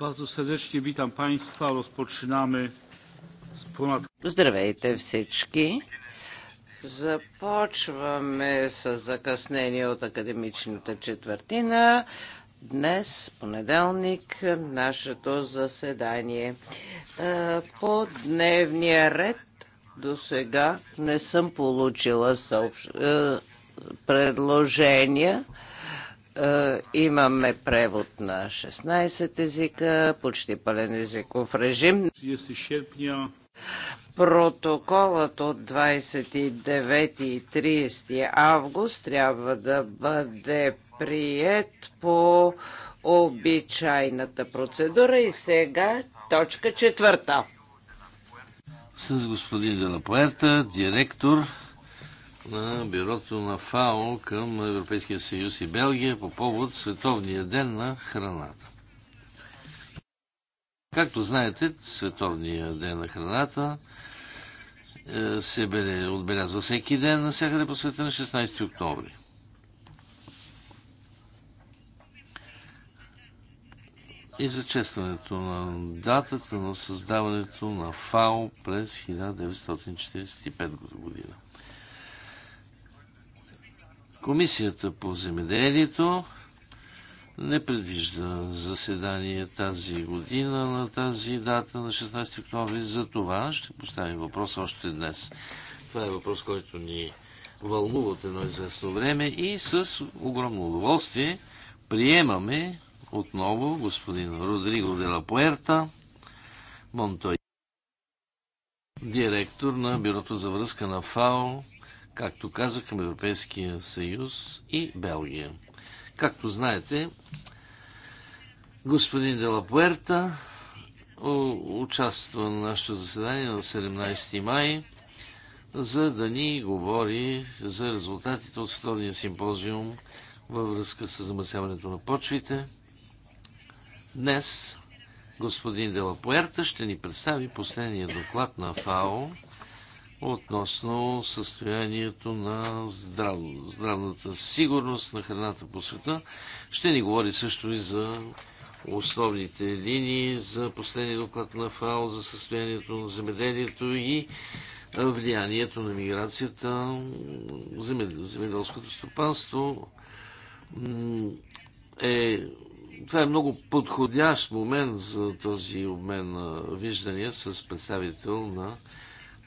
Bardzo serdecznie witam Państwa. Rozpoczynamy z ponad... Здравейте всички! Започваме с закъснение от академичната четвъртина. Днес, понеделник, нашето заседание. Е, по дневния ред до сега не съм получила съобщ... Е, предложения. Е, имаме превод на 16 езика, почти пълен езиков режим. Протоколът от 29 и 30 август трябва да бъде прият по обичайната процедура и сега точка четвърта. С господин Делапуерта, директор на бюрото на ФАО към Европейския съюз и Белгия по повод Световния ден на храната. Както знаете, Световния ден на храната е, се отбелязва всеки ден навсякъде по света на 16 октомври. и за честването на датата на създаването на ФАО през 1945 година. Комисията по земеделието не предвижда заседание тази година на тази дата на 16 октомври. За това ще поставим въпрос още днес. Това е въпрос, който ни вълнува от едно известно време и с огромно удоволствие приемаме отново господин Родриго де ла Пуерта, Монтой, директор на Бюрото за връзка на ФАО както казах, към Европейския съюз и Белгия. Както знаете, господин Делапуерта участва на нашето заседание на 17 май, за да ни говори за резултатите от Световния симпозиум във връзка с замърсяването на почвите. Днес господин Делапуерта ще ни представи последния доклад на ФАО – относно състоянието на здрав... здравната сигурност на храната по света. Ще ни говори също и за основните линии, за последния доклад на ФАО, за състоянието на земеделието и влиянието на миграцията, на земеделското стопанство. Е, това е много подходящ момент за този обмен на виждания с представител на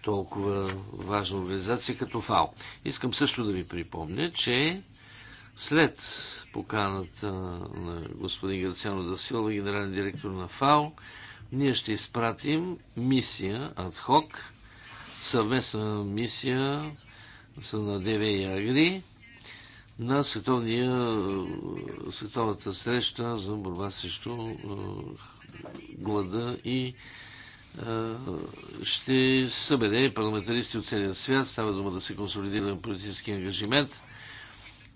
толкова важна организация като ФАО. Искам също да ви припомня, че след поканата на господин Грациано Дасилва, генерален директор на ФАО, ние ще изпратим мисия адхок, съвместна мисия на ДВ и Агри на световния, световната среща за борба срещу глада и е, ще събере парламентаристи от целия свят. Става дума да се консолидира политически ангажимент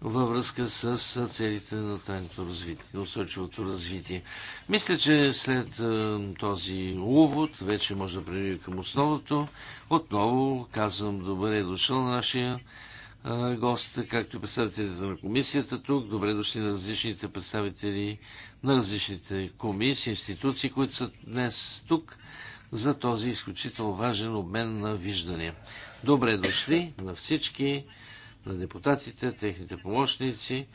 във връзка с целите на трайното развитие, устойчивото развитие. Мисля, че след е, този увод вече може да преминем към основното. Отново казвам добре е дошъл на нашия гост, както и представителите на комисията тук. Добре дошли на различните представители на различните комисии, институции, които са днес тук за този изключително важен обмен на виждания. Добре дошли на всички, на депутатите, техните помощници,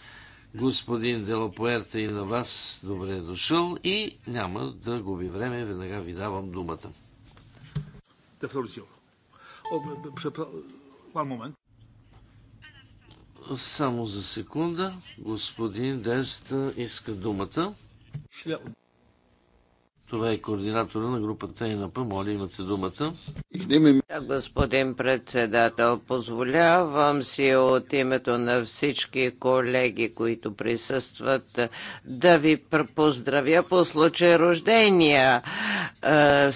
господин Делапуерта и на вас добре е дошъл и няма да губи време, веднага ви давам думата. Само за секунда, господин Деста иска думата. Това е координатора на групата ЕНП. Моля, имате думата. Господин председател, позволявам си от името на всички колеги, които присъстват, да ви поздравя по случай рождения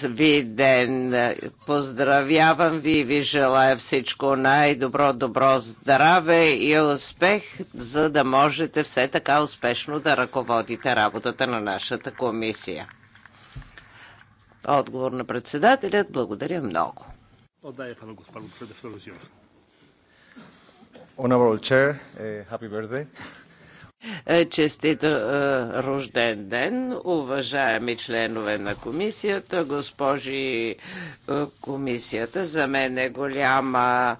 ви ден. Поздравявам ви и ви желая всичко най-добро, добро здраве и успех, за да можете все така успешно да ръководите работата на нашата комисия. Отговор на председателят. Благодаря много. Honorable Chair, eh, happy birthday. Е, Честито е, рожден ден, уважаеми членове на комисията, госпожи е, комисията. За мен е голяма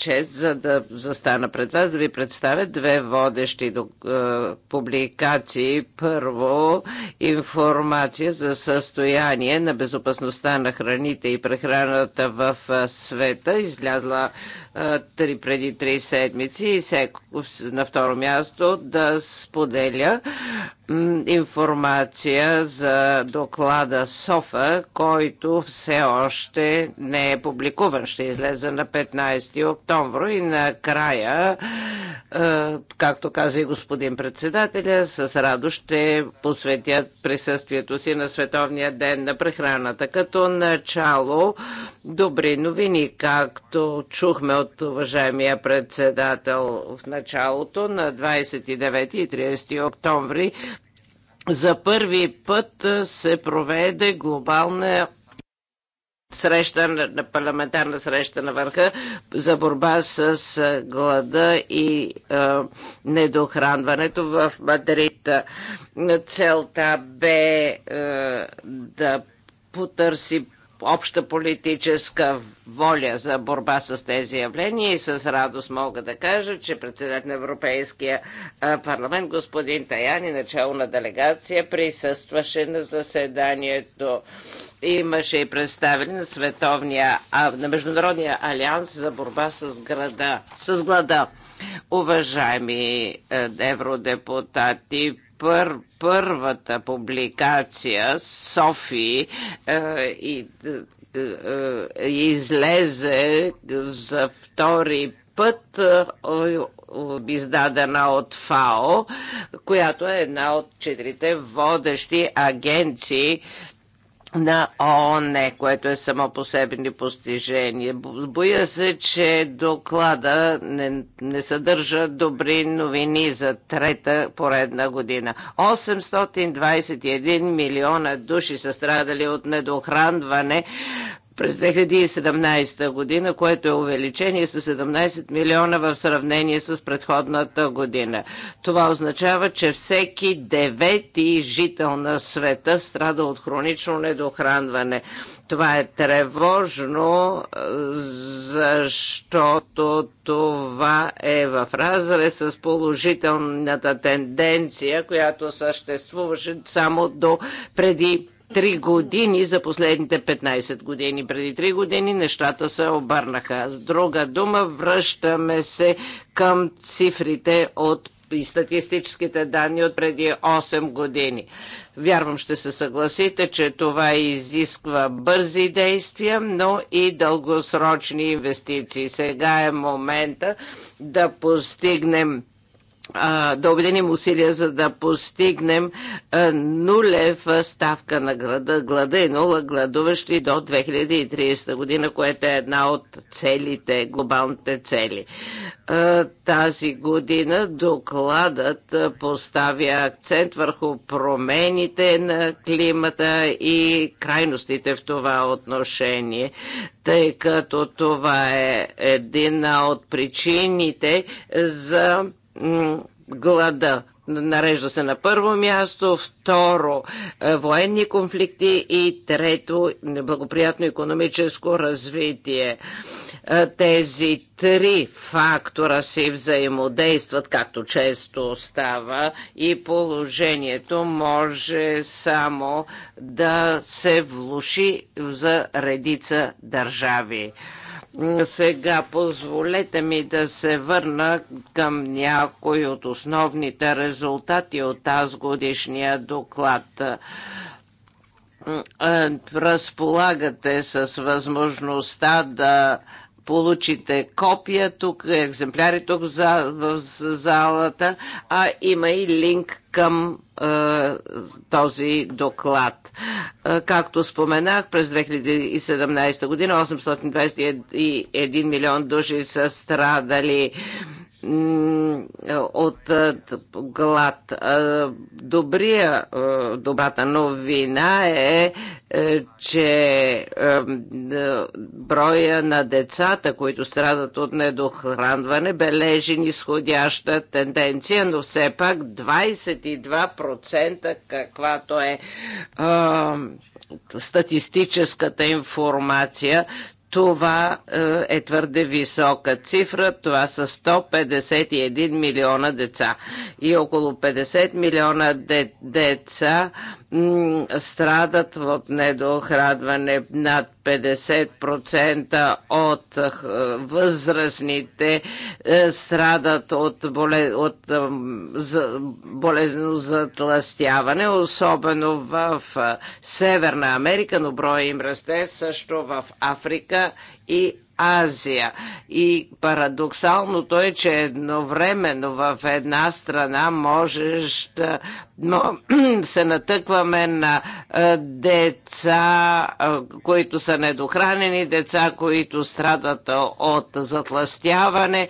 чест за да застана пред вас да ви представя две водещи е, публикации. Първо, информация за състояние на безопасността на храните и прехраната в е, света, излязла три, преди три седмици и на второ място да споделя информация за доклада СОФА, който все още не е публикуван. Ще излезе на 15 октомври и накрая, както каза и господин председателя, с радост ще посветят присъствието си на Световния ден на прехраната. Като начало, добри новини, както чухме от уважаемия председател в началото на 29 и 30 октомври. За първи път се проведе глобална среща, на парламентарна среща на върха за борба с глада и е, недохранването в Мадрид. Целта бе е, да потърси обща политическа воля за борба с тези явления и с радост мога да кажа, че председател на Европейския парламент господин Таяни, начало на делегация, присъстваше на заседанието. Имаше и представени на Световния, а, на Международния алианс за борба с, града, с глада. Уважаеми евродепутати, пър, първата публикация Софи е, и е, е излезе за втори път е, издадена от ФАО, която е една от четирите водещи агенции на ООН, което е само по себе ни постижение. Боя се, че доклада не, не съдържа добри новини за трета поредна година. 821 милиона души са страдали от недохранване през 2017 година, което е увеличение с 17 милиона в сравнение с предходната година. Това означава, че всеки девети жител на света страда от хронично недохранване. Това е тревожно, е, защото това е в разрез с положителната тенденция, която съществуваше само до преди три години за последните 15 години. Преди три години нещата се обърнаха. С друга дума, връщаме се към цифрите от и статистическите данни от преди 8 години. Вярвам, ще се съгласите, че това изисква бързи действия, но и дългосрочни инвестиции. Сега е момента да постигнем да обединим усилия, за да постигнем нулев ставка на глада, глада е и нула гладуващи до 2030 година, което е една от целите, глобалните цели. Тази година докладът поставя акцент върху промените на климата и крайностите в това отношение тъй като това е една от причините за глада. Нарежда се на първо място, второ е, военни конфликти и трето неблагоприятно економическо развитие. Е, тези три фактора си взаимодействат, както често става, и положението може само да се влуши за редица държави. Сега позволете ми да се върна към някои от основните резултати от тази годишния доклад разполагате с възможността да получите копия тук, екземпляри тук за, в залата, а има и линк към е, този доклад. Е, както споменах, през 2017 година 821 милион души са страдали. Е, от глад. Добрия, добрата новина е, е че броя на децата, които страдат от недохранване, бележи нисходяща тенденция, но все пак 22% каквато е статистическата информация, това е, е твърде висока цифра. Това са 151 милиона деца. И около 50 милиона де, деца страдат от недоохрадване над 50% от е, възрастните е, страдат от, боле, от е, болезно затластяване, особено в Северна Америка, но броя им расте също в Африка и Азия. И парадоксалното е, че едновременно в една страна можеш да но се натъкваме на деца, които са недохранени, деца, които страдат от затластяване,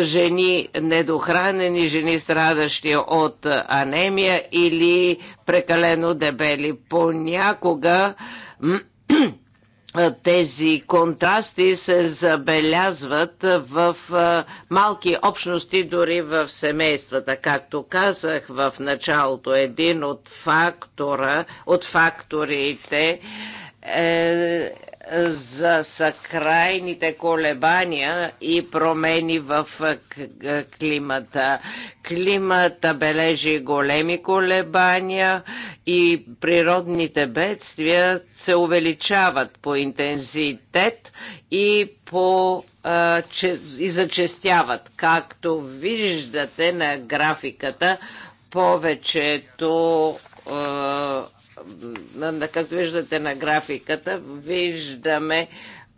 жени недохранени, жени страдащи от анемия или прекалено дебели. Понякога тези контрасти се забелязват в малки общности, дори в семействата. Както казах в началото, един от, фактора, от факторите е, за съкрайните колебания и промени в климата. Климата бележи големи колебания и природните бедствия се увеличават по интензитет и по и зачестяват. Както виждате на графиката, повечето както виждате на графиката, виждаме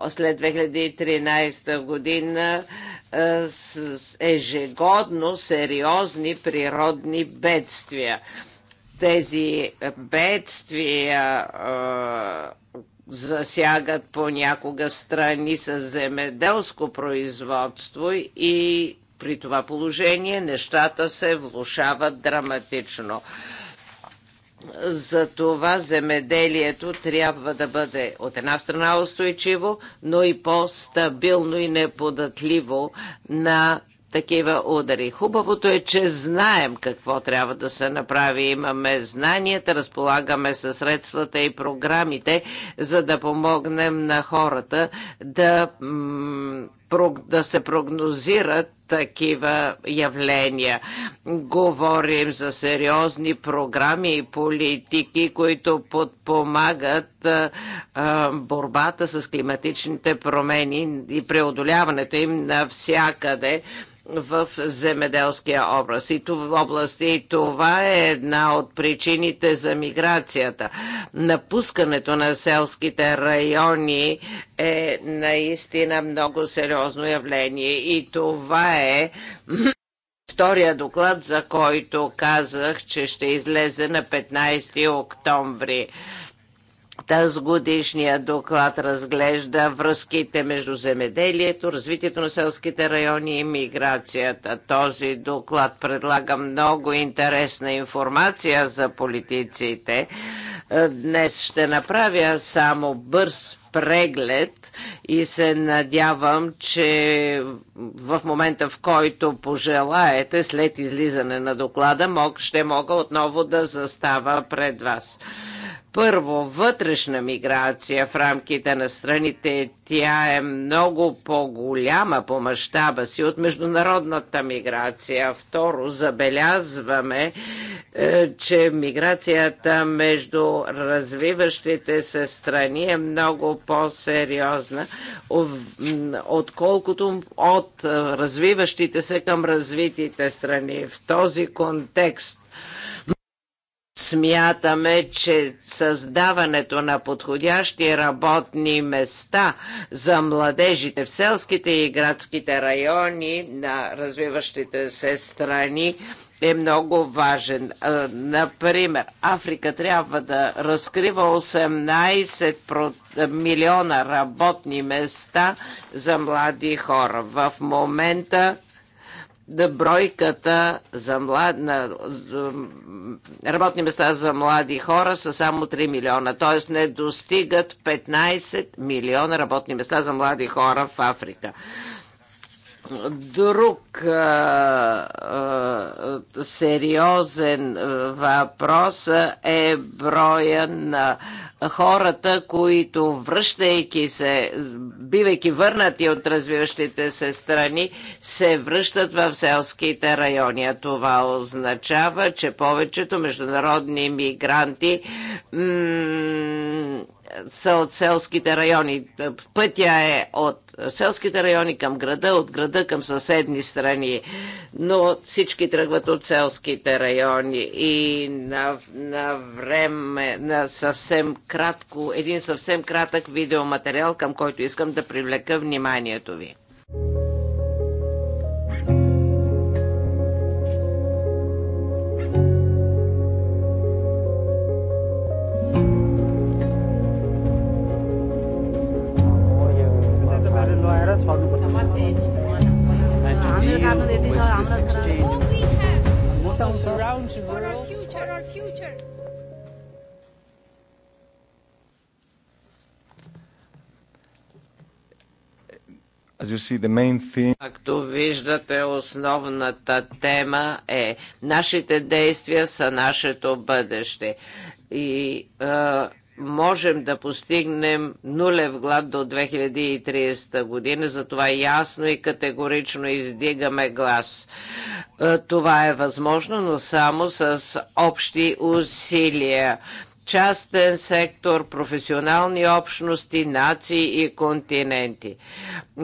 след 2013 година е, с ежегодно сериозни природни бедствия. Тези бедствия е, засягат понякога страни с земеделско производство и при това положение нещата се влушават драматично. За това земеделието трябва да бъде от една страна устойчиво, но и по-стабилно и неподатливо на такива удари. Хубавото е, че знаем какво трябва да се направи. Имаме знанията, разполагаме със средствата и програмите, за да помогнем на хората да да се прогнозират такива явления. Говорим за сериозни програми и политики, които подпомагат борбата с климатичните промени и преодоляването им навсякъде в земеделския образ. И това, област. И това е една от причините за миграцията. Напускането на селските райони е наистина много сериозно сериозно явление и това е втория доклад, за който казах, че ще излезе на 15 октомври. Таз годишния доклад разглежда връзките между земеделието, развитието на селските райони и миграцията. Този доклад предлага много интересна информация за политиците. Днес ще направя само бърз преглед и се надявам, че в момента в който пожелаете, след излизане на доклада, мог, ще мога отново да застава пред вас. Първо, вътрешна миграция в рамките на страните, тя е много по-голяма по мащаба си от международната миграция. Второ, забелязваме, е, че миграцията между развиващите се страни е много по-сериозна, отколкото от е, развиващите се към развитите страни. В този контекст Смятаме, че създаването на подходящи работни места за младежите в селските и градските райони на развиващите се страни е много важен. Например, Африка трябва да разкрива 18 милиона работни места за млади хора. В момента да бройката за млад, на, за, работни места за млади хора са само 3 милиона, т.е. не достигат 15 милиона работни места за млади хора в Африка. Друг а, а, сериозен въпрос е броя на хората, които връщайки се, бивайки върнати от развиващите се страни, се връщат в селските райони. А това означава, че повечето международни мигранти са от селските райони. Пътя е от селските райони към града, от града към съседни страни. Но всички тръгват от селските райони и на, на време, на съвсем кратко, един съвсем кратък видеоматериал, към който искам да привлека вниманието ви. Е Както виждате, основната тема е нашите действия са нашето бъдеще. И можем да постигнем нулев глад до 2030 година, затова ясно и категорично издигаме глас. Е, това е възможно, но само с общи усилия частен сектор, професионални общности, нации и континенти.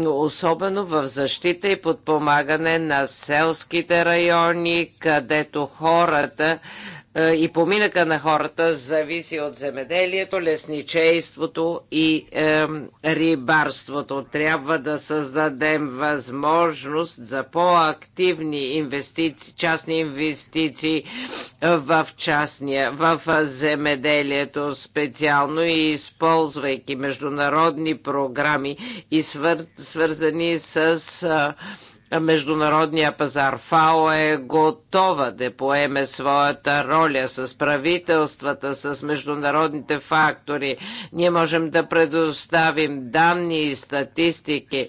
Особено в защита и подпомагане на селските райони, където хората е, и поминъка на хората зависи от земеделието, лесничейството и е, рибарството. Трябва да създадем възможност за по-активни инвестиции, частни инвестиции е, в, частния, в е, земеделието специално и използвайки международни програми и свър, свързани с е, Международния пазар ФАО е готова да поеме своята роля с правителствата, с международните фактори. Ние можем да предоставим данни и статистики,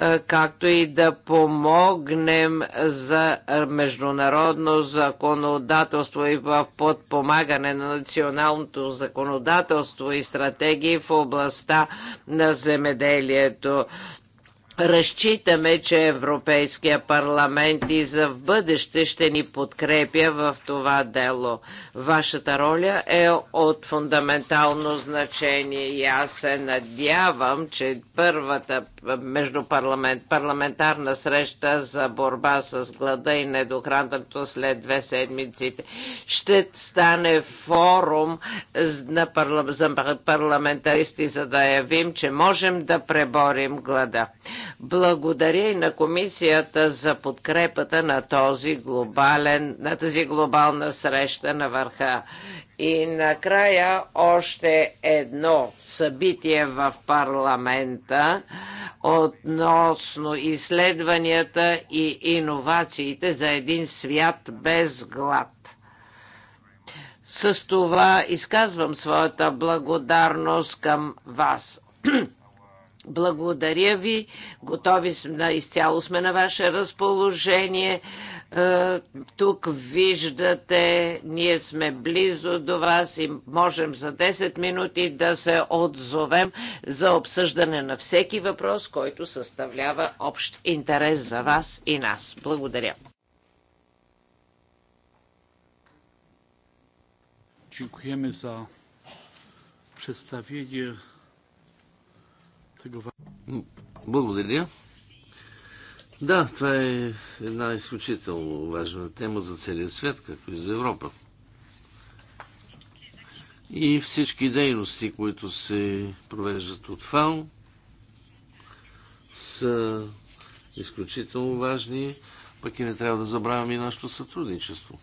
е, както и да помогнем за международно законодателство и в подпомагане на националното законодателство и стратегии в областта на земеделието Разчитаме, че Европейския парламент и за в бъдеще ще ни подкрепя в това дело. Вашата роля е от фундаментално значение и аз се надявам, че първата парламент, парламентарна среща за борба с глада и недохранването след две седмиците ще стане форум на за парламентаристи, за да явим, че можем да преборим глада. Благодаря и на комисията за подкрепата на, този глобален, на тази глобална среща на върха. И накрая още едно събитие в парламента относно изследванията и иновациите за един свят без глад. С това изказвам своята благодарност към вас благодаря ви. Готови сме, изцяло сме на ваше разположение. Е, тук виждате, ние сме близо до вас и можем за 10 минути да се отзовем за обсъждане на всеки въпрос, който съставлява общ интерес за вас и нас. Благодаря. Dziękujemy за przedstawienie благодаря. Да, това е една изключително важна тема за целия свят, както и за Европа. И всички дейности, които се провеждат от ФАО, са изключително важни, пък и не трябва да забравяме и нашето сътрудничество.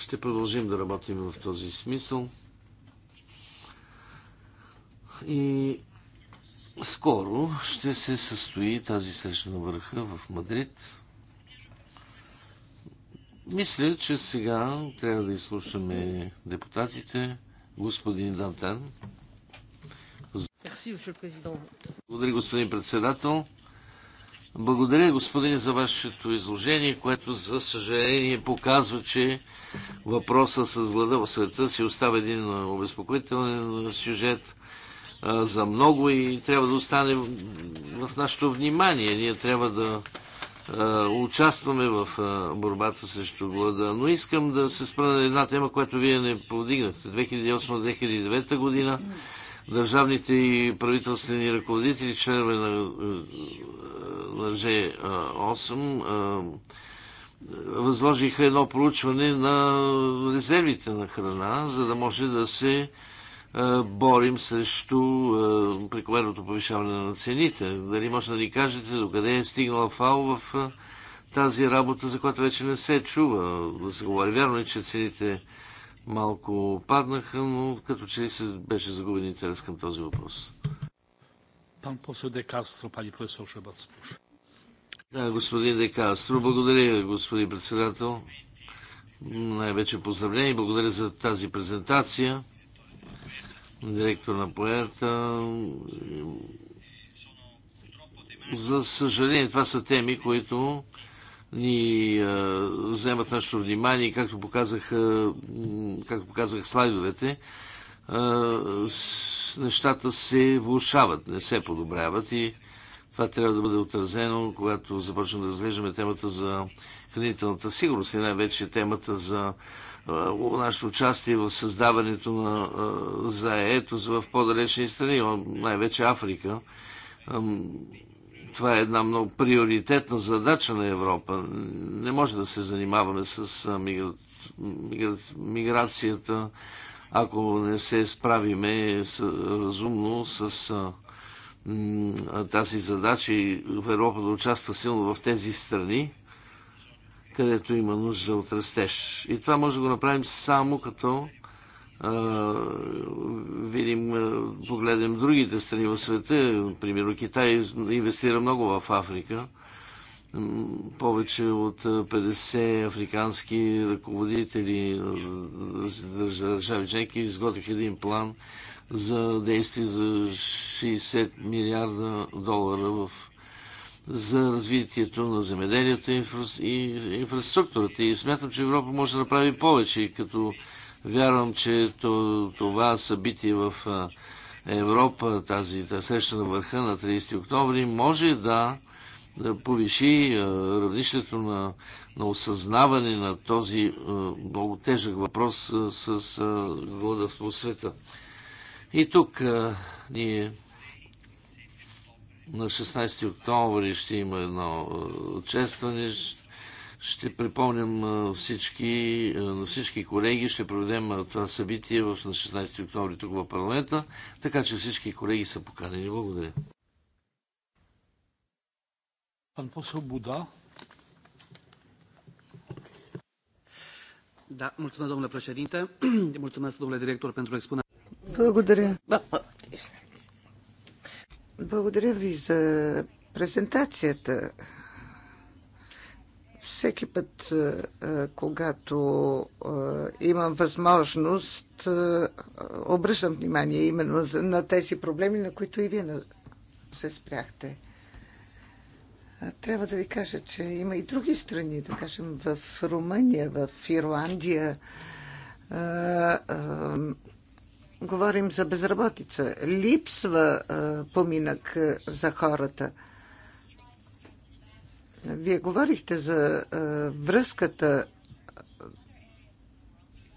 Ще продължим да работим в този смисъл. И скоро ще се състои тази среща на върха в Мадрид. Мисля, че сега трябва да изслушаме депутатите. Господин Дантен. Благодаря, господин председател. Благодаря, господин, за вашето изложение, което, за съжаление, показва, че въпроса с глада в света си остава един обезпокоителен сюжет за много и трябва да остане в нашето внимание. Ние трябва да участваме в борбата срещу глада. Но искам да се спра на една тема, която вие не повдигнахте. 2008-2009 година държавните и правителствени ръководители, членове на, на G8, възложиха едно проучване на резервите на храна, за да може да се е, борим срещу е, прекомерното повишаване на цените. Дали може да ни кажете до къде е стигнала фал в е, тази работа, за която вече не се чува да се говори. Вярно е, че цените малко паднаха, но като че ли се беше загубен интерес към този въпрос. Пан посол Декастро, пани професор Шебац. Да, господин Декастро, благодаря, господин председател. Най-вече поздравление и благодаря за тази презентация директор на поета. За съжаление, това са теми, които ни а, вземат нашето внимание, както показах, а, както показах слайдовете, а, нещата се влушават, не се подобряват и това трябва да бъде отразено, когато започнем да разглеждаме темата за хранителната сигурност и най-вече темата за нашето участие в създаването на заето в по-далечни страни, най-вече Африка. Това е една много приоритетна задача на Европа. Не може да се занимаваме с мигра... Мигра... миграцията, ако не се справиме с... разумно с тази задача и в Европа да участва силно в тези страни където има нужда от растеж. И това може да го направим само като видим, погледнем другите страни в света, примерно Китай инвестира много в Африка. Повече от 50 африкански ръководители държави членки изготвих един план за действие за 60 милиарда долара в за развитието на земеделието и, инфраструктурата. И смятам, че Европа може да направи повече, като вярвам, че това събитие в Европа, тази та среща на върха на 30 октомври, може да повиши равнището на, на осъзнаване на този много тежък въпрос с, глада по света. И тук ние на 16 октомври ще има едно е, честване. Ще припомням е, всички, е, на всички колеги, ще проведем това събитие в, на 16 октомври тук в парламента, така че всички колеги са поканени. Благодаря. Pan poseł Buda. Da, mulțumesc, domnule președinte. Mulțumesc, domnule director, pentru expunere. Благодаря. Благодаря ви за презентацията. Всеки път, когато имам възможност, обръщам внимание именно на тези проблеми, на които и вие се спряхте. Трябва да ви кажа, че има и други страни, да кажем в Румъния, в Ирландия говорим за безработица. Липсва поминък за хората. Вие говорихте за връзката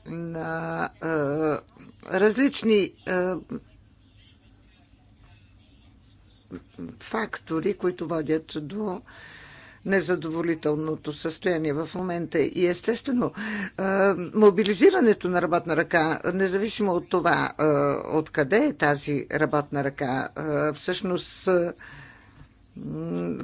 на различни фактори, които водят до незадоволителното състояние в момента. И естествено, мобилизирането на работна ръка, независимо от това откъде е тази работна ръка, всъщност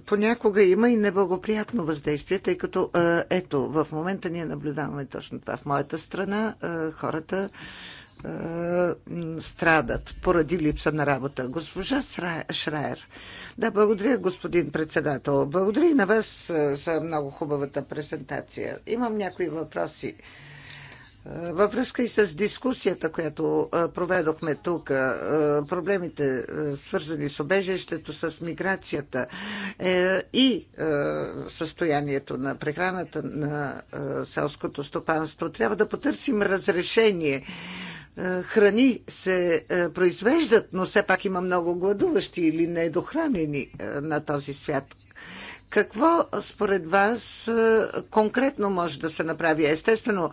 понякога има и неблагоприятно въздействие, тъй като ето, в момента ние наблюдаваме точно това. В моята страна хората е, страдат поради липса на работа. Госпожа Шраер. Да, благодаря, господин председател. Благодаря и на вас е, за много хубавата презентация. Имам някои въпроси. Е, във връзка и с дискусията, която проведохме тук, проблемите свързани с обежището, с миграцията и състоянието на прехраната на селското стопанство, трябва да потърсим разрешение е, храни се е, произвеждат, но все пак има много гладуващи или недохранени е, на този свят. Какво според вас конкретно може да се направи? Естествено,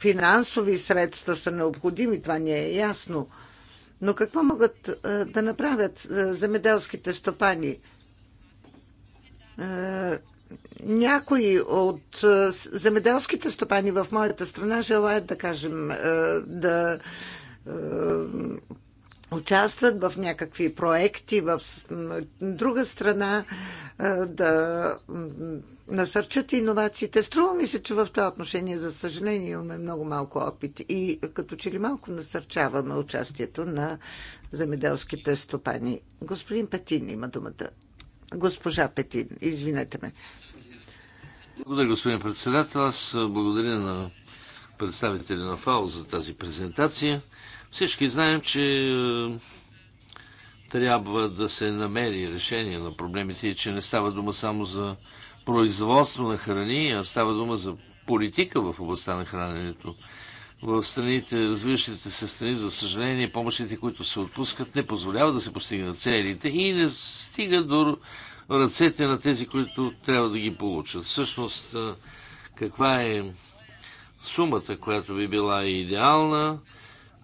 финансови средства са необходими, това не е ясно. Но какво могат да направят земеделските стопани? някои от е, земеделските стопани в моята страна желаят, да кажем, е, да е, участват в някакви проекти в друга страна, да насърчат иновациите. Струва ми се, че в това отношение, за съжаление, имаме много малко опит и като че ли малко насърчаваме участието на земеделските стопани. Господин Петин има думата. Госпожа Петин, извинете ме. Благодаря, господин председател. Аз благодаря на представители на ФАО за тази презентация. Всички знаем, че е, трябва да се намери решение на проблемите и че не става дума само за производство на храни, а става дума за политика в областта на храненето. В страните, развиващите се страни, за съжаление, помощите, които се отпускат, не позволяват да се постигнат целите и не стига до ръцете на тези, които трябва да ги получат. Всъщност, каква е сумата, която би била идеална?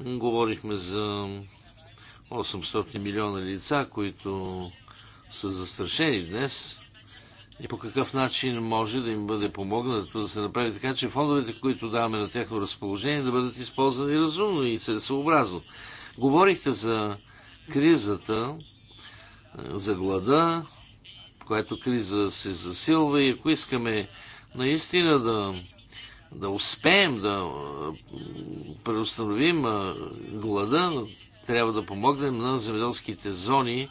Говорихме за 800 милиона лица, които са застрашени днес и по какъв начин може да им бъде помогнато да се направи така, че фондовете, които даваме на тяхно разположение, да бъдат използвани разумно и целесообразно. Говорихте за кризата, за глада, която криза се засилва и ако искаме наистина да, да успеем да преустановим глада, трябва да помогнем на земеделските зони,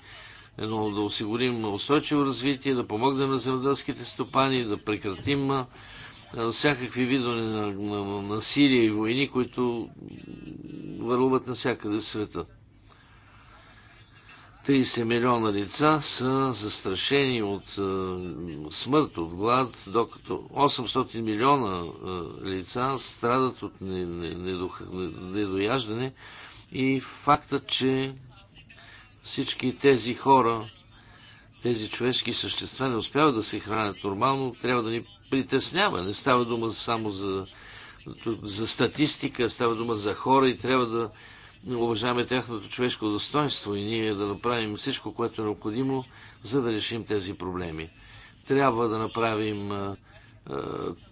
но да осигурим устойчиво развитие, да помогнем на земеделските стопани, да прекратим всякакви видове на, на, на насилие и войни, които върлуват навсякъде в света. 30 милиона лица са застрашени от е, смърт, от глад, докато 800 милиона е, лица страдат от недояждане и фактът, че всички тези хора, тези човешки същества не успяват да се хранят нормално, трябва да ни притеснява. Не става дума само за, за статистика, става дума за хора и трябва да уважаваме тяхното човешко достоинство и ние да направим всичко, което е необходимо, за да решим тези проблеми. Трябва да направим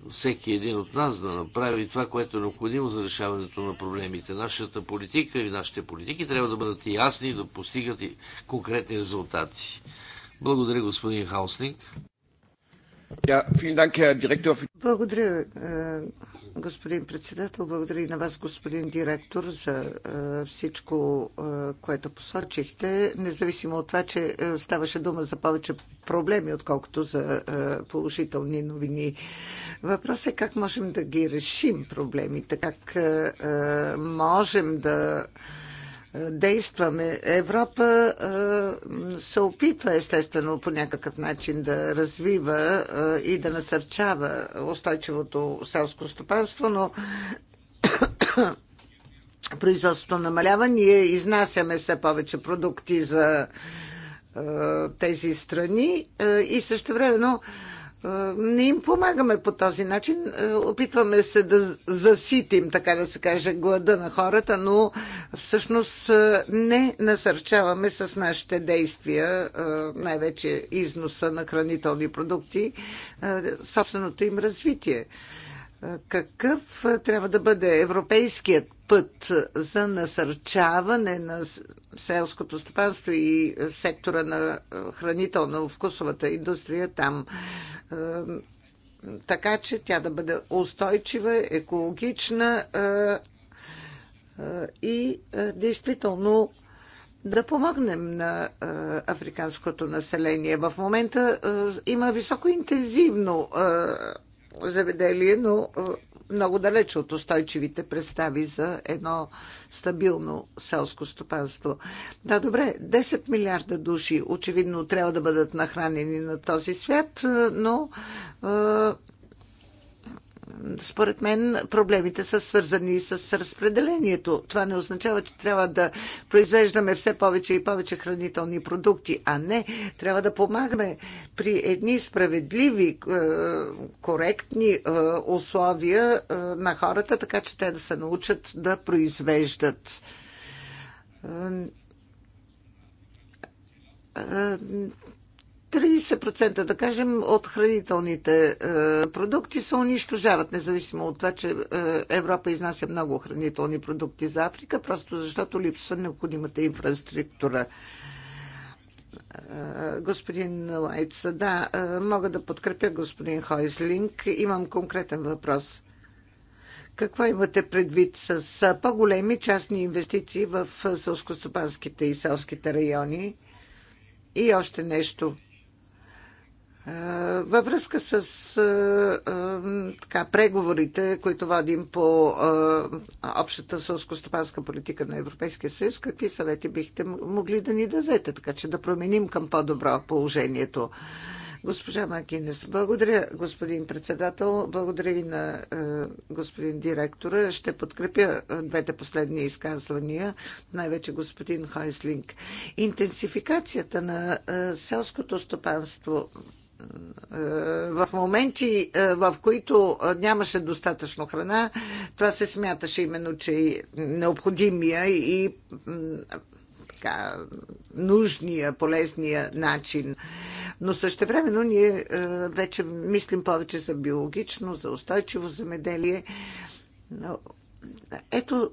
всеки един от нас да направи това, което е необходимо за решаването на проблемите. Нашата политика и нашите политики трябва да бъдат и ясни и да постигат и конкретни резултати. Благодаря, господин Хауслинг. Благодаря, господин председател. Благодаря и на вас, господин директор, за е, всичко, е, което посочихте. Независимо от това, че е, ставаше дума за повече проблеми, отколкото за положителни новини. Въпросът е как можем да ги решим проблемите, как можем да действаме. Европа се опитва естествено по някакъв начин да развива и да насърчава устойчивото селско стопанство, но производството намалява. Ние изнасяме все повече продукти за тези страни и също времено е, не им помагаме по този начин. Е, опитваме се да заситим, така да се каже, глада на хората, но всъщност е, не насърчаваме с нашите действия, най-вече износа на хранителни продукти, собственото им развитие. Какъв трябва да бъде европейският път за насърчаване на селското стопанство и сектора на хранително-вкусовата индустрия там? така че тя да бъде устойчива, екологична и действително да помогнем на африканското население. В момента има високо интензивно заведение, но много далече от устойчивите представи за едно стабилно селско стопанство. Да, добре, 10 милиарда души очевидно трябва да бъдат нахранени на този свят, но според мен проблемите са свързани с разпределението. Това не означава, че трябва да произвеждаме все повече и повече хранителни продукти, а не трябва да помагаме при едни справедливи, е, коректни е, условия е, на хората, така че те да се научат да произвеждат 30% да кажем от хранителните е, продукти се унищожават, независимо от това, че е, Европа изнася много хранителни продукти за Африка, просто защото липсва необходимата инфраструктура. Е, господин Лайц, да, е, мога да подкрепя господин Хойслинг. Имам конкретен въпрос. Какво имате предвид с е, по-големи частни инвестиции в селскостопанските и селските райони? И още нещо – във връзка с така, преговорите, които водим по общата сълскостопанска политика на Европейския съюз, какви съвети бихте могли да ни дадете, така че да променим към по-добро положението? Госпожа Макинес, благодаря, господин председател, благодаря и на господин директора. Ще подкрепя двете последни изказвания, най-вече господин Хайслинг. Интенсификацията на селското стопанство е, в моменти, е, в които е, нямаше достатъчно храна, това се смяташе именно, че е необходимия и така, нужния, полезния начин. Но също времено ние вече мислим повече за биологично, за устойчиво земеделие. Ето,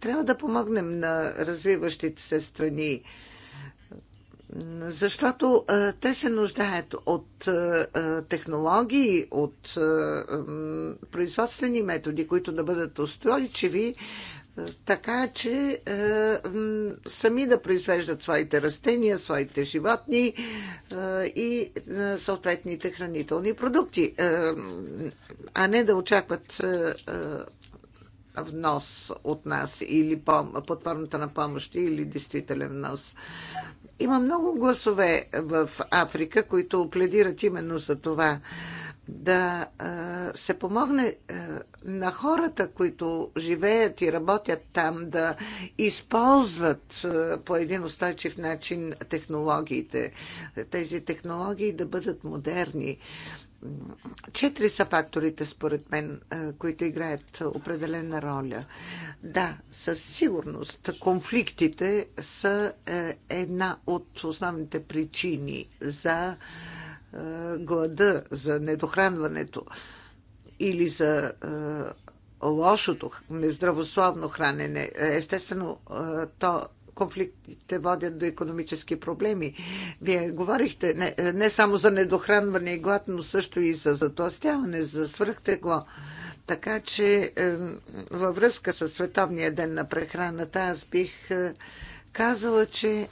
трябва да помогнем на развиващите се страни защото а, те се нуждаят от а, технологии, от а, производствени методи, които да бъдат устойчиви, а, така че а, сами да произвеждат своите растения, своите животни а, и а, съответните хранителни продукти, а, а не да очакват. А, внос от нас или под формата на помощи или действителен внос. Има много гласове в Африка, които пледират именно за това да се помогне на хората, които живеят и работят там, да използват по един устойчив начин технологиите. Тези технологии да бъдат модерни, Четири са факторите, според мен, които играят определена роля. Да, със сигурност конфликтите са е, една от основните причини за е, глада, за недохранването или за е, лошото, нездравословно хранене. Естествено, то конфликтите водят до економически проблеми. Вие говорихте не, не само за недохранване и глад, но също и за затластяване, за свръхтегло. Така че е, във връзка с Световния ден на прехраната аз бих е, казала, че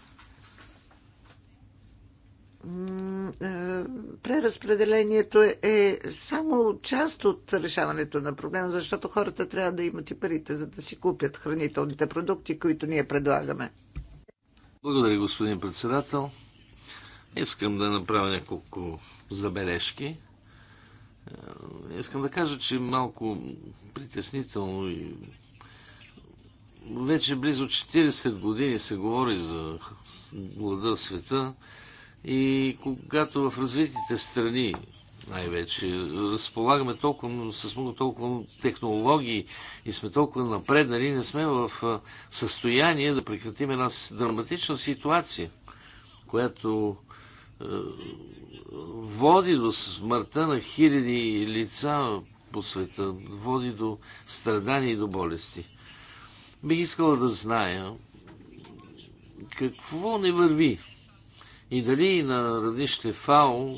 е, преразпределението е само част от решаването на проблема, защото хората трябва да имат и парите, за да си купят хранителните продукти, които ние предлагаме. Благодаря, господин председател. Искам да направя няколко забележки. Е, искам да кажа, че малко притеснително и вече близо 40 години се говори за глада в света. И когато в развитите страни най-вече. Разполагаме толкова, с много толкова технологии и сме толкова напреднали, не сме в състояние да прекратим една драматична ситуация, която води до смъртта на хиляди лица по света, води до страдания и до болести. Бих искала да зная какво не върви и дали на равнище ФАО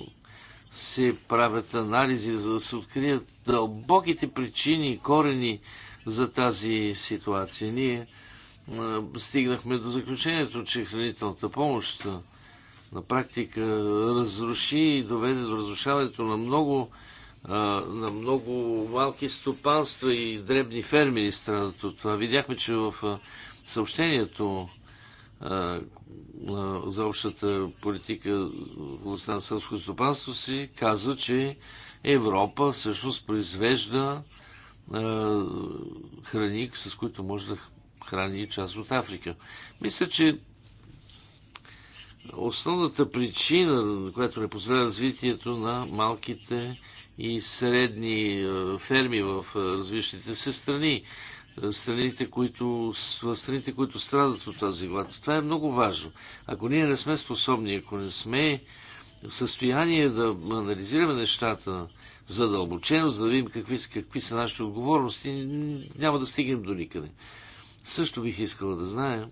се правят анализи, за да се открият дълбоките причини и корени за тази ситуация. Ние стигнахме до заключението, че хранителната помощ на практика разруши и доведе до разрушаването на много, на много малки стопанства и дребни фермери страдат от това. Видяхме, че в съобщението, за общата политика в областта на селско стопанство се казва, че Европа всъщност произвежда е, храни, с които може да храни част от Африка. Мисля, че основната причина, която не позволява развитието на малките и средни е, ферми в е, различните се страни страните, които, в страните, които страдат от тази глад. Това е много важно. Ако ние не сме способни, ако не сме в състояние да анализираме нещата задълбочено, за да видим какви, какви са нашите отговорности, няма да стигнем до никъде. Също бих искала да знае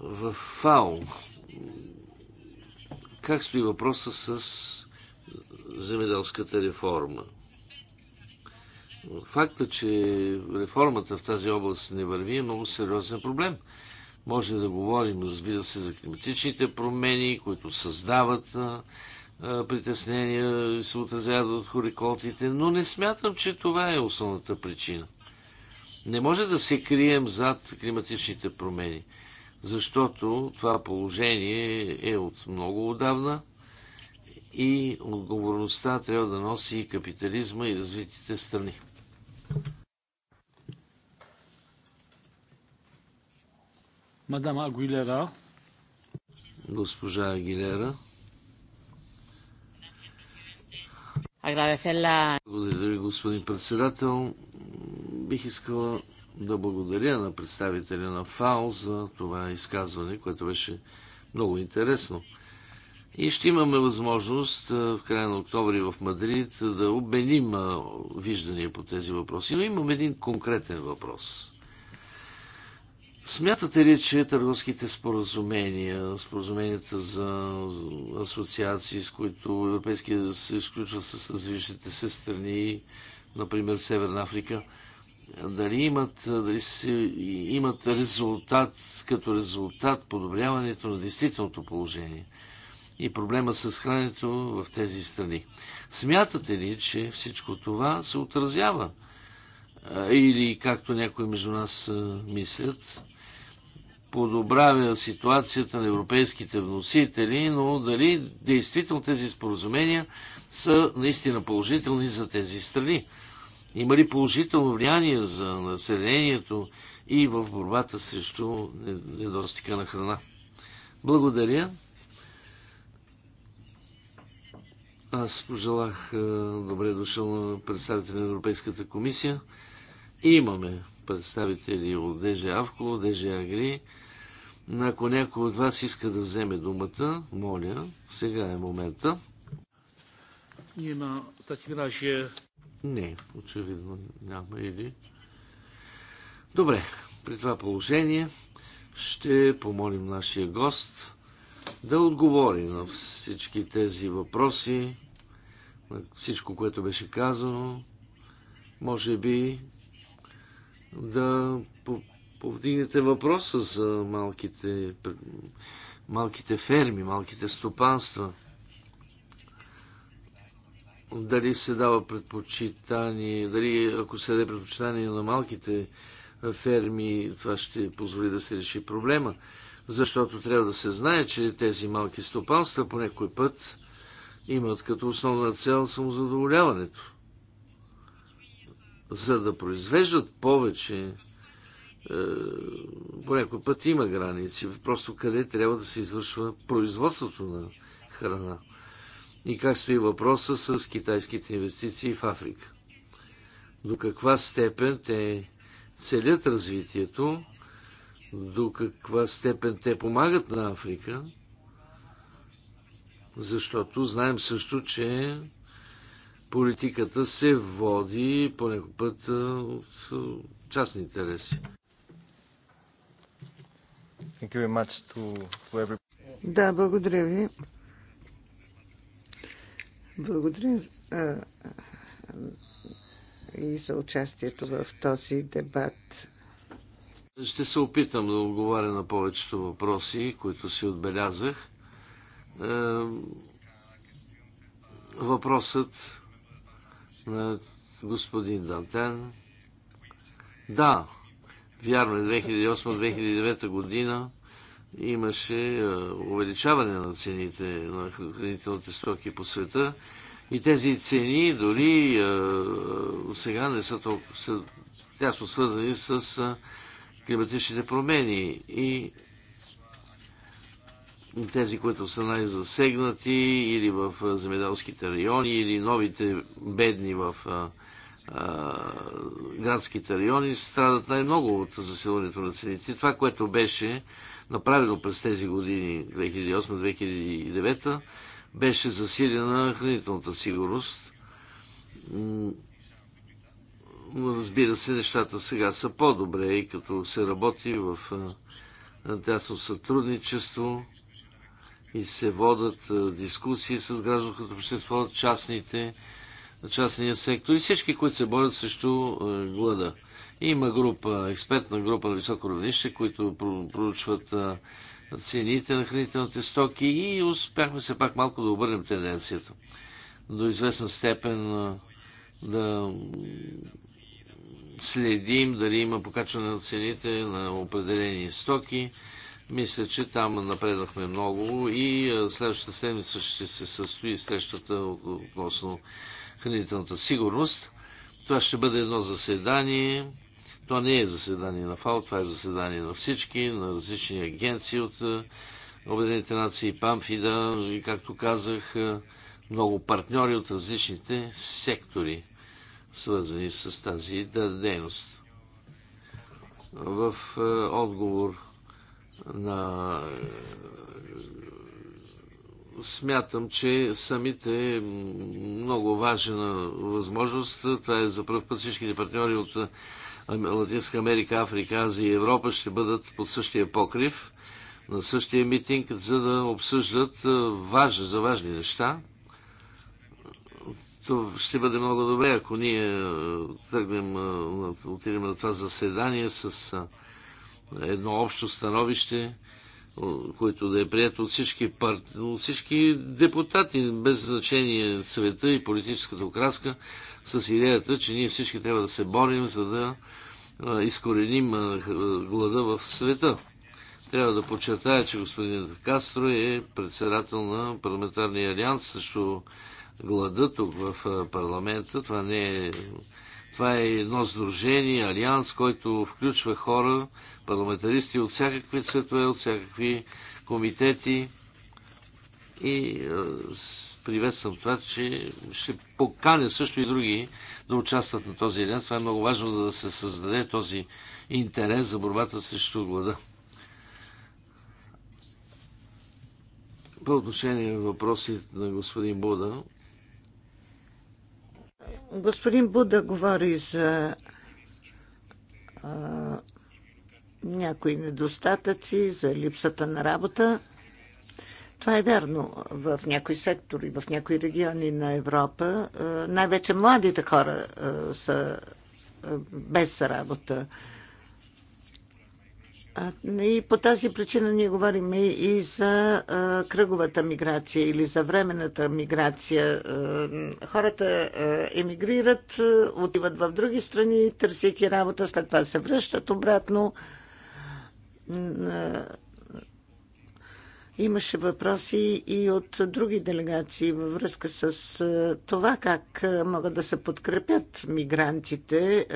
в ФАО как стои въпроса с земеделската реформа. Факта, че реформата в тази област не върви е много сериозен проблем. Може да говорим, разбира се, за климатичните промени, които създават притеснения и се отразяват от хориколтите, но не смятам, че това е основната причина. Не може да се крием зад климатичните промени, защото това положение е от много отдавна и отговорността трябва да носи и капитализма и развитите страни. Мадам Агуилера. Госпожа Агилера. Благодаря ви, господин председател. Бих искала да благодаря на представителя на ФАО за това изказване, което беше много интересно. И ще имаме възможност в края на октомври в Мадрид да обменим виждания по тези въпроси. Но имам един конкретен въпрос. Смятате ли, че търговските споразумения, споразуменията за асоциации, с които Европейския се изключва с развиващите се страни, например Северна Африка, дали имат, дали си, имат резултат, като резултат подобряването на действителното положение? и проблема с хрането в тези страни. Смятате ли, че всичко това се отразява? Или, както някои между нас мислят, подобравя ситуацията на европейските вносители, но дали действително тези споразумения са наистина положителни за тези страни? Има ли положително влияние за населението и в борбата срещу недостига на храна? Благодаря. Аз пожелах е, добре дошъл на представители на Европейската комисия. И имаме представители от ДЖ Авко, ДЖ Агри. Ако някой от вас иска да вземе думата, моля, сега е момента. Няма тази раже. Не, очевидно няма или. Добре, при това положение ще помолим нашия гост да отговори на всички тези въпроси, на всичко, което беше казано. Може би да повдигнете въпроса за малките, малките ферми, малките стопанства. Дали се дава предпочитание, дали ако се даде предпочитание на малките ферми, това ще позволи да се реши проблема защото трябва да се знае, че тези малки стопанства по някой път имат като основна цел самозадоволяването. За да произвеждат повече, е, по някой път има граници, просто къде трябва да се извършва производството на храна. И как стои въпроса с китайските инвестиции в Африка. До каква степен те целят развитието до каква степен те помагат на Африка, защото знаем също, че политиката се води по някой път от частни интереси. Да, благодаря ви. Благодаря и за участието в този дебат. Ще се опитам да отговаря на повечето въпроси, които си отбелязах. Е, въпросът на господин Дантен. Да, вярно е, 2008-2009 година имаше е, увеличаване на цените на хранителните стоки по света и тези цени дори е, сега не са толкова са тясно свързани с климатичните промени и тези, които са най-засегнати или в земеделските райони, или новите бедни в а, градските райони, страдат най-много от засилването на цените. Това, което беше направено през тези години, 2008-2009, беше засилена хранителната сигурност Разбира се, нещата сега са по-добре и като се работи в тясно сътрудничество и се водат дискусии с гражданското общество, частните, частния сектор и всички, които се борят срещу глада. Има група, експертна група на високо равнище, които проучват цените на хранителните стоки и успяхме се пак малко да обърнем тенденцията. До известна степен да следим дали има покачване на цените на определени стоки. Мисля, че там напреднахме много и следващата седмица ще се състои срещата относно хранителната сигурност. Това ще бъде едно заседание. Това не е заседание на ФАО, това е заседание на всички, на различни агенции от Обединените нации, ПАМФИДА и, както казах, много партньори от различните сектори свързани с тази дейност. В е, отговор на е, смятам, че самите е много важна възможност. Това е за първ път всичките партньори от е, Латинска Америка, Африка, Азия и Европа ще бъдат под същия покрив на същия митинг, за да обсъждат важни, за важни неща то ще бъде много добре, ако ние е, тръгнем, е, отидем на това заседание с е, едно общо становище, което да е прието от всички, пар... от всички депутати, без значение цвета и политическата окраска, с идеята, че ние всички трябва да се борим, за да изкореним глада в света. Трябва да подчертая, че господин Кастро е председател на парламентарния алианс, също глада тук в парламента. Това не е това е едно сдружение, алианс, който включва хора, парламентаристи от всякакви цветове, от всякакви комитети. И приветствам това, че ще поканя също и други да участват на този алианс. Това е много важно, за да се създаде този интерес за борбата срещу глада. По отношение на въпросите на господин Буда, Господин Буда говори за а, някои недостатъци, за липсата на работа. Това е вярно в някои сектори, в някои региони на Европа. Най-вече младите хора са без работа. И по тази причина ние говорим и за кръговата миграция или за временната миграция. хората емигрират, отиват в други страни, търсейки работа, след това се връщат обратно. Имаше въпроси и от други делегации във връзка с това как могат да се подкрепят мигрантите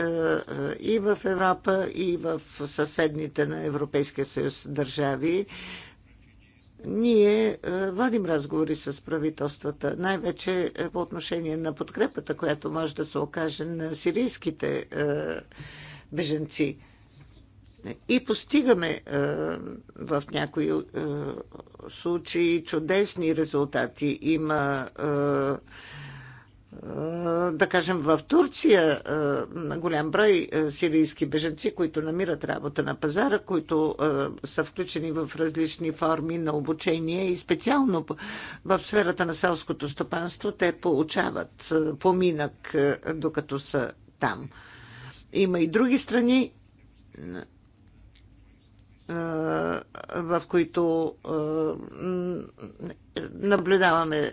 и в Европа, и в съседните на Европейския съюз държави. Ние водим разговори с правителствата, най-вече по отношение на подкрепата, която може да се окаже на сирийските беженци. И постигаме е, в някои е, случаи чудесни резултати. Има е, да кажем, в Турция голям брой сирийски беженци, които намират работа на пазара, които са включени в различни форми на обучение и специално в сферата на селското стопанство те получават поминък, докато са там. Има и други страни, в които наблюдаваме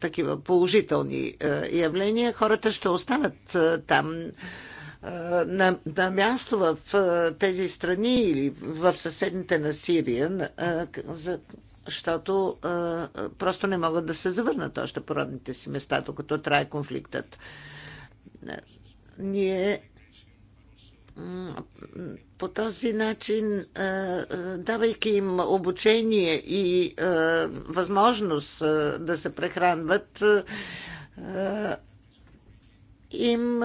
такива положителни явления, хората ще останат там на, на място в тези страни или в съседните на Сирия, защото просто не могат да се завърнат още по родните си места, докато трае конфликтът. Ние по този начин, давайки им обучение и възможност да се прехранват, им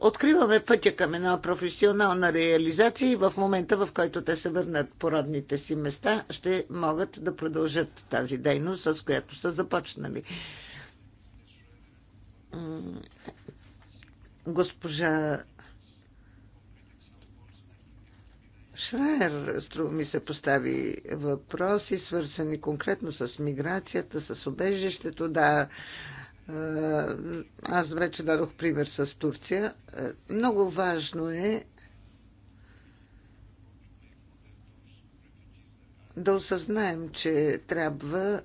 откриваме пътя към една професионална реализация и в момента, в който те се върнат по родните си места, ще могат да продължат тази дейност, с която са започнали. Госпожа Шраер, струва ми се, постави въпроси, свързани конкретно с миграцията, с обежището. Да, е, аз вече дадох пример с Турция. Е, много важно е да осъзнаем, че трябва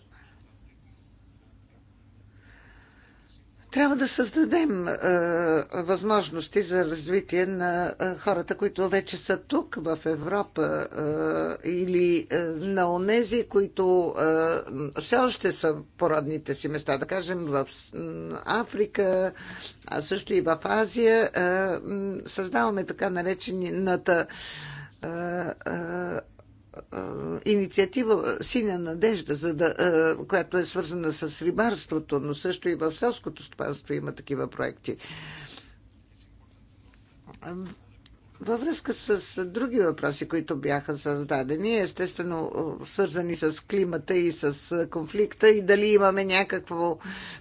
Трябва да създадем е, възможности за развитие на е, хората, които вече са тук в Европа е, или е, на онези, които е, все още са породните си места, да кажем в Африка, а също и в Азия. Е, създаваме така наречената е, е е, инициатива Синя надежда, за да, а, е, която е свързана с рибарството, но също и в селското стопанство има такива проекти. Във връзка с други въпроси, които бяха създадени, естествено свързани с климата и с конфликта и дали имаме някакво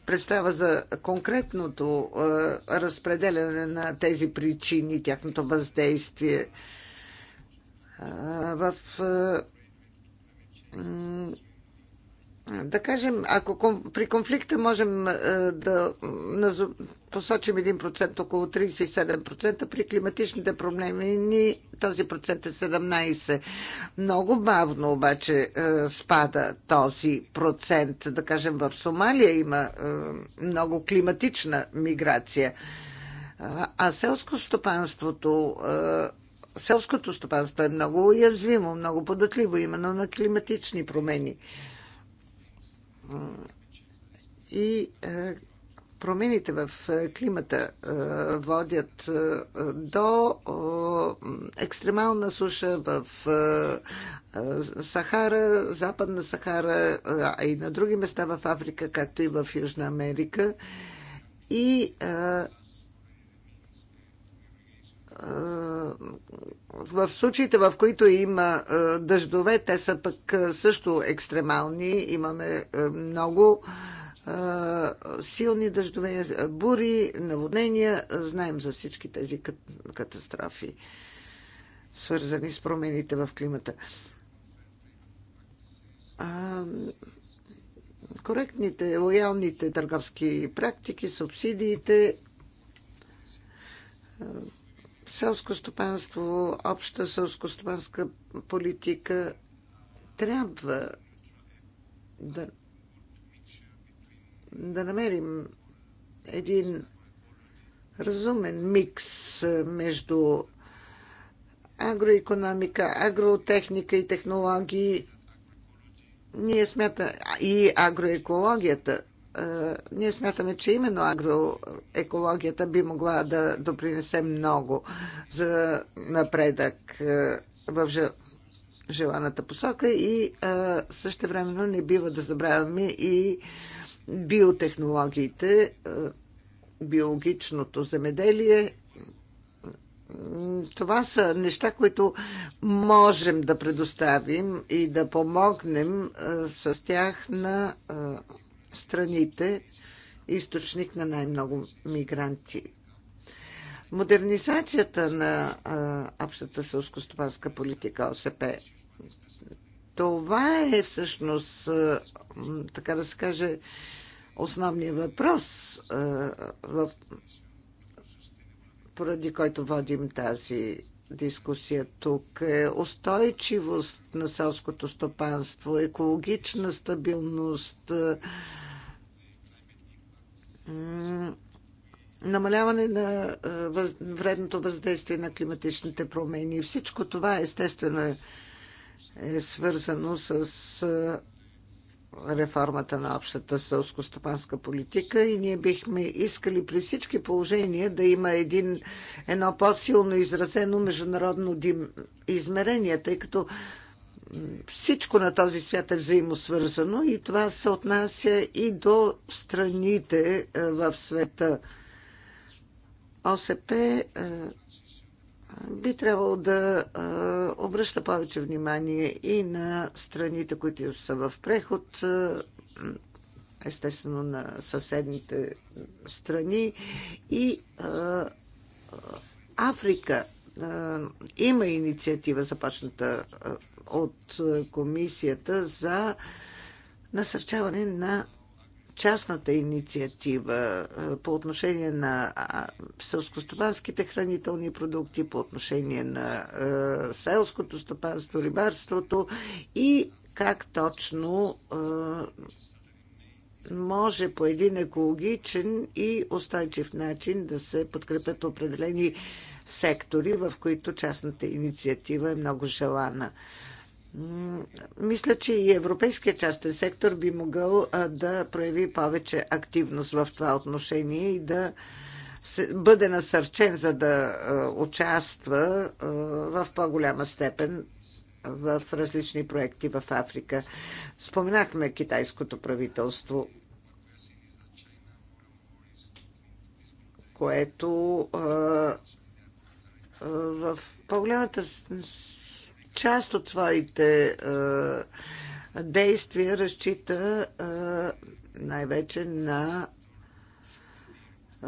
представа за конкретното е, разпределяне на тези причини, тяхното въздействие в да кажем, ако при конфликта можем да посочим 1%, около 37%, при климатичните проблеми ни този процент е 17%. Много бавно обаче спада този процент. Да кажем, в Сомалия има много климатична миграция. А селско стопанството селското стопанство е много уязвимо, много податливо именно на климатични промени. И е, промените в е, климата е, водят до екстремална суша в Сахара, Западна Сахара, а и на други места в Африка, както и в Южна Америка. И е, в случаите, в които има е, дъждове, те са пък е, също екстремални. Имаме много силни дъждове, бури, наводнения. Знаем за всички тези катастрофи, свързани с промените в климата. Коректните, лоялните търговски практики, субсидиите, селско стопанство, обща селскостопанска политика трябва да, да намерим един разумен микс между агроекономика, агротехника и технологии. Ние смята и агроекологията. Е, ние смятаме, че именно агроекологията би могла да допринесе много за напредък е, в желаната посока и е, също времено не бива да забравяме и биотехнологиите, биологичното земеделие. Това са неща, които можем да предоставим и да помогнем с тях на страните, източник на най-много мигранти. Модернизацията на а, общата сълскостопанска политика ОСП. Това е всъщност, а, така да се каже, основният въпрос, а, в, поради който водим тази дискусия тук. Е устойчивост на селското стопанство, екологична стабилност. А, намаляване на въз... вредното въздействие на климатичните промени. Всичко това естествено е, е свързано с реформата на общата сълско-стопанска политика и ние бихме искали при всички положения да има един, едно по-силно изразено международно дим, измерение, тъй като всичко на този свят е взаимосвързано и това се отнася и до страните е, в света. ОСП е, би трябвало да е, обръща повече внимание и на страните, които са в преход, естествено на съседните страни и Африка има инициатива започната от е, комисията за насърчаване на частната инициатива е, по отношение на селскостопанските хранителни продукти, по отношение на е, селското стопанство, рибарството и как точно може по един екологичен и устойчив начин да се подкрепят определени сектори, в които частната инициатива е много желана. Мисля, че и европейският частен сектор би могъл да прояви повече активност в това отношение и да бъде насърчен, за да участва в по-голяма степен в различни проекти в Африка. Споменахме китайското правителство, което в по-голямата част от своите е, действия разчита е, най-вече на е,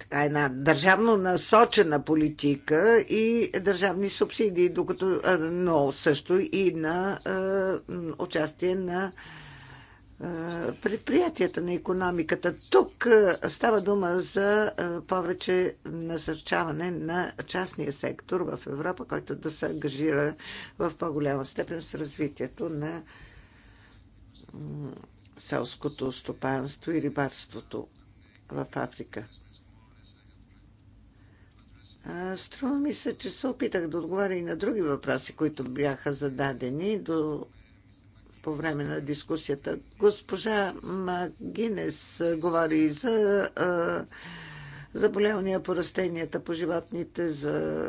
така, една държавно насочена политика и държавни субсидии, докато, но също и на участие на предприятията на економиката. Тук става дума за повече насърчаване на частния сектор в Европа, който да се ангажира в по-голяма степен с развитието на селското стопанство и рибарството в Африка. Струва ми се, че се опитах да отговаря и на други въпроси, които бяха зададени до по време на дискусията. Госпожа Магинес говори за заболявания по растенията, по животните, за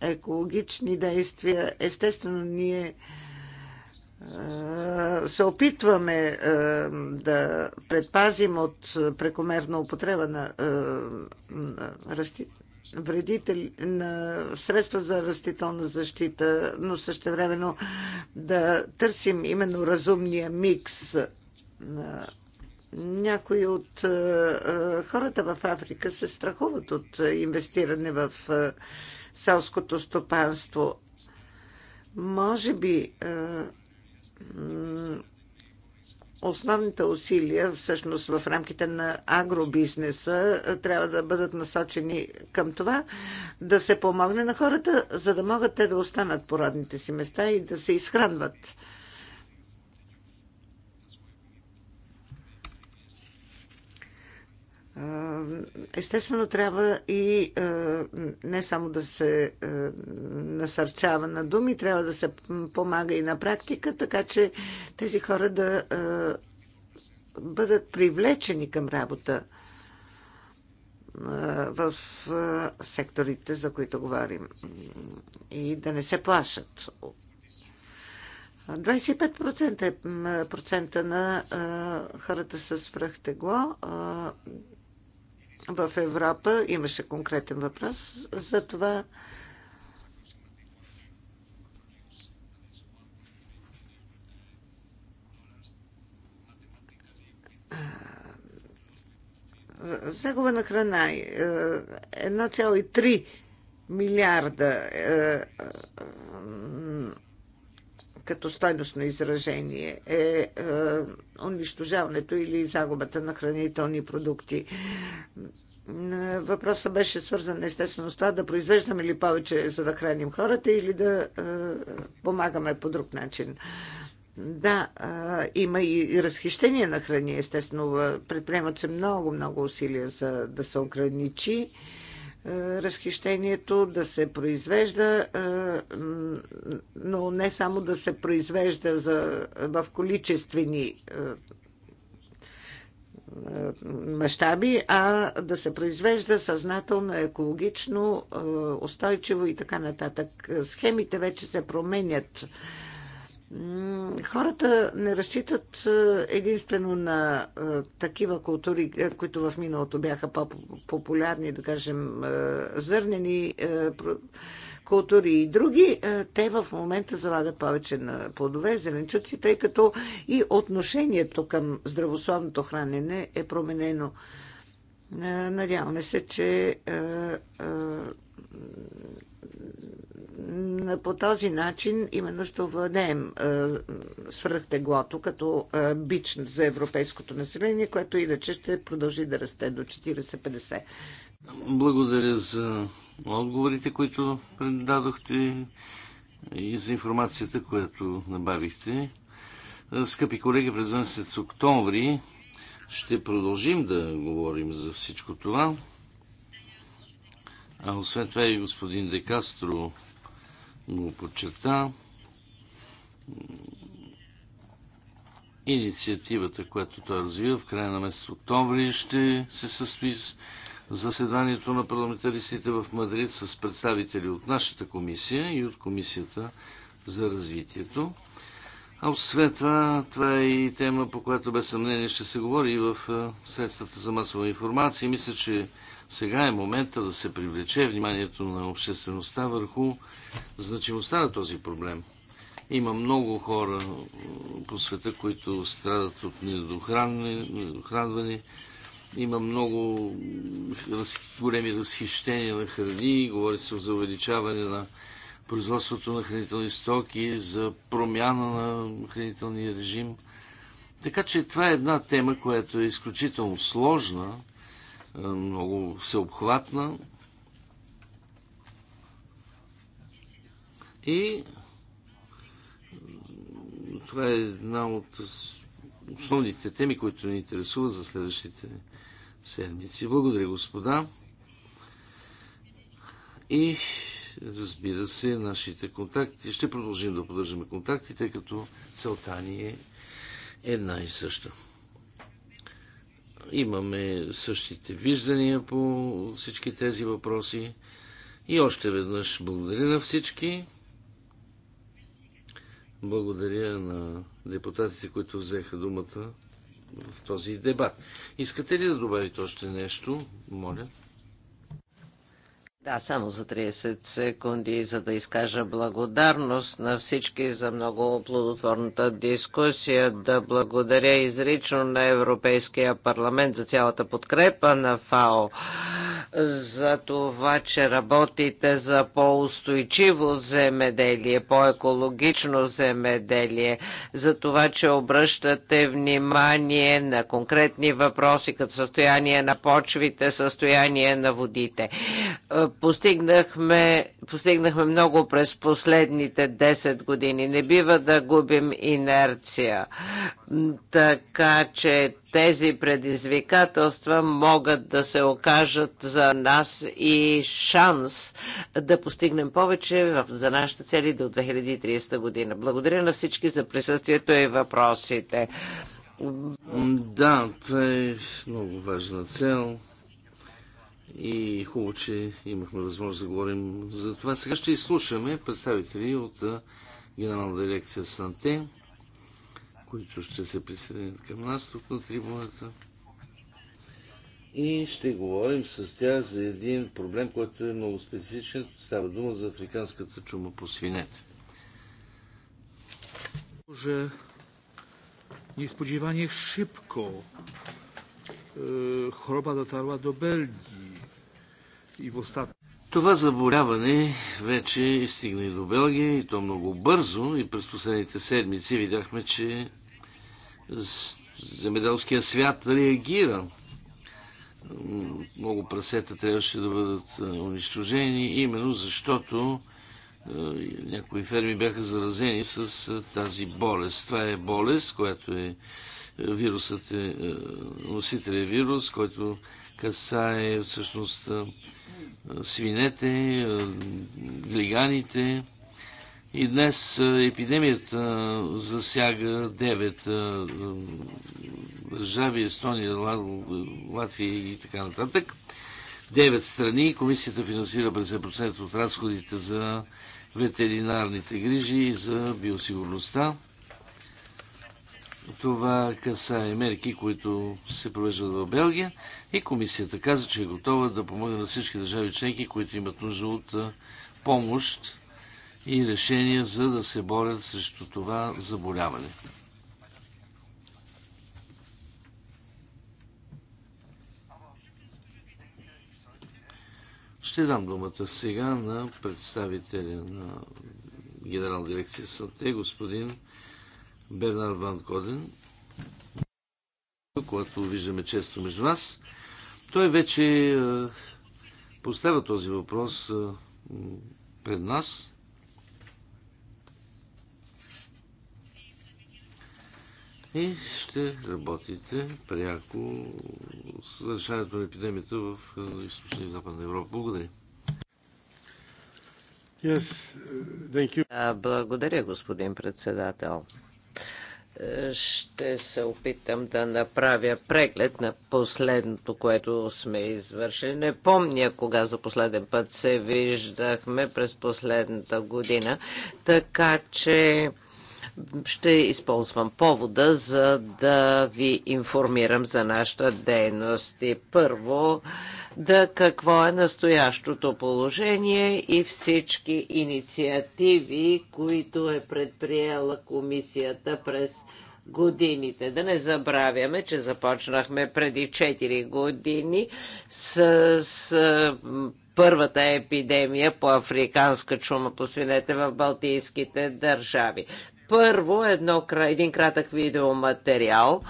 екологични действия. Естествено, ние се опитваме да предпазим от прекомерна употреба на, растите вредители на средства за растителна защита, но същевременно да търсим именно разумния микс. Някои от е, е, хората в Африка се страхуват от инвестиране в е, селското стопанство. Може би основните усилия всъщност в рамките на агробизнеса е, трябва да бъдат насочени към това да се помогне на хората, за да могат те да останат по родните си места и да се изхранват. Естествено, трябва и не само да се насърчава на думи, трябва да се помага и на практика, така че тези хора да бъдат привлечени към работа в секторите, за които говорим. И да не се плашат. 25% е процента на хората с връхтегло, в Европа. Имаше конкретен въпрос за това. Загуба на храна 1,3 е, е, милиарда е, като стойностно изражение е, е унищожаването или загубата на хранителни продукти. Въпросът беше свързан естествено с това да произвеждаме ли повече, за да храним хората или да е, помагаме по друг начин. Да, е, има и разхищение на храни, естествено. Предприемат се много-много усилия за да се ограничи е, разхищението, да се произвежда, е, но не само да се произвежда за, в количествени е, мащаби, а да се произвежда съзнателно, екологично, устойчиво и така нататък. Схемите вече се променят Хората не разчитат е, единствено на е, такива култури, е, които в миналото бяха по-популярни, да кажем, зърнени култури и други. Те в момента залагат повече на плодове, зеленчуци, тъй като и отношението към здравословното хранене е променено. Надяваме се, че по този начин именно ще овладеем е, свръхтеглото като е, бич за европейското население, което иначе ще продължи да расте до 40-50. Благодаря за отговорите, които предадохте и за информацията, която набавихте. Е, скъпи колеги, през месец октомври ще продължим да говорим за всичко това. А освен това и господин Декастро го подчерта. Инициативата, която той развива в края на месец октомври, ще се състои с заседанието на парламентаристите в Мадрид с представители от нашата комисия и от Комисията за развитието. А освен това, това е и тема, по която без съмнение ще се говори и в средствата за масова информация. Мисля, че сега е момента да се привлече вниманието на обществеността върху значимостта на този проблем. Има много хора по света, които страдат от недохранване. Има много раз... големи разхищения на храни. Говори се за увеличаване на производството на хранителни стоки, за промяна на хранителния режим. Така че това е една тема, която е изключително сложна е, много всеобхватна. И това е една от основните теми, които ни интересува за следващите седмици. Благодаря, господа. И разбира се, нашите контакти. Ще продължим да поддържаме контакти, тъй като целта ни е една и съща. Имаме същите виждания по всички тези въпроси. И още веднъж благодаря на всички. Благодаря на депутатите, които взеха думата в този дебат. Искате ли да добавите още нещо? Моля. Да, само за 30 секунди, за да изкажа благодарност на всички за много плодотворната дискусия. Да благодаря изрично на Европейския парламент за цялата подкрепа на ФАО за това, че работите за по-устойчиво земеделие, по-екологично земеделие, за това, че обръщате внимание на конкретни въпроси, като състояние на почвите, състояние на водите. Е, постигнахме, постигнахме много през последните 10 години. Не бива да губим инерция. Така че тези предизвикателства могат да се окажат за нас и шанс да постигнем повече за нашите цели до 2030 година. Благодаря на всички за присъствието и въпросите. Да, това е много важна цел. И хубаво, че имахме възможност да говорим за това. Сега ще изслушаме представители от Генерална дирекция Санте които ще се присъединят към нас тук на трибуната. И ще говорим с тях за един проблем, който е много специфичен. Става дума за африканската чума по свинете. Że niespodziewanie szybko хроба дотарва до Белгии и в остатък. Това заболяване вече стигна и до Белгия и то много бързо и през последните седмици видяхме, че земеделския свят реагира. Много прасета трябваше да бъдат е, унищожени, именно защото е, някои ферми бяха заразени с е, тази болест. Това е болест, която е вирусът е, носителя е вирус, който касае всъщност свинете, глиганите. И днес епидемията засяга 9 държави, Естония, Латвия и така нататък. 9 страни. Комисията финансира 50% от разходите за ветеринарните грижи и за биосигурността. Това касае мерки, които се провеждат в Белгия. И комисията каза, че е готова да помогне на всички държави членки, които имат нужда от помощ и решения, за да се борят срещу това заболяване. Ще дам думата сега на представителя на генерал дирекция Санте, господин Бернар Ван Коден, който виждаме често между нас. Той вече е, поставя този въпрос е, пред нас. И ще работите пряко с решаването на епидемията в е, източна и западна Европа. Благодаря. Yes, Благодаря, господин председател ще се опитам да направя преглед на последното, което сме извършили. Не помня кога за последен път се виждахме през последната година, така че ще използвам повода, за да ви информирам за нашата дейност. И първо, да какво е настоящото положение и всички инициативи, които е предприела комисията през годините. Да не забравяме, че започнахме преди 4 години с, с първата епидемия по африканска чума по свинете в Балтийските държави. Първо, едно, един кратък видеоматериал,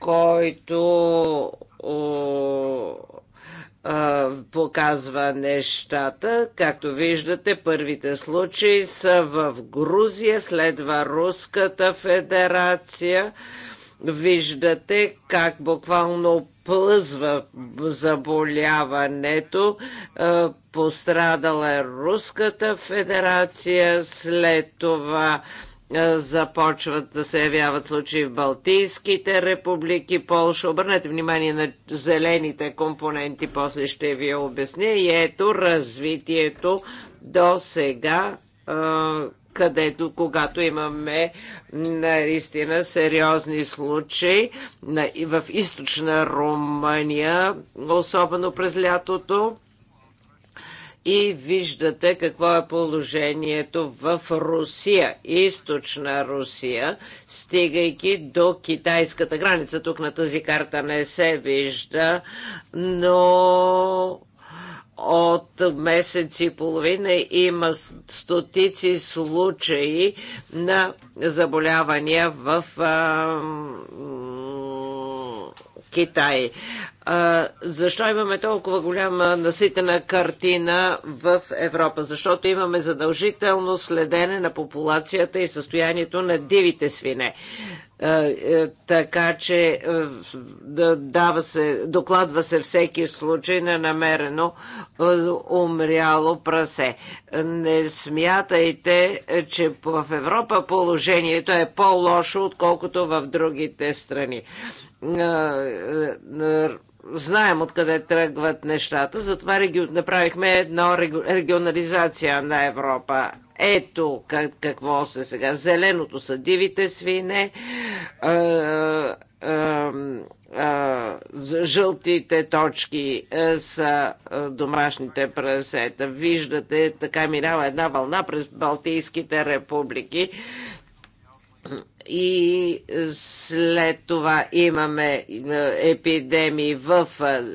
който о, показва нещата. Както виждате, първите случаи са в Грузия, следва Руската федерация. Виждате как буквално плъзва заболяването. Пострадала е Руската федерация, след това е, започват да се явяват случаи в Балтийските републики, Полша. Обърнете внимание на зелените компоненти, после ще ви обясня. И ето развитието до сега е, където, когато имаме наистина сериозни случаи в източна Румъния, особено през лятото, и виждате какво е положението в Русия, източна Русия, стигайки до китайската граница. Тук на тази карта не се вижда, но от месец и половина има стотици случаи на заболявания в а, Китай защо имаме толкова голяма наситена картина в Европа? Защото имаме задължително следене на популацията и състоянието на дивите свине. Е, така че е, дава се, докладва се всеки случай на намерено е, умряло прасе. Не смятайте, че в Европа положението е по-лошо, отколкото в другите страни знаем откъде тръгват нещата, затова направихме една регионализация на Европа. Ето как, какво се сега. Зеленото са дивите свине, жълтите точки са домашните прасета. Виждате, така минава една вълна през Балтийските републики и след това имаме епидемии в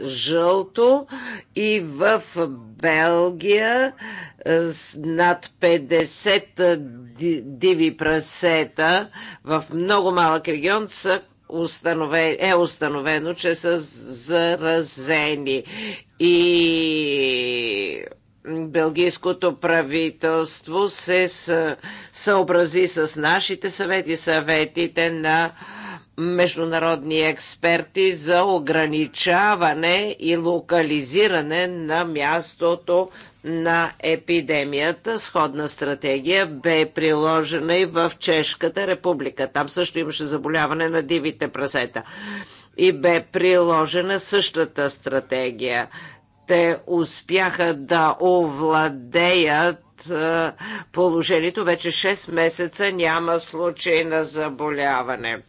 жълто и в Белгия с над 50 диви прасета в много малък регион са е установено, че са заразени. И Белгийското правителство се съобрази с нашите съвети, съветите на международни експерти за ограничаване и локализиране на мястото на епидемията. Сходна стратегия бе приложена и в Чешката република. Там също имаше заболяване на дивите прасета и бе приложена същата стратегия те успяха да овладеят е, положението. Вече 6 месеца няма случай на заболяване.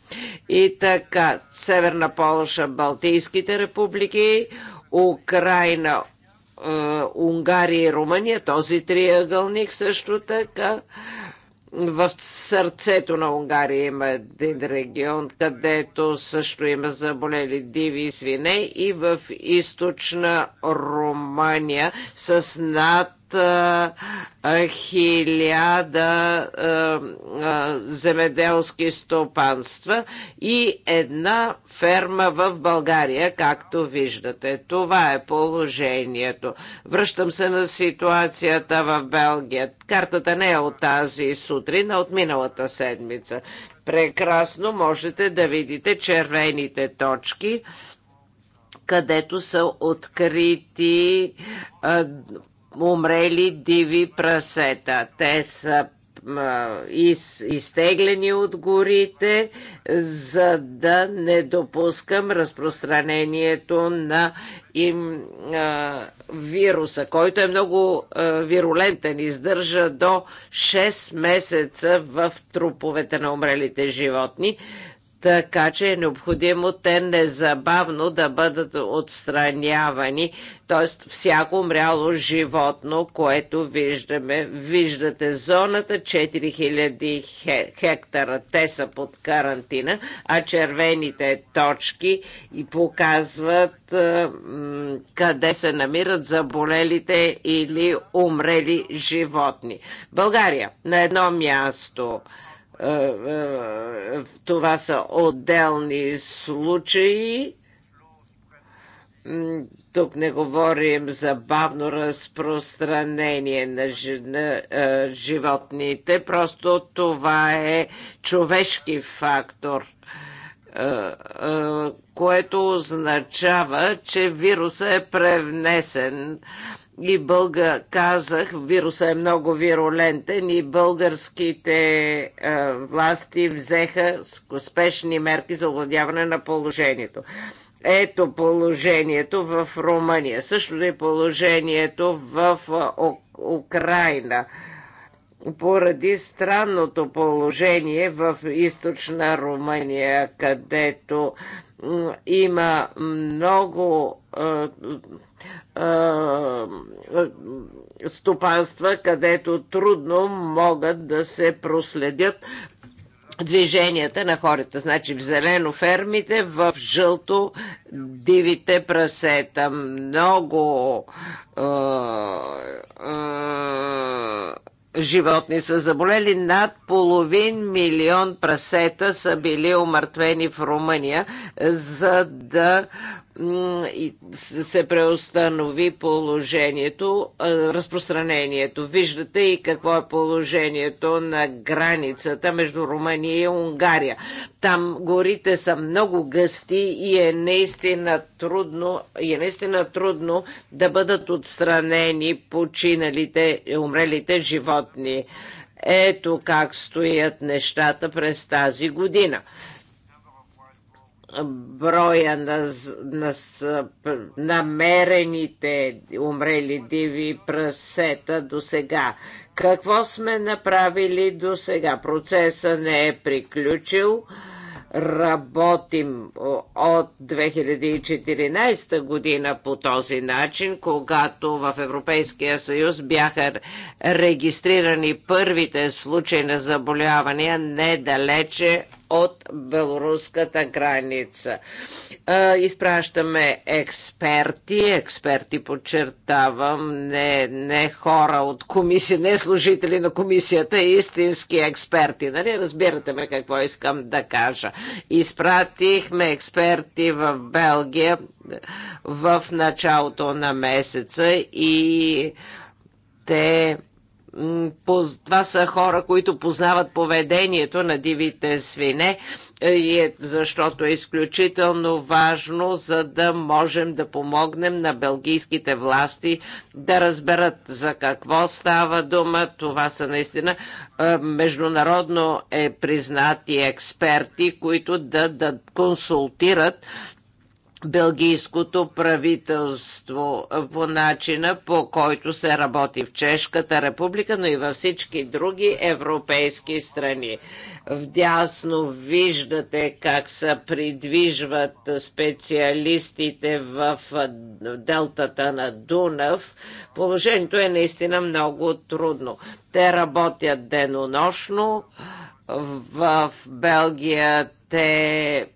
И така, Северна Полша, Балтийските републики, Украина, е, Унгария и Румъния, този триъгълник също така в сърцето на Унгария има един регион, където също има заболели диви и свине и в източна Румъния с над хиляда е, е, земеделски стопанства и една ферма в България, както виждате. Това е положението. Връщам се на ситуацията в Белгия. Картата не е от тази сутрин, а от миналата седмица. Прекрасно можете да видите червените точки където са открити а, е, умрели диви прасета. Те са из, изтеглени от горите, за да не допускам разпространението на им а, вируса, който е много а, вирулентен, издържа до 6 месеца в труповете на умрелите животни така че е необходимо те незабавно да бъдат отстранявани, т.е. всяко умряло животно, което виждаме. Виждате зоната 4000 хектара, те са под карантина, а червените точки и показват къде се намират заболелите или умрели животни. България на едно място – е, е, това са отделни случаи. Тук не говорим за бавно разпространение на, е, животните, просто това е човешки фактор, което означава, че вируса е превнесен и бълга, казах, вируса е много вирулентен и българските а, власти взеха спешни мерки за овладяване на положението. Ето положението в Румъния, също е положението в Украина. Поради странното положение в източна Румъния, където има много стопанства, където трудно могат да се проследят движенията на хората. Значи в зелено фермите, в жълто дивите прасета. Много животни са заболели. Над половин милион прасета са били омъртвени в Румъния, за да се преустанови положението, разпространението. Виждате и какво е положението на границата между Румъния и Унгария. Там горите са много гъсти и е наистина трудно, и е наистина трудно да бъдат отстранени починалите, умрелите животни. Ето как стоят нещата през тази година броя на, на, намерените умрели диви прасета до сега. Какво сме направили до сега? Процеса не е приключил. Работим от 2014 година по този начин, когато в Европейския съюз бяха регистрирани първите случаи на заболявания недалече от белоруската граница. Изпращаме експерти, експерти подчертавам, не, не хора от комисия, не служители на комисията, истински експерти. Нали? Разбирате ме какво искам да кажа. Изпратихме експерти в Белгия в началото на месеца и те това са хора, които познават поведението на дивите свине, е, е защото е изключително важно, за да можем да помогнем на белгийските власти да разберат за какво става дума. Това са наистина е, международно е признати експерти, които да, да консултират Белгийското правителство по начина по който се работи в Чешката република, но и във всички други европейски страни. Вдясно виждате как се придвижват специалистите в делтата на Дунав. Положението е наистина много трудно. Те работят денонощно в Белгия те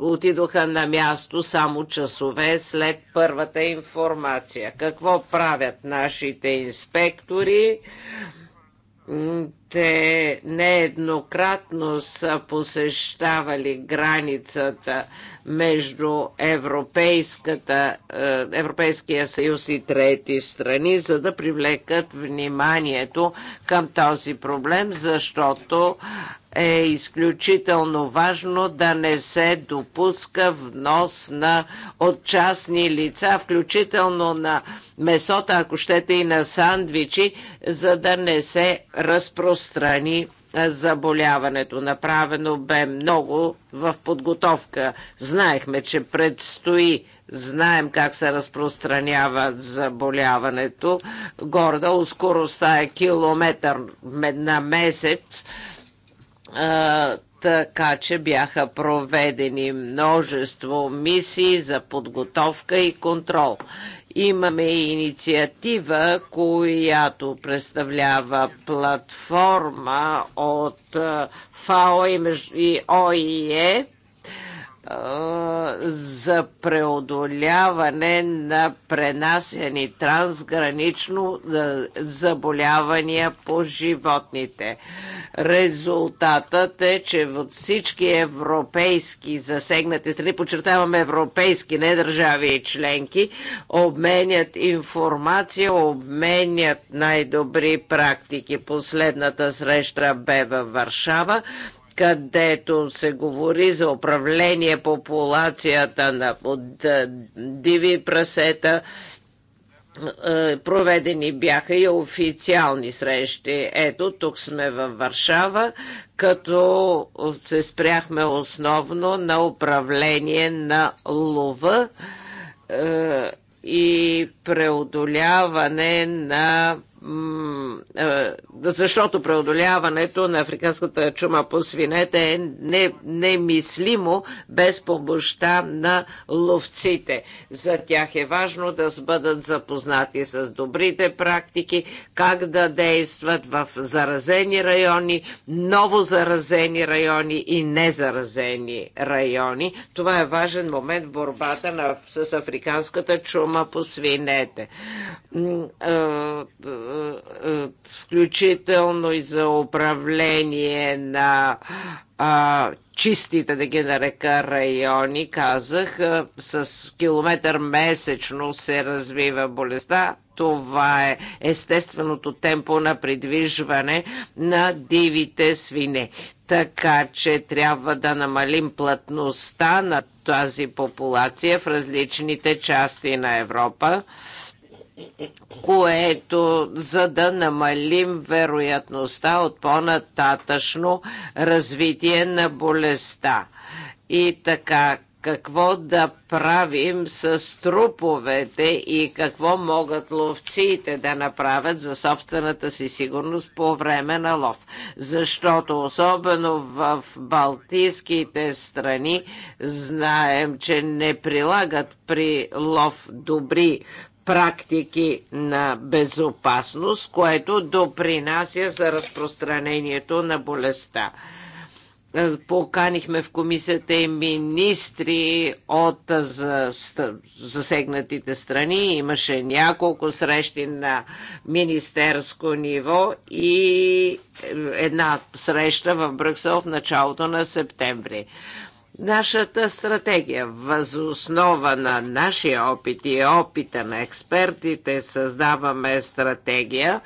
отидоха на място само часове след първата информация. Какво правят нашите инспектори? Те нееднократно са посещавали границата между Европейската, е, Европейския съюз и трети страни, за да привлекат вниманието към този проблем, защото е изключително важно да не се допуска внос на от частни лица, включително на месота, ако щете и на сандвичи, за да не се разпространи заболяването. Направено бе много в подготовка. Знаехме, че предстои знаем как се разпространява заболяването. Горда скоростта е километър на месец а, така че бяха проведени множество мисии за подготовка и контрол. Имаме и инициатива, която представлява платформа от ФАО и ОИЕ за преодоляване на пренасени трансгранично заболявания по животните. Резултатът е, че от всички европейски засегнати страни, подчертаваме европейски, не държави и членки, обменят информация, обменят най-добри практики. Последната среща бе във Варшава където се говори за управление популацията на диви прасета. Проведени бяха и официални срещи. Ето, тук сме във Варшава, като се спряхме основно на управление на лова и преодоляване на е, защото преодоляването на африканската чума по свинете е не, немислимо без помощта на ловците. За тях е важно да бъдат запознати с добрите практики, как да действат в заразени райони, ново заразени райони и незаразени райони. Това е важен момент в борбата на, с африканската чума по свинете е, е, включително и за управление на а, чистите, да ги нарека, райони, казах, а, е, с километър месечно се развива болестта. Това е естественото темпо на придвижване на дивите свине. Така че трябва да намалим плътността на тази популация в различните части на Европа което за да намалим вероятността от по-нататъчно развитие на болестта. И така, какво да правим с труповете и какво могат ловците да направят за собствената си сигурност по време на лов. Защото особено в балтийските страни знаем, че не прилагат при лов добри практики на безопасност, което допринася за разпространението на болестта. Поканихме в комисията и министри от засегнатите страни. Имаше няколко срещи на министерско ниво и една среща в Брюксел в началото на септември. Нашата стратегия, възоснова на нашия опит и опита на експертите, създаваме стратегия,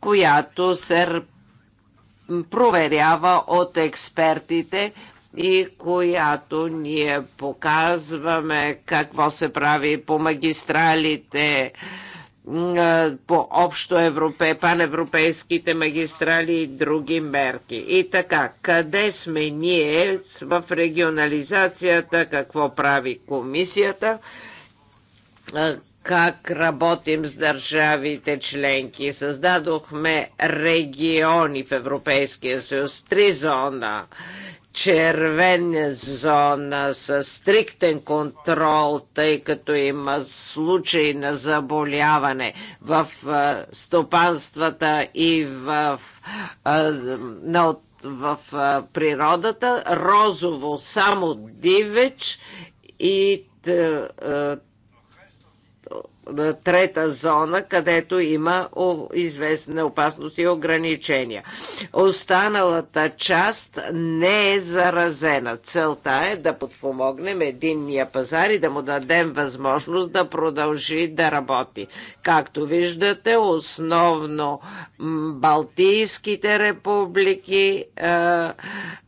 която се проверява от експертите и която ние показваме какво се прави по магистралите, по общо европе, паневропейските магистрали и други мерки. И така, къде сме ние в регионализацията, какво прави комисията, как работим с държавите членки. Създадохме региони в Европейския съюз, три зона червена зона с стриктен контрол, тъй като има случаи на заболяване в стопанствата и в, на, в природата, розово само дивеч и трета зона, където има известни опасности и ограничения. Останалата част не е заразена. Целта е да подпомогнем единния пазар и да му дадем възможност да продължи да работи. Както виждате, основно Балтийските републики, е,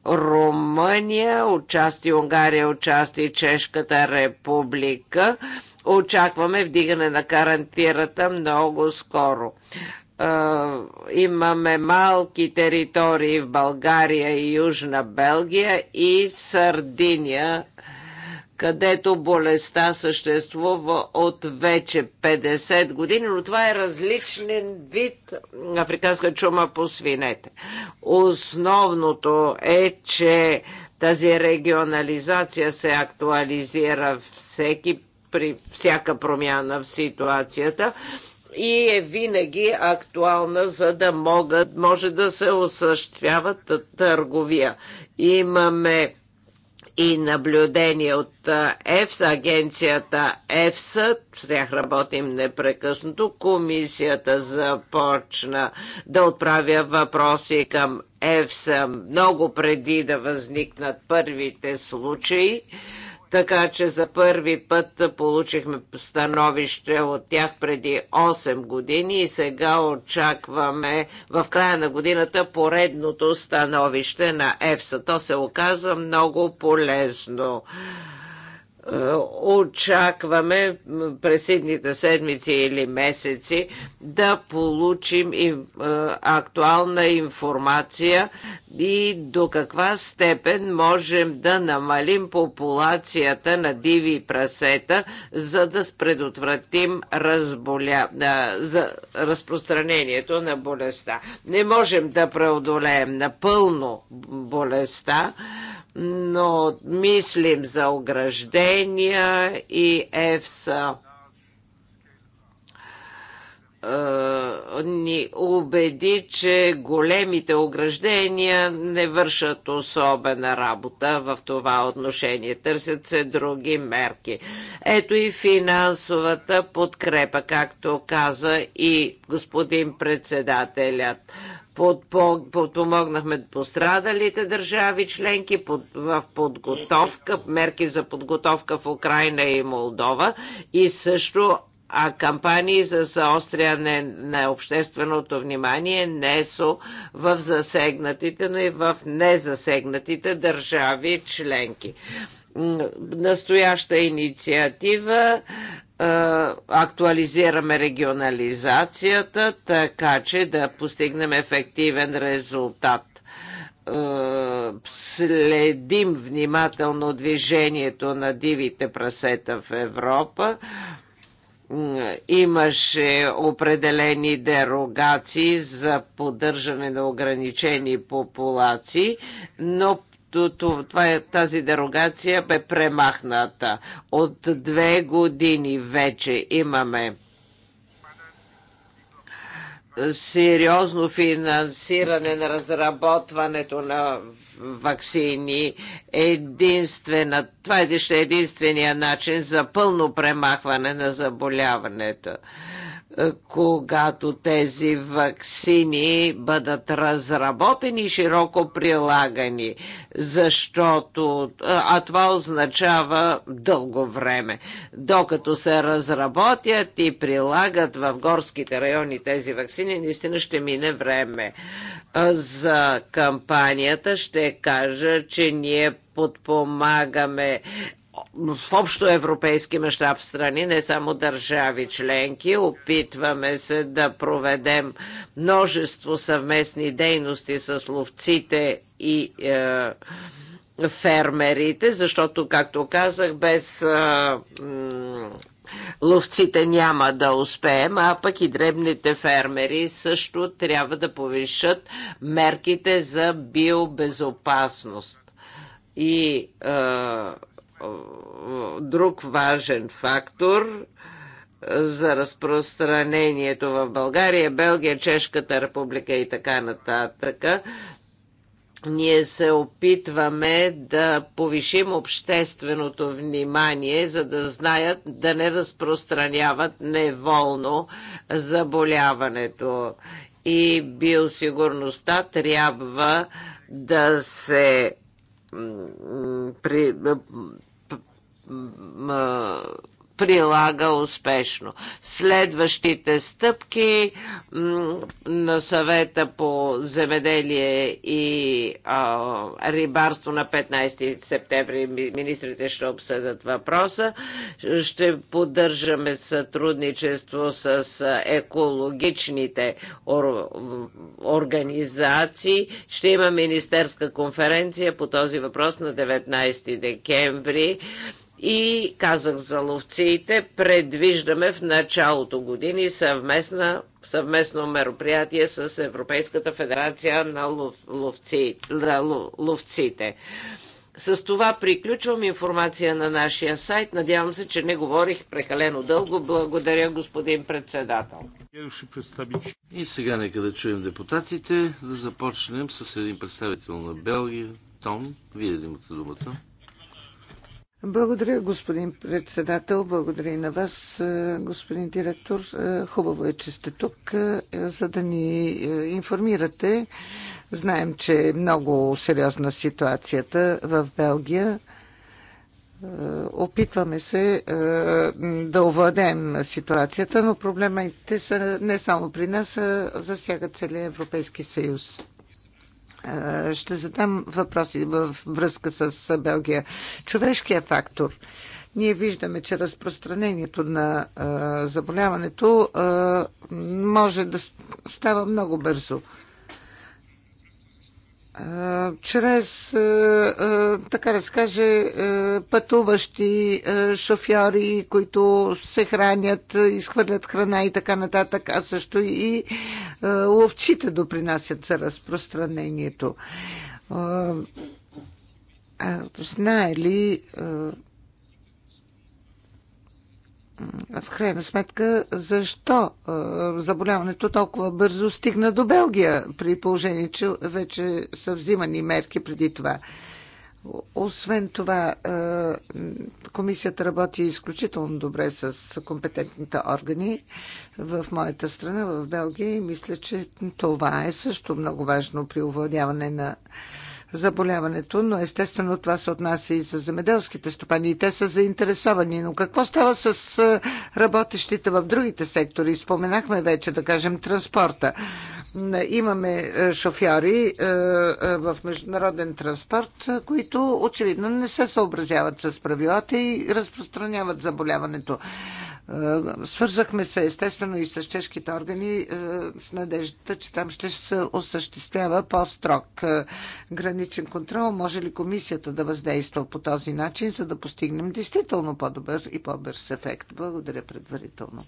Румъния, отчасти Унгария, отчасти Чешката република – Очакваме вдигане на карантирата много скоро имаме малки територии в България и Южна Белгия и Сардиния, където болестта съществува от вече 50 години, но това е различен вид африканска чума по свинете. Основното е, че тази регионализация се актуализира всеки при всяка промяна в ситуацията и е винаги актуална, за да могат, може да се осъществяват търговия. Имаме и наблюдение от ЕФС, агенцията ЕФС, с тях работим непрекъснато. Комисията започна да отправя въпроси към ЕФС много преди да възникнат първите случаи. Така че за първи път получихме становище от тях преди 8 години и сега очакваме в края на годината поредното становище на ЕФСА. То се оказа много полезно очакваме през едните седмици или месеци да получим актуална информация и до каква степен можем да намалим популацията на диви прасета, за да предотвратим разболя... за разпространението на болестта. Не можем да преодолеем напълно болестта, но мислим за ограждения и ЕФСА е, ни убеди, че големите ограждения не вършат особена работа в това отношение. Търсят се други мерки. Ето и финансовата подкрепа, както каза и господин председателят подпомогнахме пострадалите държави членки в подготовка, мерки за подготовка в Украина и Молдова и също а кампании за заостряне на общественото внимание не са в засегнатите, но и в незасегнатите държави членки настояща инициатива е, актуализираме регионализацията, така че да постигнем ефективен резултат. Е, следим внимателно движението на дивите прасета в Европа. Е, имаше определени дерогации за поддържане на ограничени популации, но това, е, тази дерогация бе премахната. От две години вече имаме сериозно финансиране на разработването на вакцини. Единствена, това е единствения начин за пълно премахване на заболяването когато тези вакцини бъдат разработени и широко прилагани, защото, а това означава дълго време. Докато се разработят и прилагат в горските райони тези вакцини, наистина ще мине време. За кампанията ще кажа, че ние подпомагаме в общо европейски мащаб страни, не само държави членки. Опитваме се да проведем множество съвместни дейности с ловците и е, фермерите, защото, както казах, без е, ловците няма да успеем, а пък и дребните фермери също трябва да повишат мерките за биобезопасност. И е, друг важен фактор за разпространението в България, Белгия, Чешката република и така нататък. Ние се опитваме да повишим общественото внимание, за да знаят да не разпространяват неволно заболяването. И биосигурността трябва да се при, прилага успешно. Следващите стъпки на съвета по земеделие и а, рибарство на 15 септември министрите ще обсъдят въпроса. Ще поддържаме сътрудничество с екологичните ор- организации. Ще има министерска конференция по този въпрос на 19 декември и казах за ловците, предвиждаме в началото години съвместна, съвместно мероприятие с Европейската федерация на, лов, ловци, ловците. С това приключвам информация на нашия сайт. Надявам се, че не говорих прекалено дълго. Благодаря, господин председател. И сега нека да чуем депутатите. Да започнем с един представител на Белгия. Том, вие да имате думата. Благодаря, господин председател. Благодаря и на вас, е, господин директор. Е, хубаво е, че сте тук, е, за да ни информирате. Знаем, че е много сериозна ситуацията в Белгия. Опитваме се да овладеем ситуацията, но проблемите са не само при нас, а засягат целия Европейски съюз ще задам въпроси във връзка с Белгия. Човешкият фактор. Ние виждаме, че разпространението на заболяването може да става много бързо чрез, така да се каже, пътуващи шофьори, които се хранят, изхвърлят храна и така нататък, а също и ловците допринасят за разпространението. Знае ли в крайна сметка, защо заболяването толкова бързо стигна до Белгия, при положение, че вече са взимани мерки преди това. Освен това, комисията работи изключително добре с компетентните органи в моята страна, в Белгия, и мисля, че това е също много важно при овладяване на заболяването, но естествено това се отнася и за земеделските стопани. И те са заинтересовани. Но какво става с работещите в другите сектори? Споменахме вече, да кажем, транспорта. Имаме шофьори в международен транспорт, които очевидно не се съобразяват с правилата и разпространяват заболяването. Е, свързахме се естествено и с чешките органи е, с надеждата, че там ще се осъществява по-строг е, граничен контрол. Може ли комисията да въздейства по този начин, за да постигнем действително по-добър и по-бърз ефект? Благодаря предварително.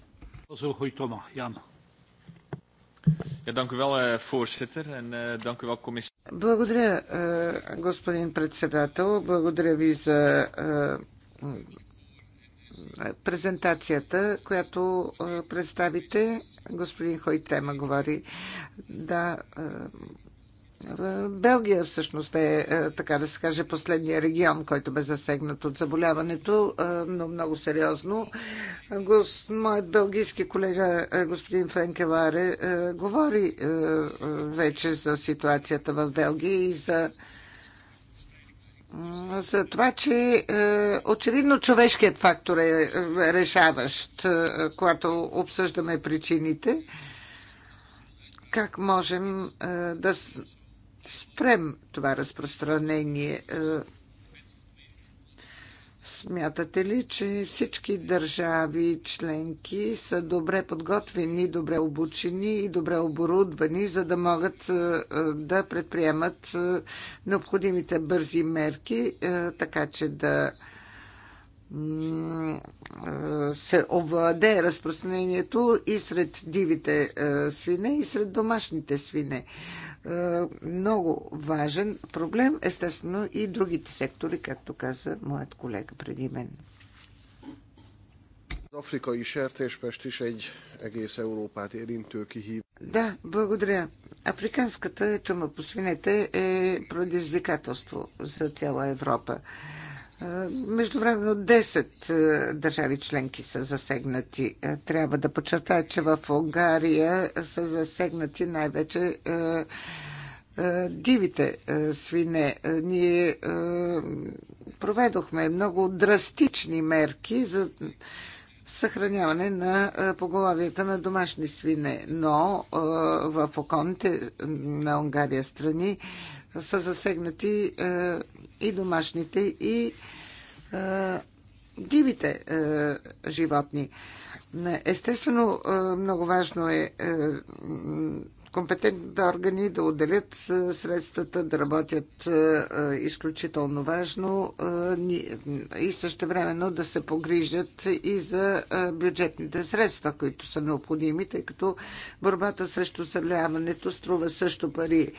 Благодаря, господин председател. Благодаря ви за презентацията, която представите. Господин Хойтема говори. Да, Белгия всъщност бе, така да се каже, последния регион, който бе засегнат от заболяването, но много сериозно. Моят белгийски колега, господин Френкеларе, говори вече за ситуацията в Белгия и за за това, че е, очевидно човешкият фактор е, е решаващ, е, когато обсъждаме причините. Как можем да спрем това разпространение? Смятате ли, че всички държави членки са добре подготвени, добре обучени и добре оборудвани, за да могат е, е, да предприемат е, необходимите бързи мерки, така че да се овладе разпространението и сред дивите свине, и сред домашните свине? Е, много важен проблем, естествено и другите сектори, както каза моят колега преди мен. Африкai sertéspest is egy egész Európát érintő Да, благодаря. Африканската чума по свинете е предизвикателство за цяла Европа. Междувременно 10 държави членки са засегнати. Трябва да подчертая, че в Унгария са засегнати най-вече дивите свине. Ние проведохме много драстични мерки за съхраняване на поголовията на домашни свине, но в околните на Унгария страни са засегнати и домашните, и е, дивите е, животни. Естествено, е, много важно е, е компетентните органи да отделят средствата, да работят изключително важно и също времено да се погрижат и за бюджетните средства, които са необходими, тъй като борбата срещу съвляването струва също пари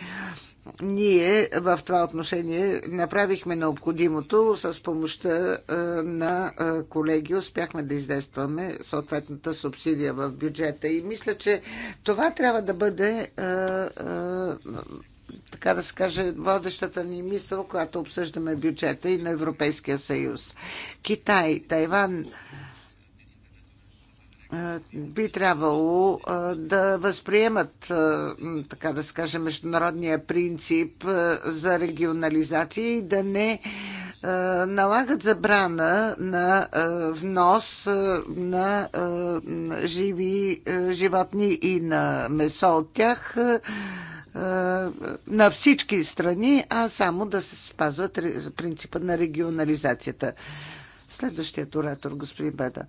ние в това отношение направихме необходимото с помощта на колеги. Успяхме да издействаме съответната субсидия в бюджета. И мисля, че това трябва да бъде така да се каже, водещата ни мисъл, която обсъждаме бюджета и на Европейския съюз. Китай, Тайван, е, би трябвало е, да възприемат, е, така да се каже, международния принцип за регионализация и да не налагат забрана на внос на живи животни и на месо от тях на всички страни, а само да се спазват принципа на регионализацията. Следващият оратор, господин Беда.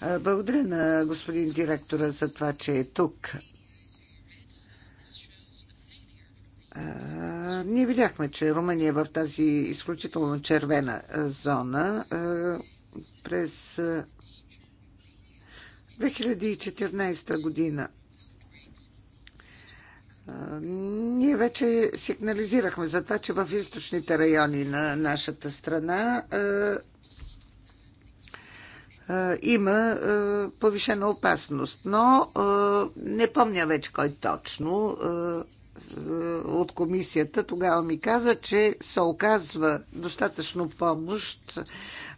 Благодаря на господин директора за това, че е тук. Ние видяхме, че Румъния е в тази изключително червена зона през 2014 година. Ние вече сигнализирахме за това, че в източните райони на нашата страна има повишена опасност, но не помня вече кой точно от комисията тогава ми каза, че се оказва достатъчно помощ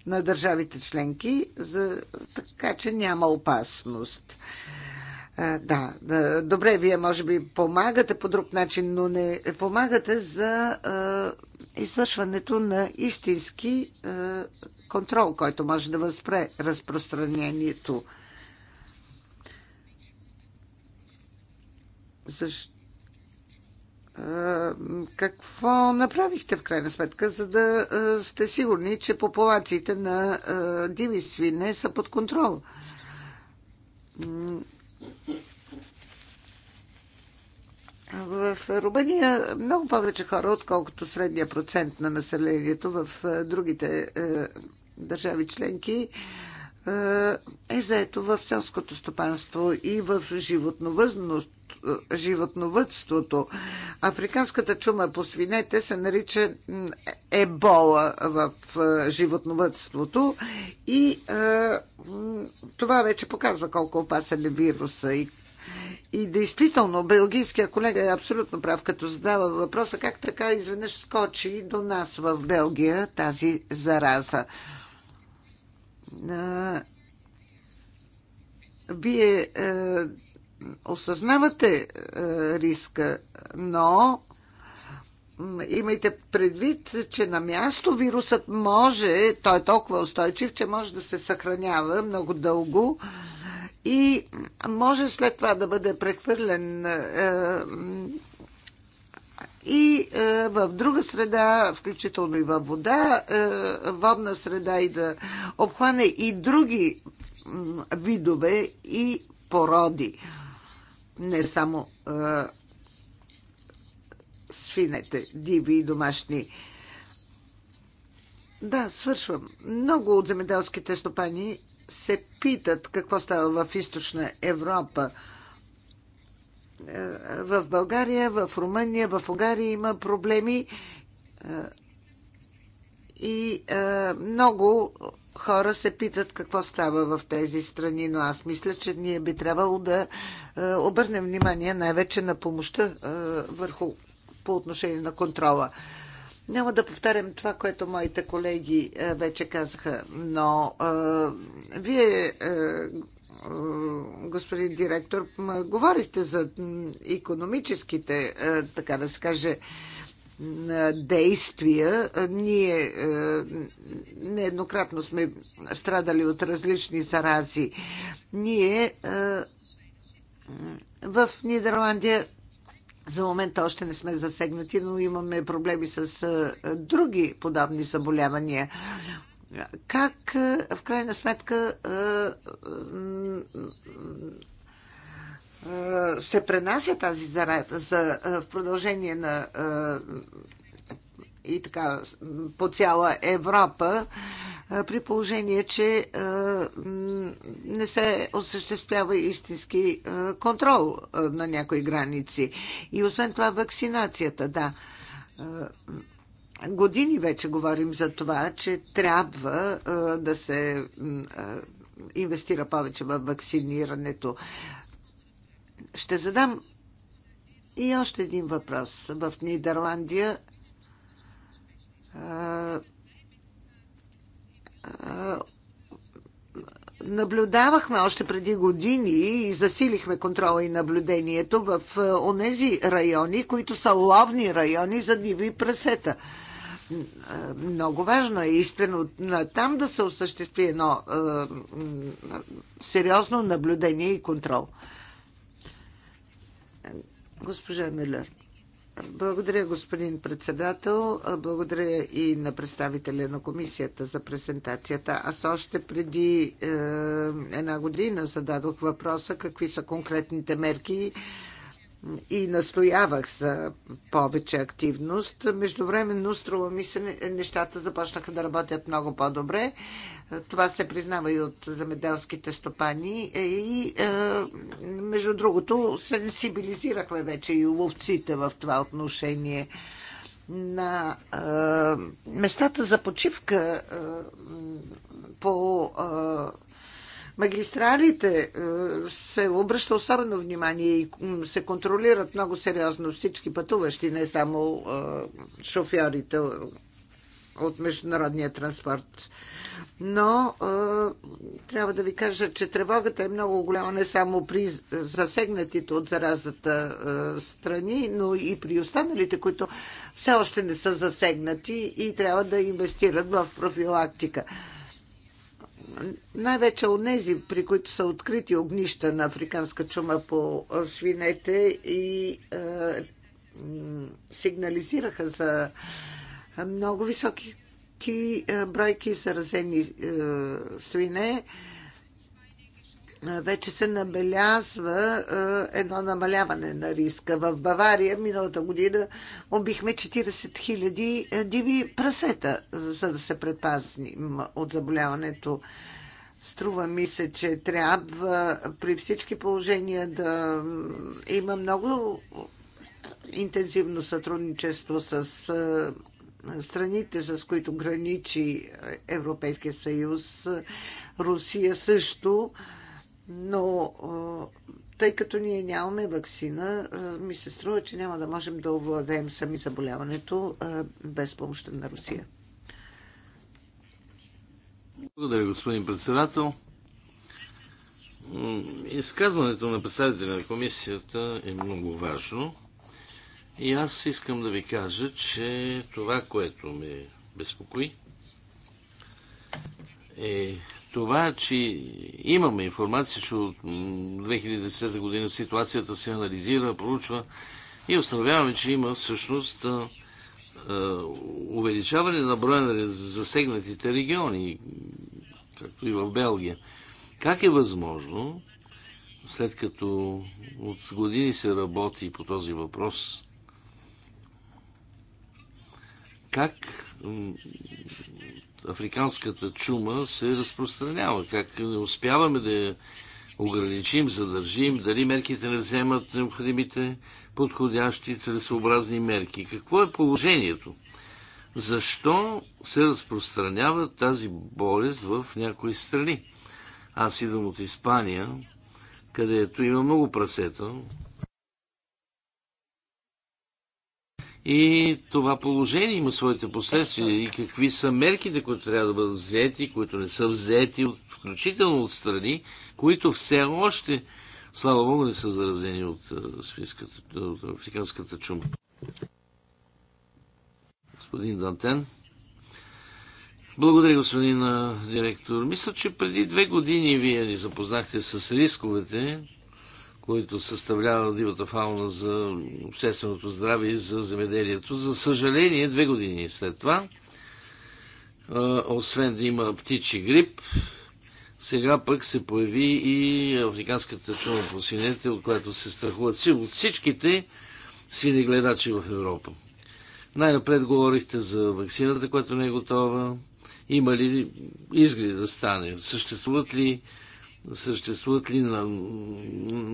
на държавите членки, за, така че няма опасност. Да, добре, вие може би помагате по друг начин, но не помагате за извършването на истински контрол, който може да възпре разпространението. Защо? Какво направихте в крайна сметка, за да сте сигурни, че популациите на диви свине са под контрол? В Румъния много повече хора, отколкото средния процент на населението в другите държави членки е, е заето в селското стопанство и в е, животновътството. Африканската чума по свинете се нарича ебола в е, животновътството и е, това вече показва колко опасен е вируса и и действително, белгийския колега е абсолютно прав, като задава въпроса как така изведнъж скочи до нас в Белгия тази зараза вие е, осъзнавате е, риска, но имайте предвид, че на място вирусът може, той е толкова устойчив, че може да се съхранява много дълго и може след това да бъде прехвърлен е, и е, в друга среда, включително и във вода, е, водна среда и да обхване и други видове и породи. Не само е, свинете, диви и домашни. Да, свършвам. Много от земеделските стопани се питат какво става в източна Европа в България, в Румъния, в Унгария има проблеми и е, много хора се питат какво става в тези страни, но аз мисля, че ние би трябвало да е, обърнем внимание най-вече на помощта е, върху по отношение на контрола. Няма да повтарям това, което моите колеги вече казаха, но вие, господин директор, говорихте за економическите, е, така да се каже, действия. Ние е, нееднократно сме страдали от различни зарази. Ние е, в Нидерландия за момента още не сме засегнати, но имаме проблеми с други подобни заболявания. Как е, в крайна сметка е, е, се пренася тази зараза за, в продължение на и така по цяла Европа, при положение, че не се осъществява истински контрол на някои граници. И освен това, вакцинацията, да. Години вече говорим за това, че трябва да се инвестира повече в вакцинирането. Ще задам и още един въпрос. В Нидерландия наблюдавахме още преди години и засилихме контрола и наблюдението в онези райони, които са ловни райони за диви прасета много важно е истинно там да се осъществи едно сериозно наблюдение и контрол. Госпожа Милер. Благодаря, господин председател. Благодаря и на представителя на комисията за презентацията. Аз още преди е, една година зададох въпроса какви са конкретните мерки и настоявах за повече активност. Междувременно, струва ми се, нещата започнаха да работят много по-добре. Това се признава и от замеделските стопани. И, е, между другото, сенсибилизирахме вече и ловците в това отношение. На е, местата за почивка е, по магистралите е, се обръща особено внимание и се контролират много сериозно всички пътуващи, не само е, шофьорите е, от международния транспорт. Но е, трябва да ви кажа, че тревогата е много голяма не само при засегнатите от заразата е, страни, но и при останалите, които все още не са засегнати и трябва да инвестират в профилактика най-вече нези, при които са открити огнища на африканска чума по свинете и е, сигнализираха за много високи е, бройки заразени е, свине. Е, вече се набелязва едно намаляване на риска. В Бавария миналата година убихме 40 хиляди диви прасета, за да се предпазим от заболяването. Струва ми се, че трябва при всички положения да има много интензивно сътрудничество с страните, с които граничи Европейския съюз. Русия също но тъй като ние нямаме вакцина, ми се струва, че няма да можем да овладеем сами заболяването без помощта на Русия. Благодаря, господин председател. Изказването на председателя на комисията е много важно. И аз искам да ви кажа, че това, което ме безпокои, е това, че имаме информация, че от 2010 година ситуацията се анализира, проучва и установяваме, че има всъщност увеличаване на броя на засегнатите региони, както и в Белгия. Как е възможно, след като от години се работи по този въпрос, как африканската чума се разпространява, как не успяваме да я ограничим, задържим, дали мерките не вземат необходимите подходящи целесообразни мерки. Какво е положението? Защо се разпространява тази болест в някои страни? Аз идвам от Испания, където има много прасета, И това положение има своите последствия и какви са мерките, които трябва да бъдат взети, които не са взети, включително от страни, които все още, слава Богу, не са заразени от, от африканската чума. Господин Дантен. Благодаря, господин директор. Мисля, че преди две години вие ни запознахте с рисковете, които съставлява дивата фауна за общественото здраве и за земеделието. За съжаление, две години след това, освен да има птичи грип, сега пък се появи и африканската чума по свинете, от която се страхуват от всичките свинегледачи в Европа. Най-напред говорихте за вакцината, която не е готова. Има ли изгледи да стане? Съществуват ли съществуват ли на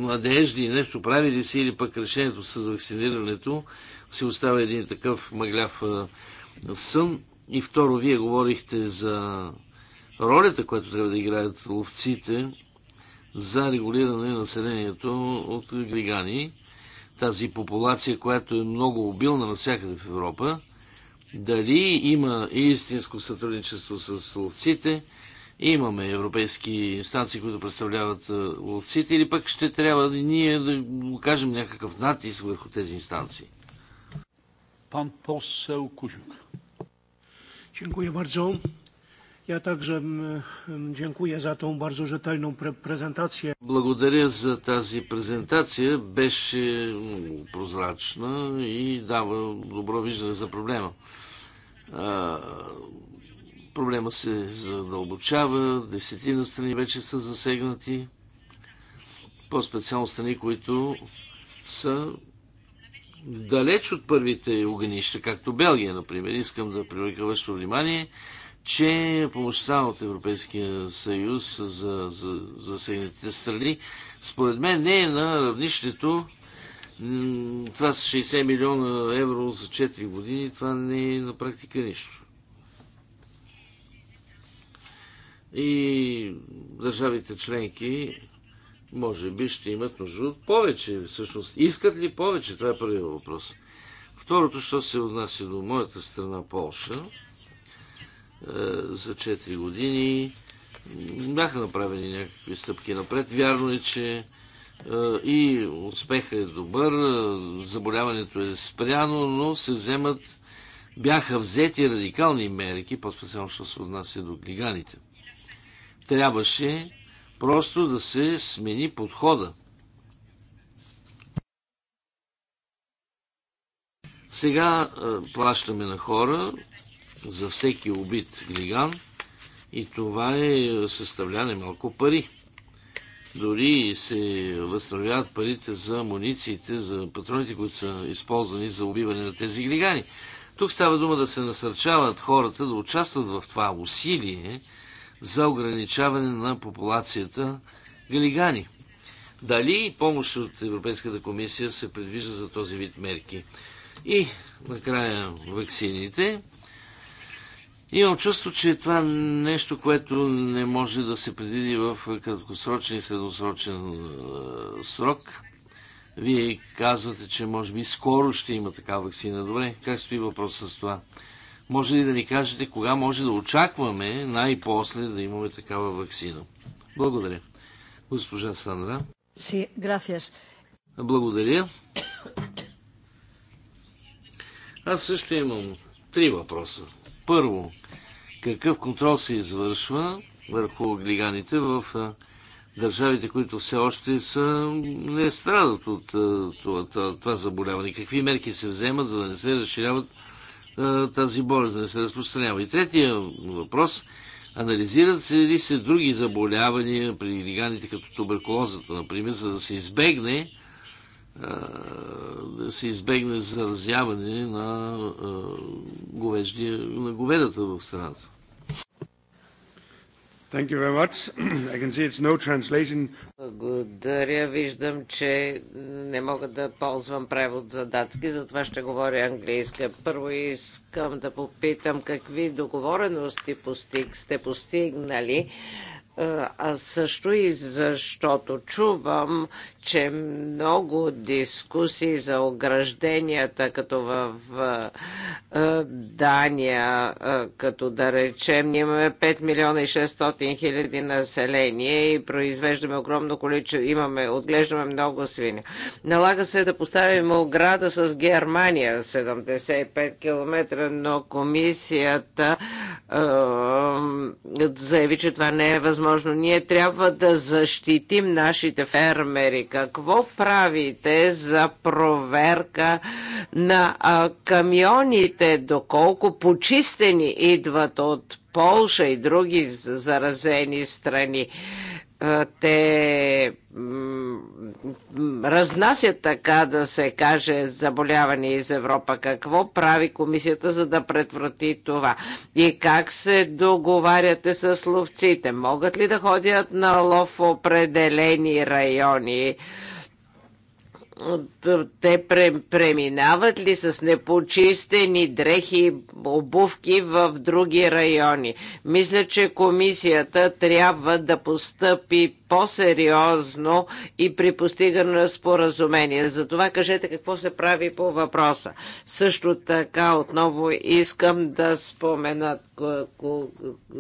надежди, нещо прави ли се или пък решението с вакцинирането, се остава един такъв мъгляв сън. И второ, вие говорихте за ролята, която трябва да играят ловците за регулиране на населението от григани. Тази популация, която е много обилна навсякъде в Европа. Дали има истинско сътрудничество с ловците? имаме европейски инстанции, които представляват е, ловците, или пък ще трябва да ние да окажем някакъв натиск върху тези инстанции? Пан посел Кужук. Дякую bardzo. Я также дякую за тази bardzo rzetelną презентация. Благодаря за тази презентация. Беше прозрачна и дава добро виждане за проблема. Проблема се задълбочава, десетина страни вече са засегнати, по-специално страни, които са далеч от първите огнища, както Белгия, например. Искам да привлека вашето внимание, че помощта от Европейския съюз за засегнатите за страни, според мен не е на равнището това са 60 милиона евро за 4 години, това не е на практика нищо. и държавите членки може би ще имат нужда от повече. Всъщност, искат ли повече? Това е първият въпрос. Второто, що се отнася до моята страна Полша, е, за 4 години бяха направени някакви стъпки напред. Вярно е, че е, и успехът е добър, заболяването е спряно, но се вземат, бяха взети радикални мерки, по-специално, що се отнася до глиганите трябваше просто да се смени подхода. Сега е, плащаме на хора за всеки убит глиган и това е, е съставляне малко пари. Дори се възстановяват парите за амунициите, за патроните, които са използвани за убиване на тези глигани. Тук става дума да се насърчават хората да участват в това усилие, за ограничаване на популацията галигани. Дали помощ от Европейската комисия се предвижда за този вид мерки? И накрая вакцините. Имам чувство, че това нещо, което не може да се предвиди в краткосрочен и средносрочен е, срок. Вие казвате, че може би скоро ще има такава вакцина. Добре, как стои въпрос с това? Може ли да ни кажете кога може да очакваме най-после да имаме такава вакцина? Благодаря. Госпожа Сандра. Си, gracias. Благодаря. Аз също имам три въпроса. Първо, какъв контрол се извършва върху глиганите в държавите, които все още са, не страдат от това, това, това заболяване? Какви мерки се вземат, за да не се разширяват тази болест, да не се разпространява. И третия въпрос анализират се ли се други заболявания при лиганите, като туберкулозата, например, за да се избегне да се избегне заразяване на, на говедата в страната. Thank you very much. I can see it's no translation. Благодаря. Виждам, че не мога да ползвам превод за датски, затова ще говоря английска. Първо искам да попитам какви договорености постиг, сте постигнали е, а също и защото чувам, че много дискусии за огражденията, като в е, Дания, е, като да речем, ние имаме 5 милиона и 600 хиляди население и произвеждаме огромно количество, имаме, отглеждаме много свини. Налага се да поставим ограда с Германия, 75 км, но комисията заяви, че това не е възможно възможно. Ние трябва да защитим нашите фермери. Какво правите за проверка на а, камионите, доколко почистени идват от Полша и други заразени страни? те разнасят така да се каже заболяване из Европа. Какво прави комисията за да предврати това? И как се договаряте с ловците? Могат ли да ходят на лов в определени райони? те преминават ли с непочистени дрехи, и обувки в други райони. Мисля, че комисията трябва да постъпи по-сериозно и при постигане на споразумение. Затова кажете какво се прави по въпроса. Също така отново искам да спомена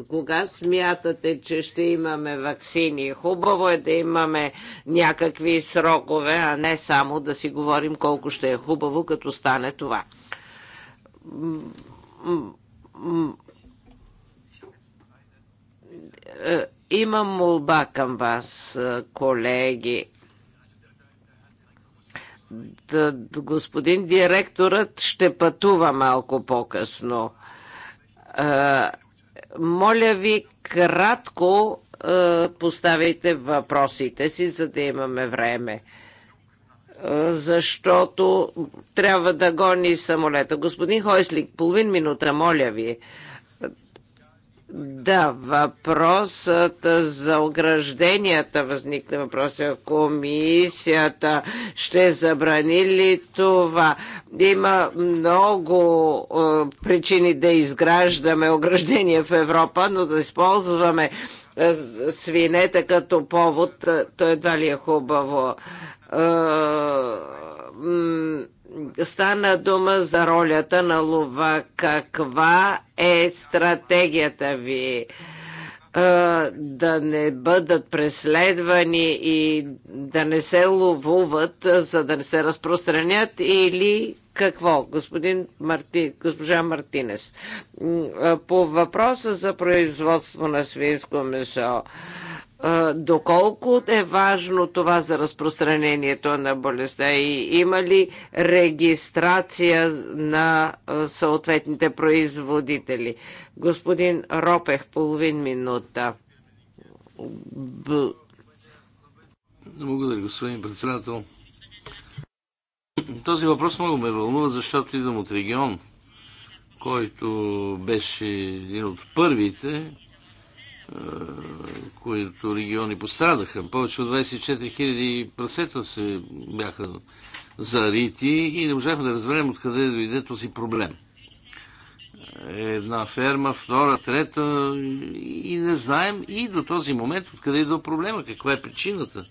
кога смятате, че ще имаме вакцини? Хубаво е да имаме някакви срокове, а не само да си говорим колко ще е хубаво, като стане това. Е, имам молба към вас, е, колеги господин директорът ще пътува малко по-късно. Моля ви, кратко поставяйте въпросите си, за да имаме време защото трябва да гони самолета. Господин Хойслик, половин минута, моля ви. Да, въпросът за огражденията възникна въпроса. Е, комисията ще забрани ли това? Има много е, причини да изграждаме ограждения в Европа, но да използваме е, свинете като повод, е, то едва ли е хубаво. Е, стана дума за ролята на лова. Каква е стратегията ви? да не бъдат преследвани и да не се ловуват, за да не се разпространят или какво? Господин Марти, госпожа Мартинес, по въпроса за производство на свинско месо, доколко е важно това за разпространението на болестта и има ли регистрация на съответните производители. Господин Ропех, половин минута. Благодаря, господин председател. Този въпрос много ме вълнува, защото идвам от регион, който беше един от първите, които региони пострадаха. Повече от 24 000 прасета се бяха зарити и не можахме да разберем откъде дойде този проблем. Една ферма, втора, трета и не знаем и до този момент откъде идва проблема, каква е причината.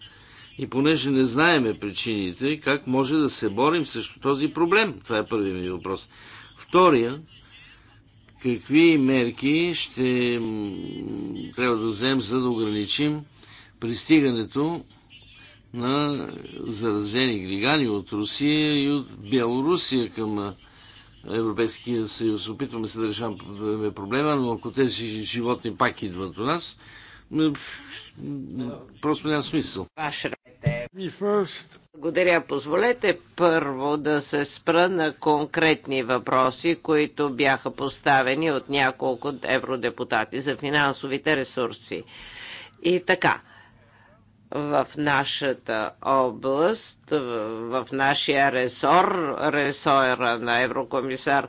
И понеже не знаеме причините, как може да се борим срещу този проблем? Това е първият ми въпрос. Втория, какви мерки ще трябва да вземем, за да ограничим пристигането на заразени глигани от Русия и от Белорусия към Европейския съюз. Опитваме се да решаваме проблема, но ако тези животни пак идват у нас, просто няма смисъл. Ваш е. Благодаря. Позволете първо да се спра на конкретни въпроси, които бяха поставени от няколко евродепутати за финансовите ресурси. И така, в нашата област, в нашия ресор, ресора на еврокомисар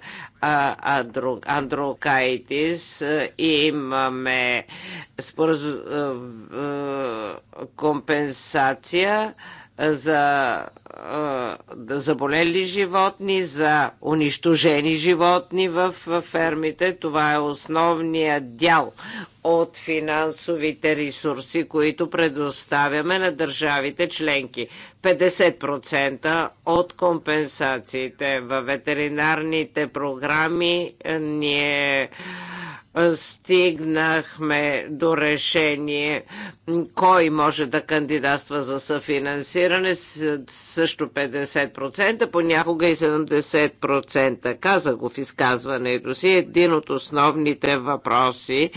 Андро Кайтис, е, имаме е, е, компенсация за заболели животни, за унищожени животни в фермите. Това е основният дял от финансовите ресурси, които предоставяме на държавите членки. 50% от компенсациите в ветеринарните програми ние е, стигнахме до решение кой може да кандидатства за съфинансиране също 50%, понякога и 70%. Каза го в изказването си. Един от основните въпроси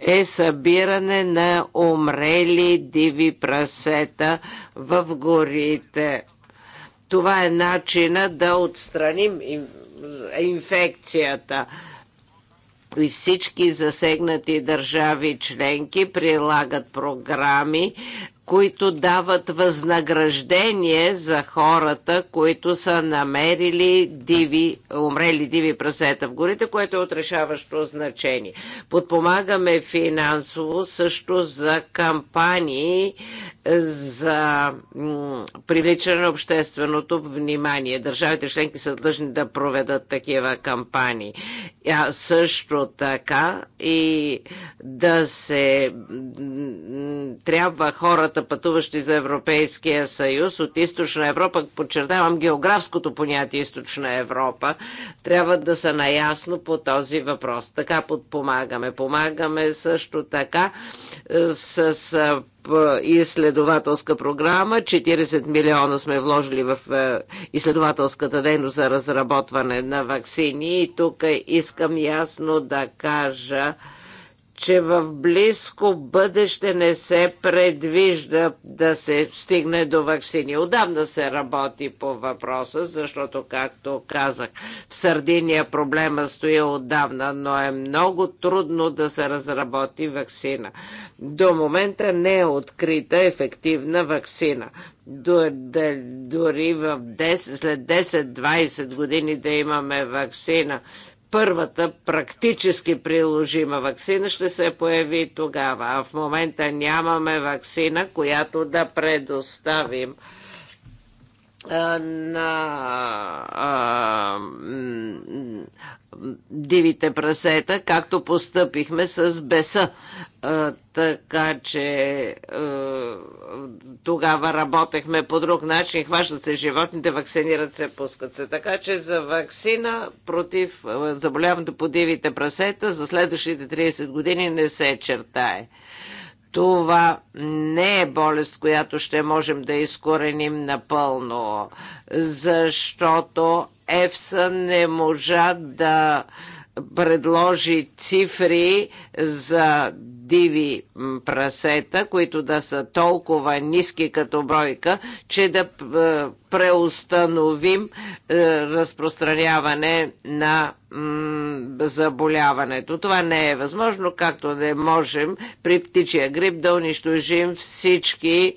е събиране на умрели диви прасета в горите. Това е начина да отстраним инфекцията и всички засегнати държави членки прилагат програми, които дават възнаграждение за хората, които са намерили диви, умрели диви прасета в горите, което е отрешаващо значение. Подпомагаме финансово също за кампании за привличане на общественото внимание. Държавите членки са длъжни да проведат такива кампании. А също така и да се трябва хората, пътуващи за Европейския съюз от Източна Европа, подчертавам географското понятие Източна Европа, трябва да са наясно по този въпрос. Така подпомагаме. Помагаме също така е, с е, е, изследователска програма. 40 милиона сме вложили в е, изследователската дейност за разработване на вакцини. И тук искам ясно да кажа, че в близко бъдеще не се предвижда да се стигне до вакцини. Отдавна се работи по въпроса, защото, както казах, в Сърдиния проблема стои отдавна, но е много трудно да се разработи вакцина. До момента не е открита ефективна вакцина. Дори в 10, след 10-20 години да имаме вакцина – първата практически приложима вакцина ще се появи тогава. А в момента нямаме вакцина, която да предоставим на дивите прасета, както постъпихме с беса. така че тогава работехме по друг начин. Хващат се животните, вакцинират се, пускат се. Така че за вакцина против заболяването по дивите прасета за следващите 30 години не се чертае. Това не е болест, която ще можем да изкореним напълно, защото ЕФСА не можа да предложи цифри за диви прасета, които да са толкова ниски като бройка, че да е, преустановим е, разпространяване на заболяването. Това не е възможно, както не можем при птичия грип да унищожим всички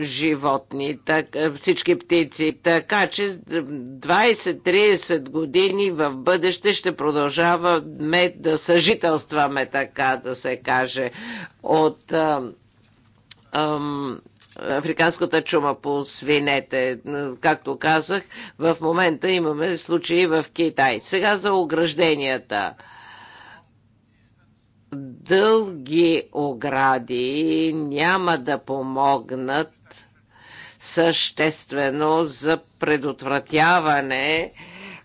животни, так, всички птици. Така че 20-30 години в бъдеще ще продължаваме да съжителстваме, така да се каже, от а, а, африканската чума по свинете. Както казах, в момента имаме случаи в Китай. Сега за огражденията дълги огради няма да помогнат съществено за предотвратяване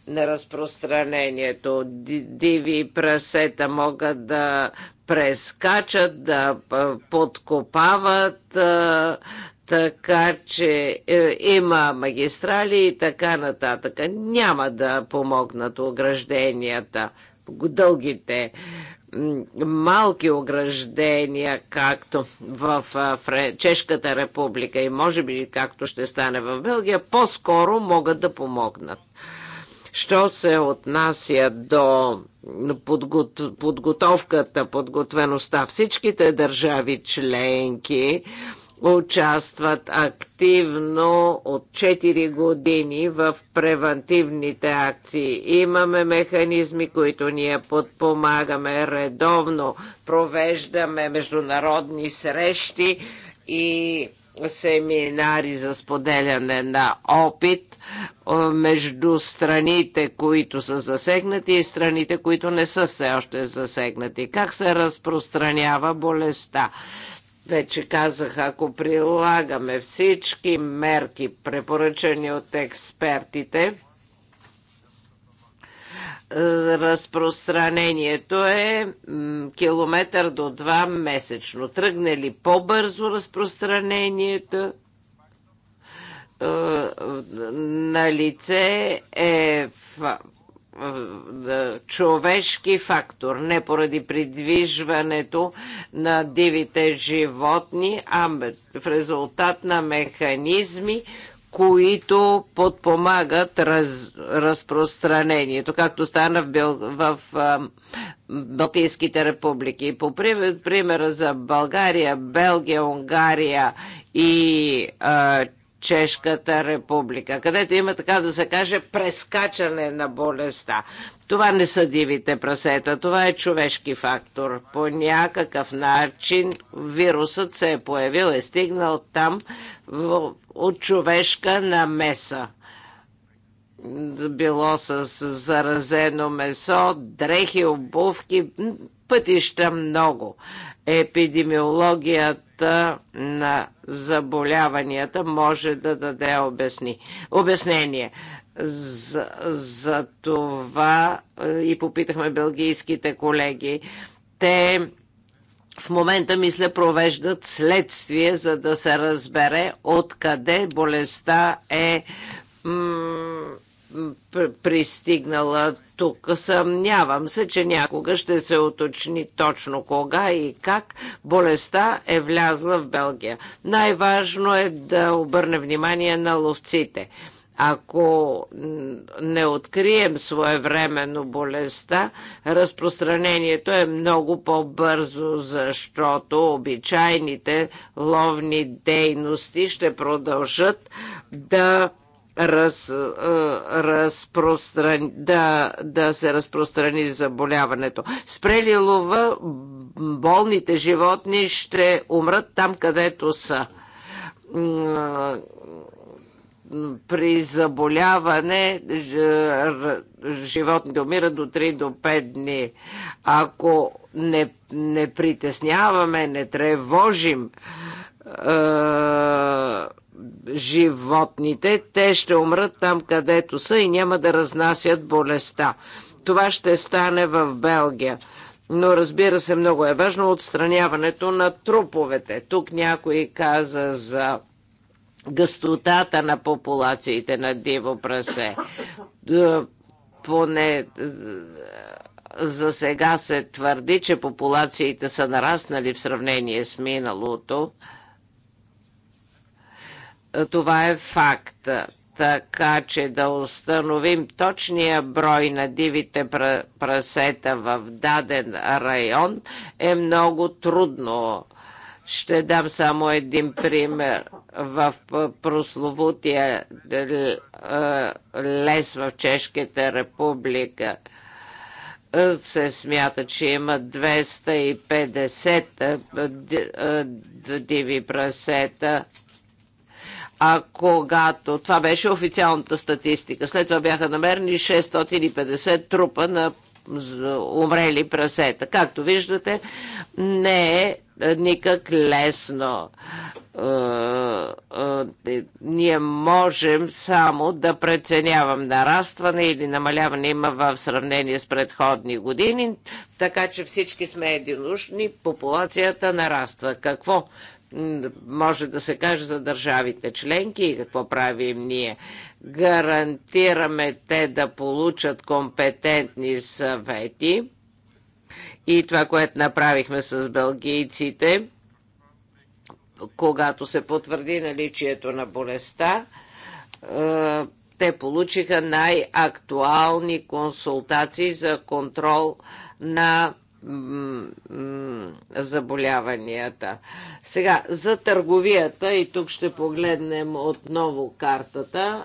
на разпространението. Диви прасета могат да прескачат, да подкопават, така че е, има магистрали и така нататък. Няма да помогнат огражденията, дългите малки ограждения, както в Чешката република и може би както ще стане в Белгия, по-скоро могат да помогнат. Що се отнася до подготовката, подготвеността, всичките държави членки участват активно от 4 години в превентивните акции. Имаме механизми, които ние подпомагаме редовно, провеждаме международни срещи и семинари за споделяне на опит между страните, които са засегнати и страните, които не са все още засегнати. Как се разпространява болестта? Вече казах, ако прилагаме всички мерки, препоръчани от експертите, разпространението е километър до два месечно. Тръгне ли по-бързо разпространението, е, на лице е човешки фактор, не поради придвижването на дивите животни, а в резултат на механизми, които подпомагат раз, разпространението, както стана в, Бел, в а, Балтийските републики. По пример, примера за България, Белгия, Унгария и а, Чешката република, където има така да се каже прескачане на болестта. Това не са дивите прасета, това е човешки фактор. По някакъв начин вирусът се е появил, е стигнал там в, от човешка намеса било с заразено месо, дрехи, обувки, пътища много. Епидемиологията на заболяванията може да даде обясни, обяснение. За, за това е, и попитахме белгийските колеги. Те в момента, мисля, провеждат следствие, за да се разбере откъде болестта е пристигнала тук. Съмнявам се, че някога ще се уточни точно кога и как болестта е влязла в Белгия. Най-важно е да обърне внимание на ловците. Ако не открием своевременно болестта, разпространението е много по-бързо, защото обичайните ловни дейности ще продължат да раз, разпростран... да, да се разпространи заболяването. Спрели лова болните животни ще умрат там, където са. При заболяване животните умират до 3 до 5 дни. Ако не, не притесняваме, не тревожим, животните. Те ще умрат там, където са и няма да разнасят болестта. Това ще стане в Белгия. Но разбира се, много е важно отстраняването на труповете. Тук някой каза за гъстотата на популациите на диво прасе. Е, поне е, за сега се твърди, че популациите са нараснали в сравнение с миналото. Това е факт. Така че да установим точния брой на дивите прасета в даден район е много трудно. Ще дам само един пример. В прословутия е, лес в Чешката република е, се смята, че има 250 е, диви прасета а когато това беше официалната статистика, след това бяха намерени 650 трупа на умрели прасета. Както виждате, не е, е никак лесно. Е, е, ние можем само да преценявам нарастване или намаляване има в сравнение с предходни години, така че всички сме единушни, популацията нараства. Какво може да се каже за държавите членки и какво правим ние. Гарантираме те да получат компетентни съвети и това, което направихме с белгийците, когато се потвърди наличието на болестта, е, те получиха най-актуални консултации за контрол на заболяванията. Сега, за търговията, и тук ще погледнем отново картата,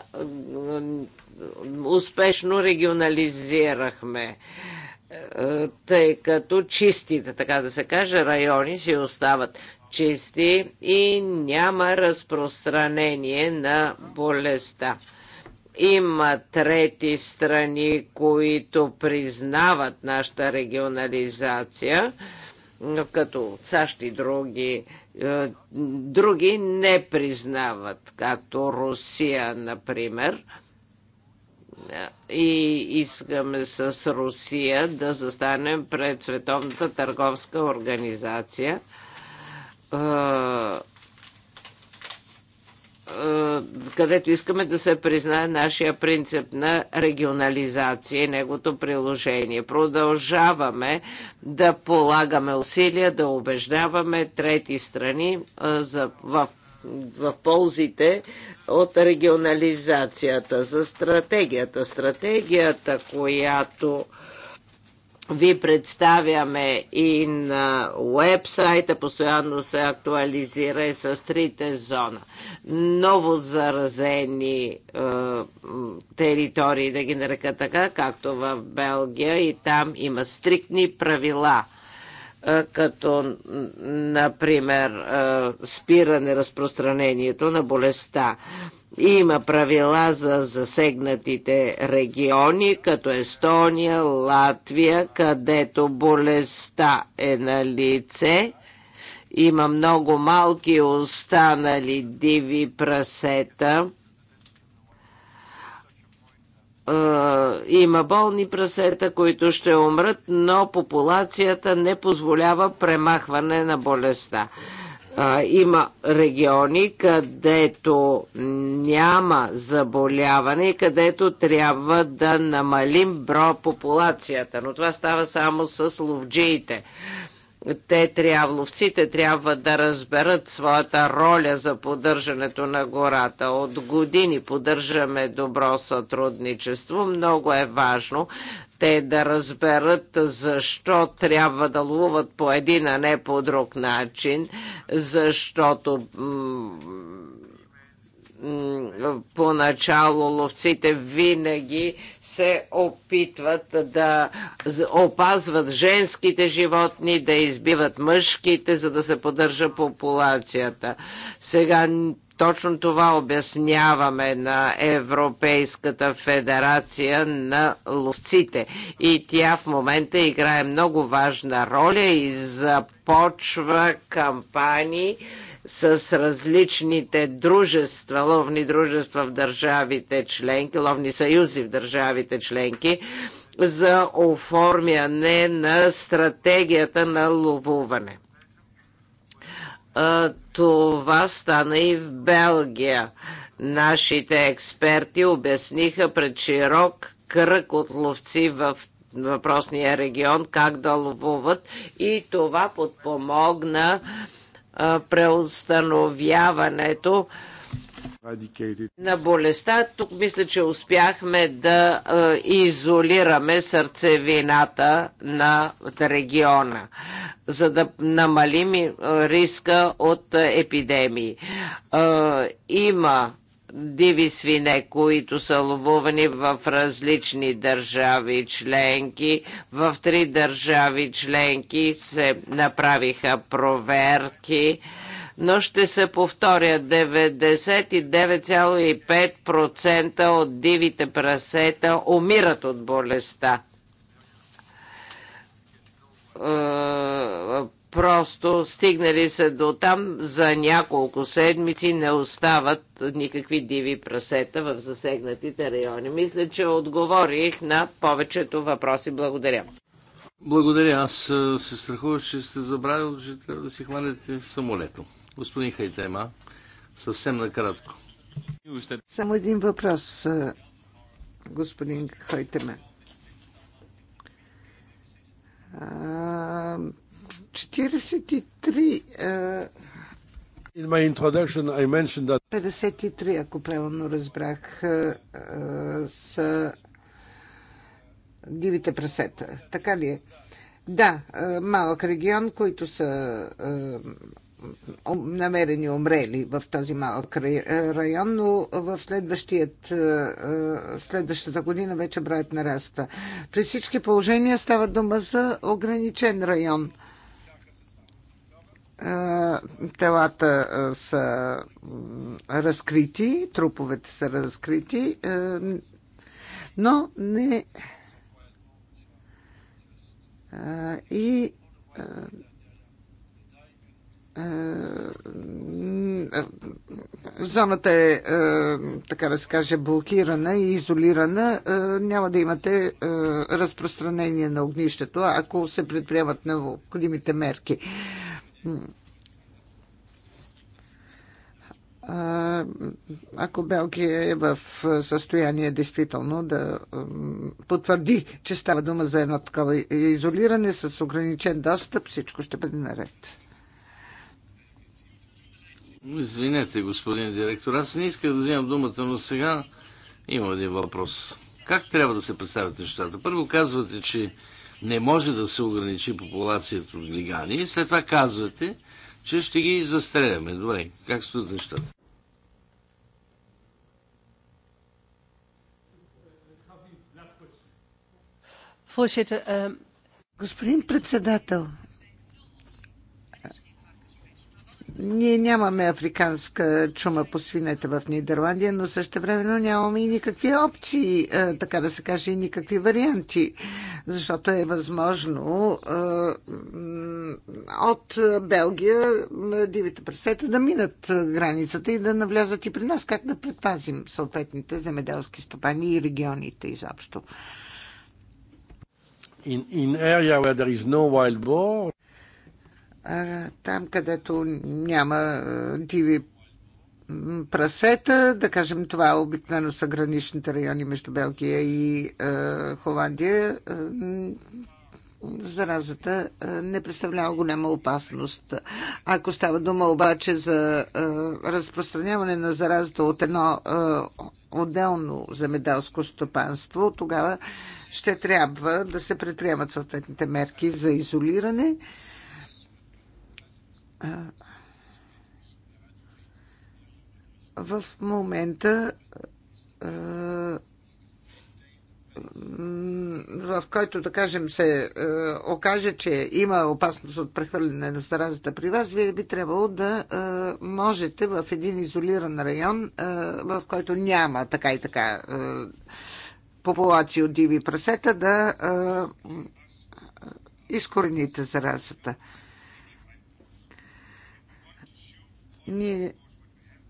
успешно регионализирахме е, тъй като чистите, така да се каже, райони си остават чисти и няма разпространение на болестта. Има трети страни, които признават нашата регионализация, като САЩ и други. Е, други не признават, както Русия, например и искаме с Русия да застанем пред Световната търговска организация е, е, където искаме да се признае нашия принцип на регионализация и негото приложение. Продължаваме да полагаме усилия, да убеждаваме трети страни е, за, в в ползите от регионализацията, за стратегията. Стратегията, която ви представяме и на уебсайта, постоянно се актуализира и с трите зона. Ново заразени е, територии, да ги нарека така, както в Белгия и там има стриктни правила като, например, спиране разпространението на болестта. Има правила за засегнатите региони, като Естония, Латвия, където болестта е на лице. Има много малки останали диви прасета е, има болни прасета, които ще умрат, но популацията не позволява премахване на болестта има региони, където няма заболяване и където трябва да намалим бро популацията. Но това става само с ловджиите те трябва, ловците трябва да разберат своята роля за поддържането на гората. От години поддържаме добро сътрудничество. Много е важно те да разберат защо трябва да ловуват по един, а не по друг начин, защото поначало ловците винаги се опитват да опазват женските животни, да избиват мъжките, за да се поддържа популацията. Сега точно това обясняваме на Европейската федерация на ловците. И тя в момента играе много важна роля и започва кампании с различните дружества, ловни дружества в държавите членки, ловни съюзи в държавите членки, за оформяне на стратегията на ловуване. Това стана и в Белгия. Нашите експерти обясниха пред широк кръг от ловци в въпросния регион как да ловуват и това подпомогна преустановяването на болестта. Тук мисля, че успяхме да е, изолираме сърцевината на региона, за да намалим риска от епидемии. Е, има диви свине, които са ловувани в различни държави членки. В три държави членки се направиха проверки но ще се повторя 99,5% от дивите прасета умират от болестта. Е, просто стигнали се до там за няколко седмици не остават никакви диви прасета в засегнатите райони. Мисля, че отговорих на повечето въпроси. Благодаря. Благодаря. Аз е, се страхувах, че сте забравил, че трябва да си хванете самолето. Господин Хайтема, съвсем накратко. Само един въпрос, господин Хайтема. 43 In my introduction I mentioned that 53, ако правилно разбрах, са дивите прасета. Така ли е? Да, малък регион, които са намерени умрели в този малък район, но в следващият, е, е, следващата година вече броят нараства. При всички положения става дума за ограничен район. Е, телата са разкрити, труповете са разкрити, но не и е, е, зоната е, е, така да се каже, блокирана и изолирана, няма да имате разпространение на огнището, ако се предприемат необходимите мерки. Ако Белгия е в състояние действително да потвърди, че става дума за едно такова изолиране с ограничен достъп, всичко ще бъде наред. Извинете, господин директор, аз не исках да взимам думата, но сега имам един въпрос. Как трябва да се представят нещата? Първо казвате, че не може да се ограничи популацията от глигани, след това казвате, че ще ги застреляме. Добре, как стоят нещата? Господин председател, Ние нямаме африканска чума по свинете в Нидерландия, но също времено нямаме и никакви опции, е, така да се каже, и никакви варианти, защото е възможно е, от Белгия дивите пресета да минат границата и да навлязат и при нас. Как да предпазим съответните земеделски стопани и регионите изобщо? In, in area where there is no wild boar, там, където няма диви прасета, да кажем това е обикновено са граничните райони между Белгия и Холандия, заразата не представлява голяма опасност. Ако става дума обаче за разпространяване на заразата от едно отделно земеделско стопанство, тогава ще трябва да се предприемат съответните мерки за изолиране в момента в който, да кажем, се е, окаже, че има опасност от прехвърляне на заразата при вас, вие би трябвало да е, можете в един изолиран район, е, в който няма така и така е, популации от диви прасета, да е, изкорените заразата. Ние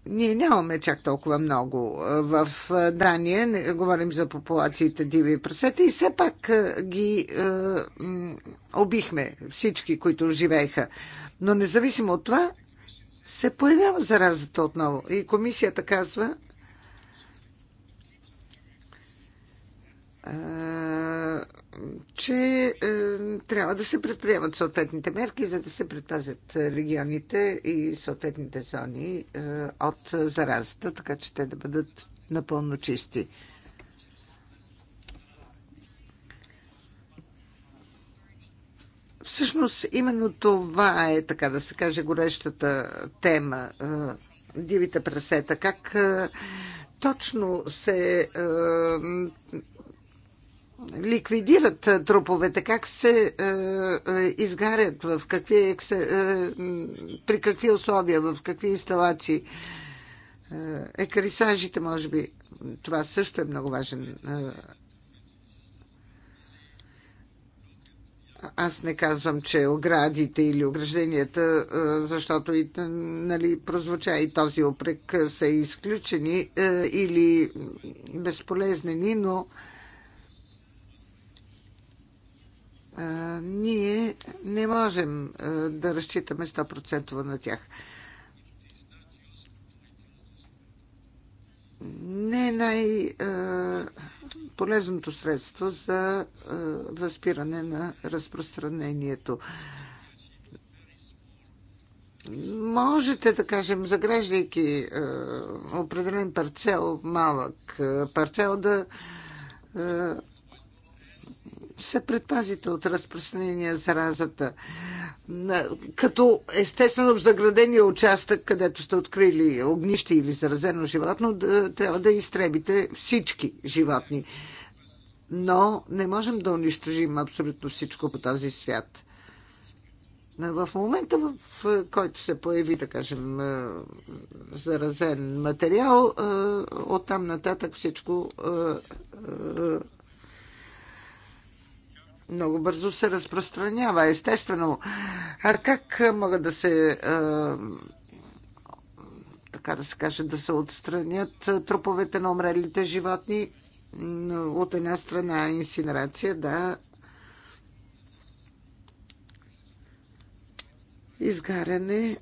ние нямаме чак толкова много. В Дания не, говорим за популациите диви прасета и все пак ги е, обихме всички, които живееха. Но независимо от това, се появява заразата отново. И комисията казва, е, че е, трябва да се предприемат съответните мерки, за да се предпазят регионите и съответните зони е, от заразата, така че те да бъдат напълно чисти. Всъщност, именно това е, така да се каже, горещата тема. Е, дивите прасета. Как е, точно се е, ликвидират труповете, как се е, е, изгарят, в какви, е, при какви условия, в какви инсталации. Екарисажите, може би, това също е много важен. Аз не казвам, че оградите или огражденията, защото и, нали, прозвуча и този опрек, са изключени или безполезнени, но ние не можем да разчитаме 100% на тях. Не е най-полезното средство за възпиране на разпространението. Можете да кажем, заграждайки определен парцел, малък парцел, да се предпазите от разпространение заразата? Като естествено в заградения участък, където сте открили огнище или заразено животно, да, трябва да изтребите всички животни. Но не можем да унищожим абсолютно всичко по този свят. В момента, в който се появи, да кажем, е, заразен материал, е, оттам нататък всичко е, много бързо се разпространява. Естествено, а как могат да се така да се каже, да се отстранят труповете на умрелите животни от една страна инсинерация, да, изгаряне,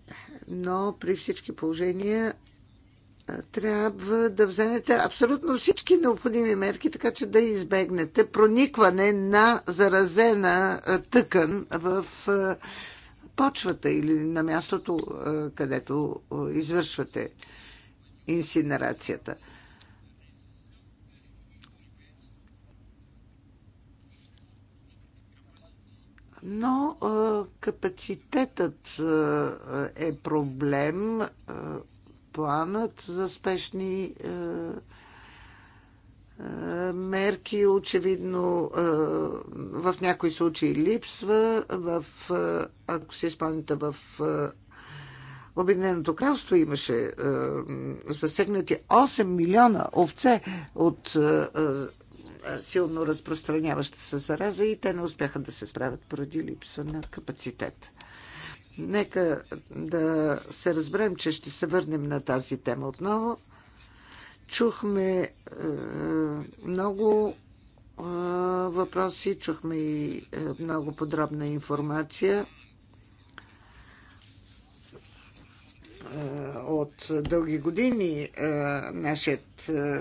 но при всички положения трябва да вземете абсолютно всички необходими мерки, така че да избегнете проникване на заразена тъкан в почвата или на мястото, където извършвате инсинерацията. Но капацитетът е проблем планът за спешни е, е, мерки очевидно е, в някои случаи липсва. В, ако си спомните, в Обединеното кралство имаше засегнати 8 милиона овце от силно разпространяваща се зараза и те не успяха да се справят поради липса на капацитет. Нека да се разберем, че ще се върнем на тази тема отново. Чухме е, много е, въпроси, чухме и е, много подробна информация. Е, от дълги години е, нашият е,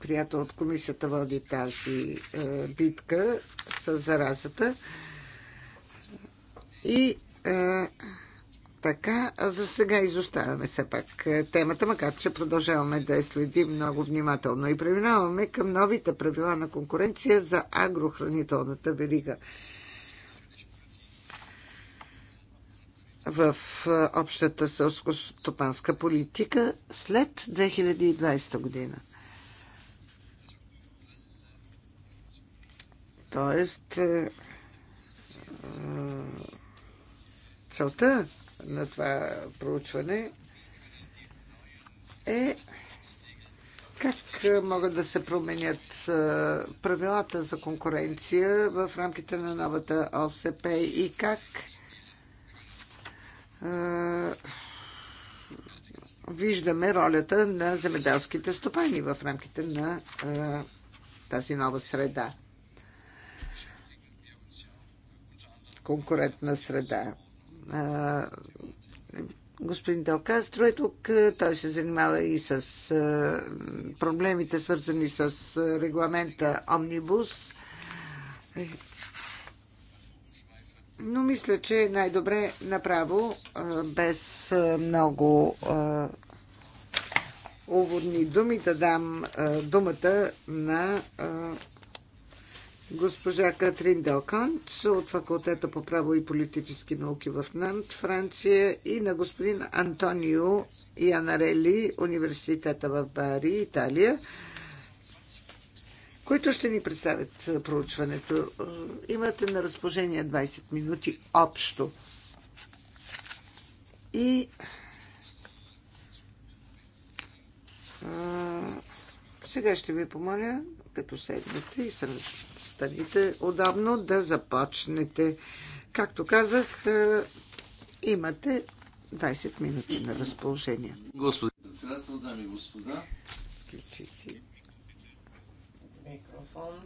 приятел от комисията води тази битка с заразата. И а, така, за сега изоставяме все пак темата, макар че продължаваме да я следим много внимателно и преминаваме към новите правила на конкуренция за агрохранителната верига. в общата селско-стопанска политика след 2020 година. Тоест, Целта на това проучване е как могат да се променят правилата за конкуренция в рамките на новата ОСП и как виждаме ролята на земеделските стопани в рамките на тази нова среда. Конкурентна среда господин Делкастро е тук. Той се занимава и с проблемите, свързани с регламента Омнибус. Но мисля, че е най-добре направо, без много уводни думи, да дам думата на госпожа Катрин Делкант от факултета по право и политически науки в Нант, Франция и на господин Антонио Янарели, университета в Бари, Италия, които ще ни представят проучването. Имате на разположение 20 минути общо. И сега ще ви помоля като седнете и се станите отдавно да започнете. Както казах, е, имате 20 минути на разположение. Господин председател, дами и господа. Включи си. Микрофон.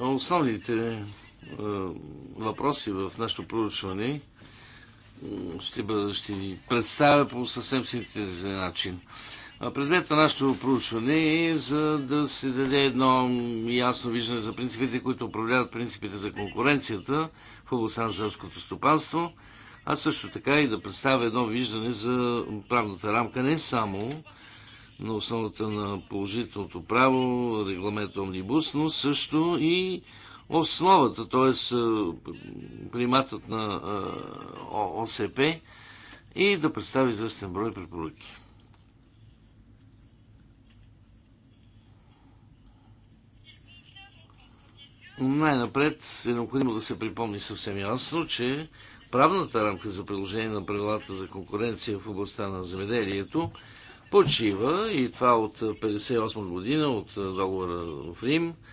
Основните е, въпроси в нашето проучване ще, бъда, ще ви представя по съвсем синтетичен начин. Предмет на нашето проучване е за да се даде едно ясно виждане за принципите, които управляват принципите за конкуренцията в областта на селското стопанство, а също така и да представя едно виждане за правната рамка не само на основата на положителното право, регламент Омнибус, но също и основата, т.е. Е, приматът на е, ОСП и да представи известен брой препоръки. Най-напред е необходимо да се припомни съвсем ясно, че правната рамка за приложение на правилата за конкуренция в областта на земеделието почива и това от 1958 година от договора в Рим –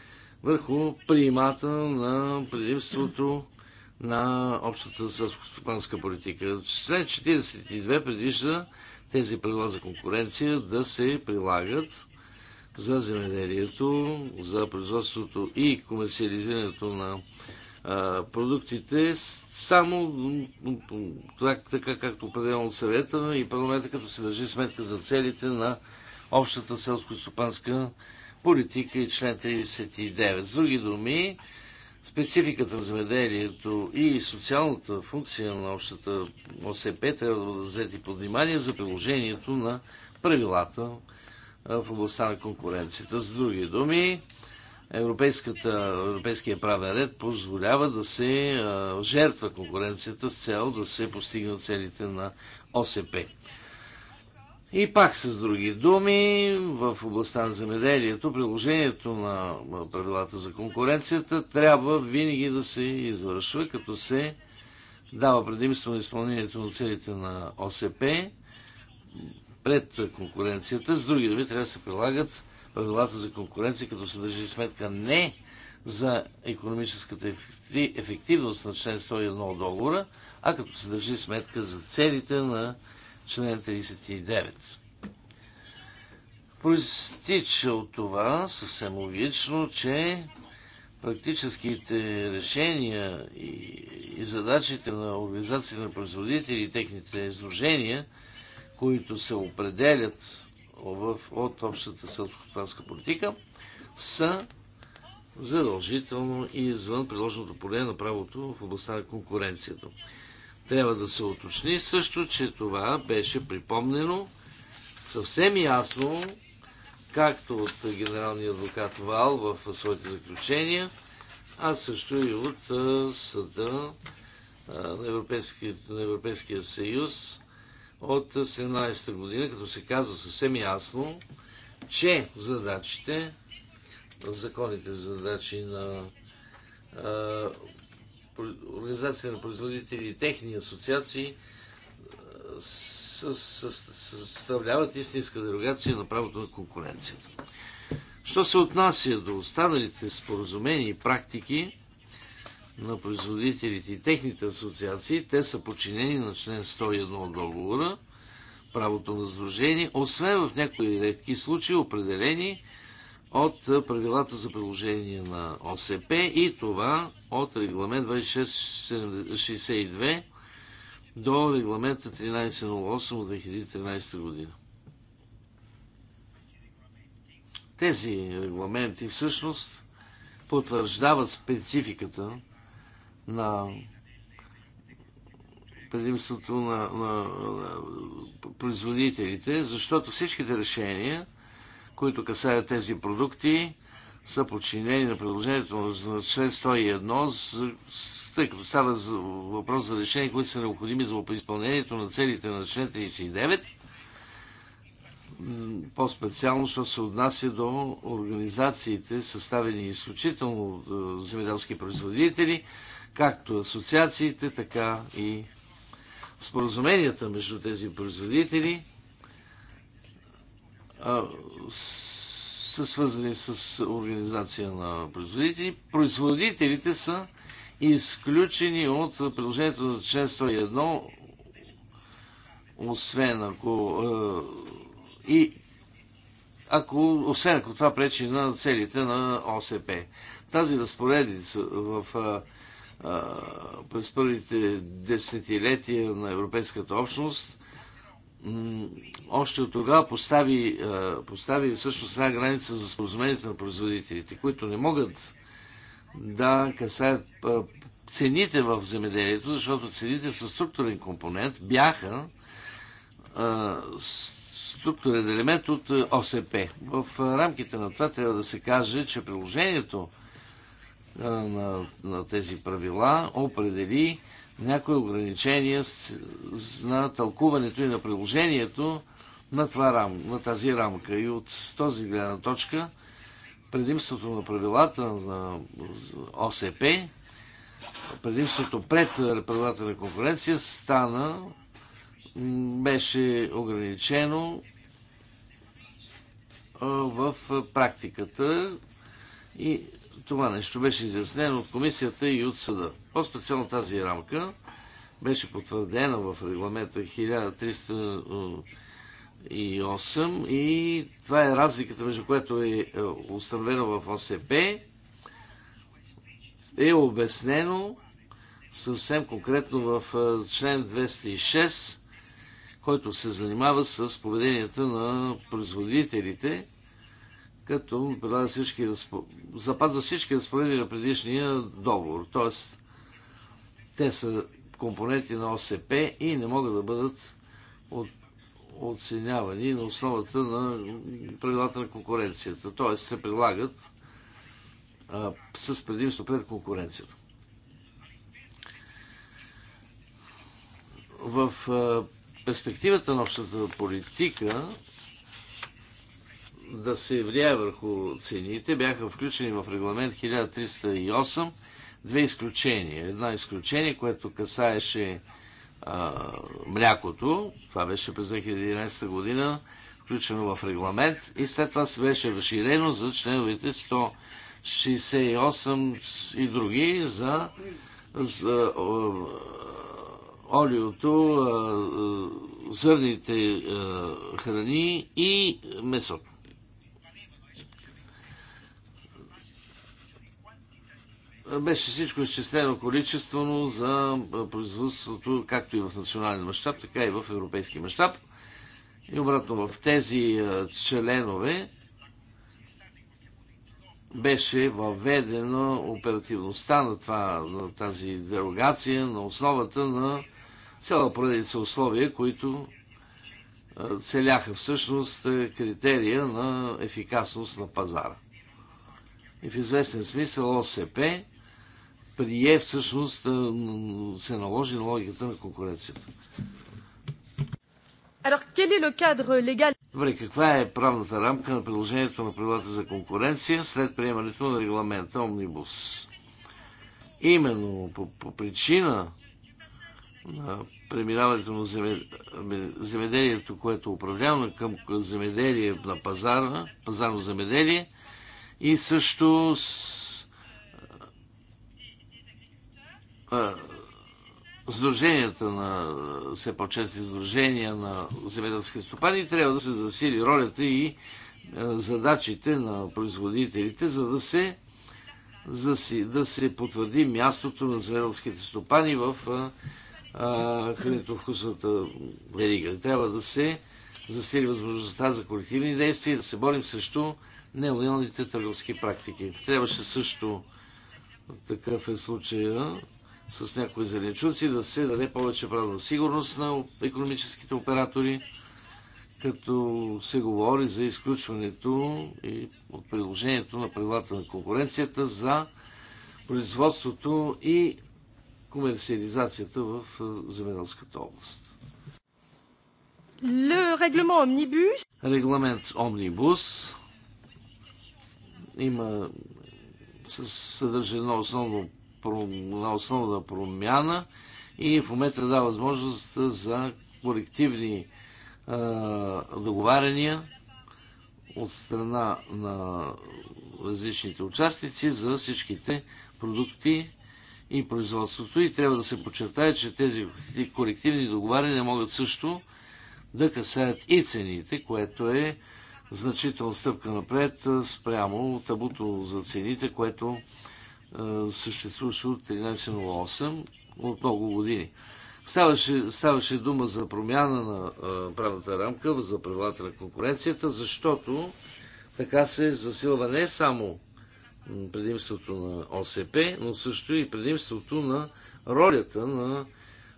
върху приемата на предимството на общата селско-стопанска политика. Член 42 предвижда тези правила за конкуренция да се прилагат за земеделието, за производството и комерциализирането на продуктите, само така както определено от съвета и парламента, като се държи сметка за целите на общата селско-стопанска политика политика и член 39. С други думи, спецификата на земеделието и социалната функция на общата ОСП трябва да бъдат взети под внимание за приложението на правилата в областта на конкуренцията. С други думи, Европейския правен ред позволява да се жертва конкуренцията с цел да се постигнат целите на ОСП. И пак с други думи, в областта на земеделието, приложението на правилата за конкуренцията трябва винаги да се извършва, като се дава предимство на изпълнението на целите на ОСП пред конкуренцията. С други думи, трябва да се прилагат правилата за конкуренция, като се държи сметка не за економическата ефективност на член 101 от договора, а като се държи сметка за целите на член 39. Проистича от това съвсем логично, че практическите решения и, и задачите на организации на производители и техните изложения, които се определят в, от общата селско политика, са задължително и извън приложеното поле на правото в областта на конкуренцията. Трябва да се уточни също, че това беше припомнено съвсем ясно, както от генералния адвокат Вал в своите заключения, а също и от съда на Европейския, на Европейския съюз от 17-та година, като се казва съвсем ясно, че задачите, законите задачи на организация на производители и техни асоциации съставляват истинска дерогация на правото на конкуренцията. Що се отнася до останалите споразумения и практики на производителите и техните асоциации, те са подчинени на член 101 от договора, правото на сдружение, освен в някои редки случаи, определени от правилата за приложение на ОСП и това от регламент 2662 до регламента 1308 от 2013 година. Тези регламенти всъщност потвърждават спецификата на предимството на, на, на производителите, защото всичките решения които касаят тези продукти, са подчинени на предложението на член 101, тъй като става въпрос за решения, които са необходими за изпълнението на целите на член 39, по-специално, що се отнася до организациите, съставени изключително от е, земеделски производители, както асоциациите, така и споразуменията между тези производители – са свързани с организация на производители. Производителите са изключени от предложението за член 101, освен ако и ако, освен ако това пречи на целите на ОСП. Тази разпоредица в а, през първите десетилетия на Европейската общност още от тогава постави, е, постави всъщност една граница за споразумението на производителите, които не могат да касаят е, цените в земеделието, защото цените са структурен компонент, бяха е, структурен елемент от ОСП. В рамките на това трябва да се каже, че приложението на, на тези правила определи някои ограничения на тълкуването и на приложението на, това рам, на тази рамка. И от този гледна точка предимството на правилата на ОСП, предимството пред правилата на конкуренция стана, беше ограничено в практиката и това нещо беше изяснено от комисията и от съда. По-специално тази рамка беше потвърдена в регламента 1308 и това е разликата, между което е, е установено в ОСП, е обяснено съвсем конкретно в е, член 206, който се занимава с поведенията на производителите като предлага всички запазва всички разпоредби на предишния договор. Тоест, те са компоненти на ОСП и не могат да бъдат от... оценявани на основата на правилата на конкуренцията. Тоест, се предлагат а, с предимство пред конкуренцията. В а, перспективата на общата политика да се влияе върху цените, бяха включени в регламент 1308 две изключения. Едно изключение, което касаеше а, млякото, това беше през 2011 година, включено в регламент и след това се беше разширено за членовете 168 и други за, за о, олиото, а, зърните а, храни и месото. беше всичко изчислено количествено за производството, както и в национален мащаб, така и в европейски мащаб. И обратно, в тези членове беше въведена оперативността на, това, на тази дерогация на основата на цяла поредица условия, които целяха всъщност е, критерия на ефикасност на пазара. И в известен смисъл ОСП прие всъщност се наложи на логиката на конкуренцията. Alors, quel est le cadre légal Добре, каква е правната рамка на приложението на правилата за конкуренция след приемането на регламента Омнибус? Именно по, по причина на преминаването на ами, земеделието, което е управлявано към земеделие на пазара, пазарно земеделие и също с Сдруженията на все по-чести сдружения на земеделски стопани трябва да се засили ролята и е, задачите на производителите, за да се, за си, да се потвърди мястото на земеделските стопани в е, е, хранително-вкусната верига. Трябва да се засили възможността за колективни действия и да се борим срещу неуделните търговски практики. Трябваше също такъв е случая с някои зеленчуци, да се даде повече правна сигурност на економическите оператори, като се говори за изключването и от приложението на правилата на конкуренцията за производството и комерциализацията в е, земеделската област. Регламент Омнибус има съдържа едно основно на основна промяна и в момента дава възможност за колективни договарения договаряния от страна на различните участници за всичките продукти и производството. И трябва да се подчертае, че тези колективни договаряния могат също да касаят и цените, което е значителна стъпка напред спрямо табуто за цените, което съществуваше от 1308 от много години. Ставаше, ставаше дума за промяна на а, правната рамка за правилата на конкуренцията, защото така се засилва не само предимството на ОСП, но също и предимството на ролята на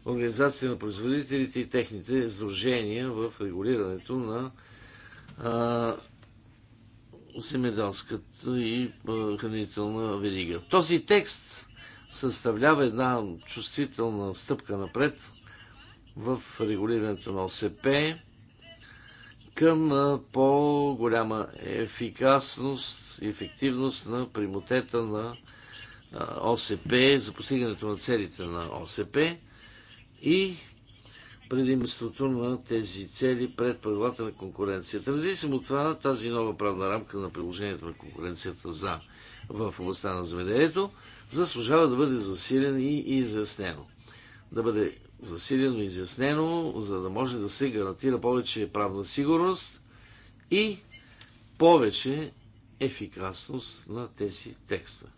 Организация на производителите и техните сдружения в регулирането на а, земеделската и хранителна верига. Този текст съставлява една чувствителна стъпка напред в регулирането на ОСП към по-голяма ефикасност и ефективност на примотета на ОСП, за постигането на целите на ОСП и предимството на тези цели пред правилата на конкуренцията. Независимо от това, тази нова правна рамка на приложението на конкуренцията за в областта на заведението заслужава да бъде засилен и изяснено. Да бъде засилено и изяснено, за да може да се гарантира повече правна сигурност и повече ефикасност на тези текстове.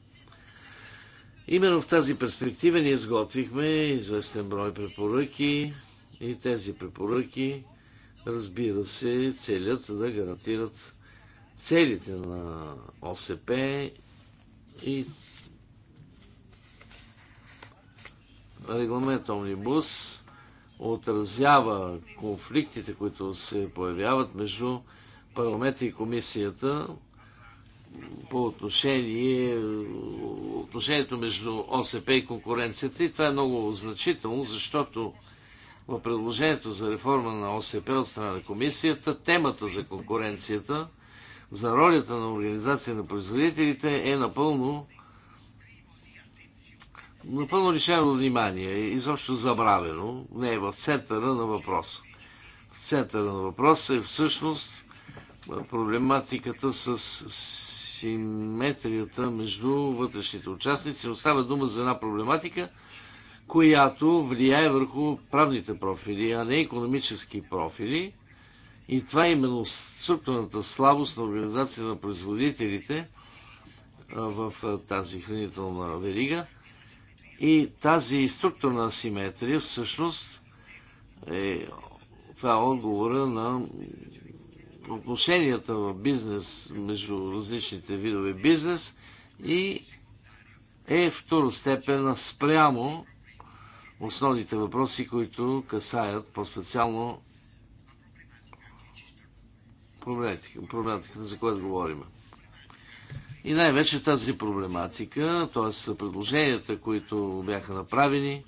Именно в тази перспектива ние изготвихме известен брой препоръки, и тези препоръки, разбира се, целят да гарантират целите на ОСП и регламент Омнибус отразява конфликтите, които се появяват между парламента и комисията по отношение отношението между ОСП и конкуренцията. И това е много значително, защото в предложението за реформа на ОСП от страна на комисията, темата за конкуренцията, за ролята на организация на производителите е напълно напълно лишено внимание, и изобщо забравено, не е в центъра на въпроса. В центъра на въпроса е всъщност проблематиката с симетрията между вътрешните участници. Остава дума за една проблематика – която влияе върху правните профили, а не економически профили. И това е именно структурната слабост на организация на производителите в тази хранителна верига. И тази структурна асиметрия всъщност е това е отговора на отношенията в бизнес между различните видове бизнес и е второстепенна спрямо основните въпроси, които касаят по-специално проблематиката, за която говорим. И най-вече тази проблематика, т.е. предложенията, които бяха направени,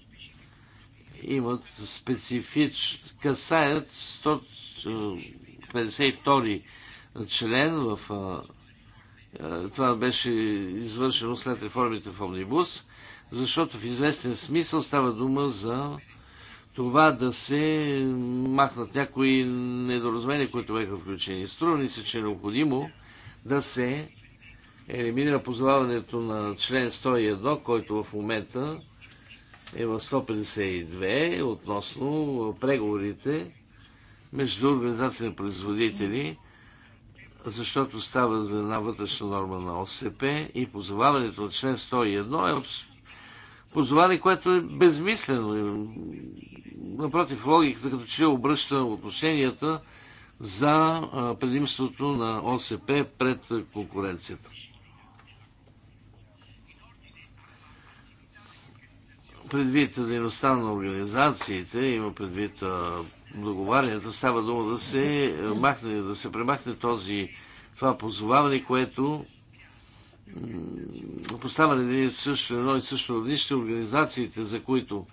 имат специфич, касаят 152 е, член в е, е, това беше извършено след реформите в Омнибус защото в известен смисъл става дума за това да се махнат някои недоразумения, които бяха включени. Струва ни се, че е необходимо да се елиминира позоваването на член 101, който в момента е в 152 относно преговорите между организации на производители, защото става за една вътрешна норма на ОСП и позоваването на член 101 е позвали, което е безмислено. Напротив, логиката като че обръща отношенията за предимството на ОСП пред конкуренцията. Предвид дейността на организациите, има предвид договарянето, става дума да се махне, да се премахне този това позоваване, което поставяне на също едно и също равнище организациите, за които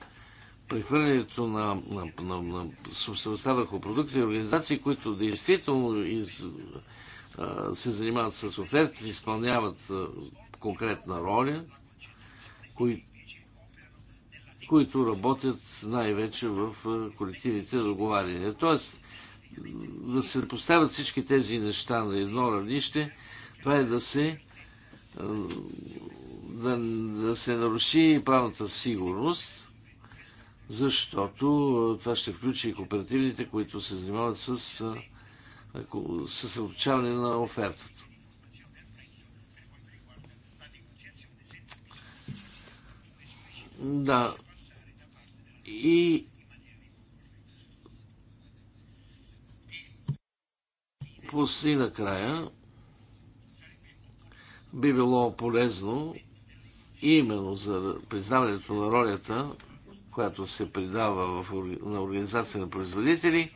прехвърлянето на, на, на, на собствеността върху продукти и организации, които действително из, а, се занимават с оферти, изпълняват а, конкретна роля, кои, които работят най-вече в а, колективите договаряния. Тоест, да се поставят всички тези неща на едно равнище, това е да се да, да се наруши правната сигурност, защото това ще включи и кооперативните, които се занимават с съсредоточаване на офертата. Да. И после накрая би било полезно именно за признаването на ролята, която се придава в, на организация на производители.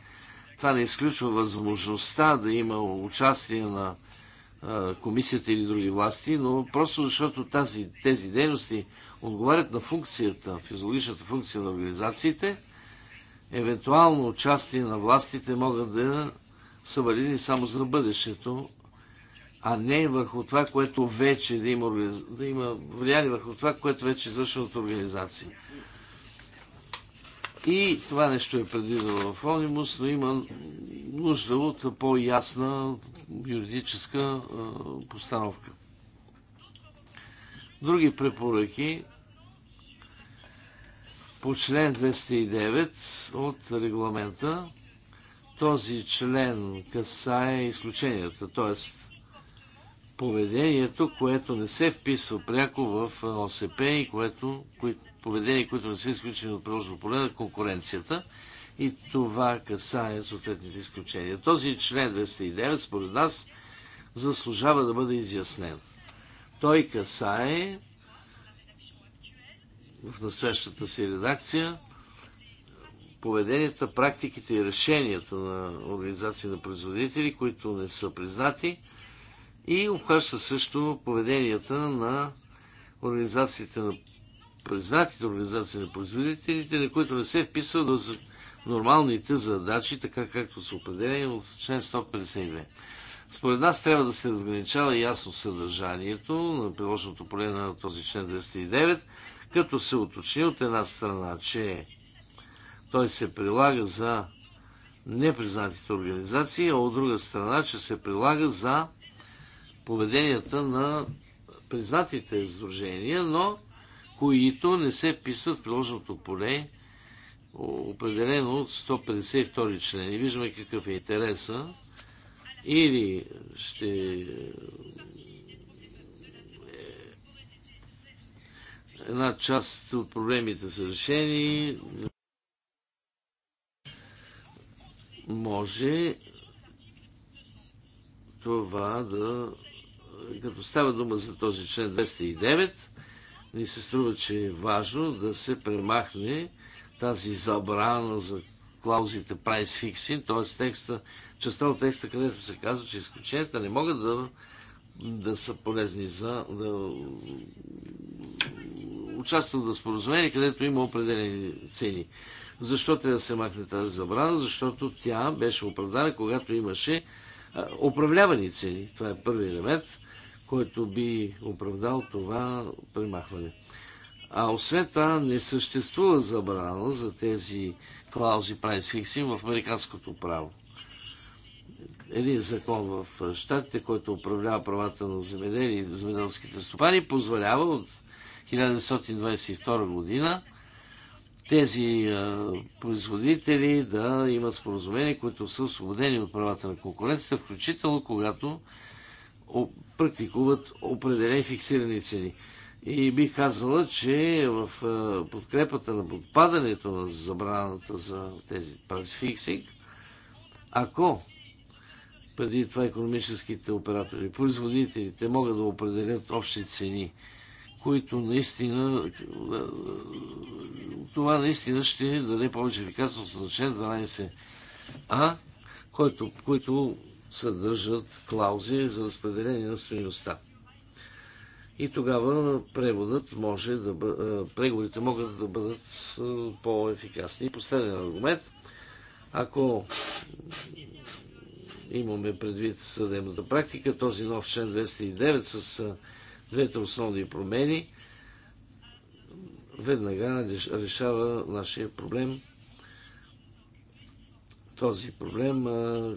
Това не изключва възможността да има участие на а, комисията или други власти, но просто защото тази, тези дейности отговарят на функцията, физиологичната функция на организациите, евентуално участие на властите могат да са валидни само за бъдещето а не върху това, което вече да има, да има влияние върху това, което вече е извършено от организации. И това нещо е предвидено в Онимус, но има нужда от по-ясна юридическа постановка. Други препоръки по член 209 от регламента. Този член касае изключенията, т.е поведението, което не се вписва пряко в ОСП и което, кои, поведение, което не са изключени от приложно поле на конкуренцията. И това касае съответните изключения. Този член 209, според нас, заслужава да бъде изяснен. Той касае в настоящата си редакция поведенията, практиките и решенията на организации на производители, които не са признати и обхваща също поведенията на организациите на признатите организации на производителите, на които не се вписват в нормалните задачи, така както са определени от член 152. Според нас трябва да се разграничава ясно съдържанието на приложеното поле на този член 209, като се уточни от една страна, че той се прилага за непризнатите организации, а от друга страна, че се прилага за поведенията на признатите сдружения, но които не се вписват в приложеното поле, определено от 152 член. И виждаме какъв е интереса. Или ще е, една част от проблемите са решени. Може това да... Като става дума за този член 209, ни се струва, че е важно да се премахне тази забрана за клаузите price fixing, т.е. текста, частта от текста, където се казва, че изключенията не могат да, да са полезни за да участват в споразумение, където има определени цени. Защо трябва да се махне тази забрана? Защото тя беше оправдана, когато имаше управлявани цени. Това е първи елемент, който би оправдал това примахване. А освен това не съществува забрана за тези клаузи price fixing в американското право. Един закон в Штатите, който управлява правата на земедели и земеделските стопани, позволява от 1922 година тези производители да имат споразумения, които са освободени от правата на конкуренцията, включително когато практикуват определени фиксирани цени. И бих казала, че в подкрепата на подпадането на забраната за тези прайс фиксинг, ако преди това економическите оператори, производителите могат да определят общи цени които наистина това наистина ще даде повече ефикасност на член 12а, който, които съдържат клаузи за разпределение на стоеността. И тогава преводът може да бъ... преговорите могат да бъдат по-ефикасни. И последен аргумент, ако имаме предвид съдебната практика, този нов член 209 с двете основни промени веднага решава нашия проблем. Този проблем,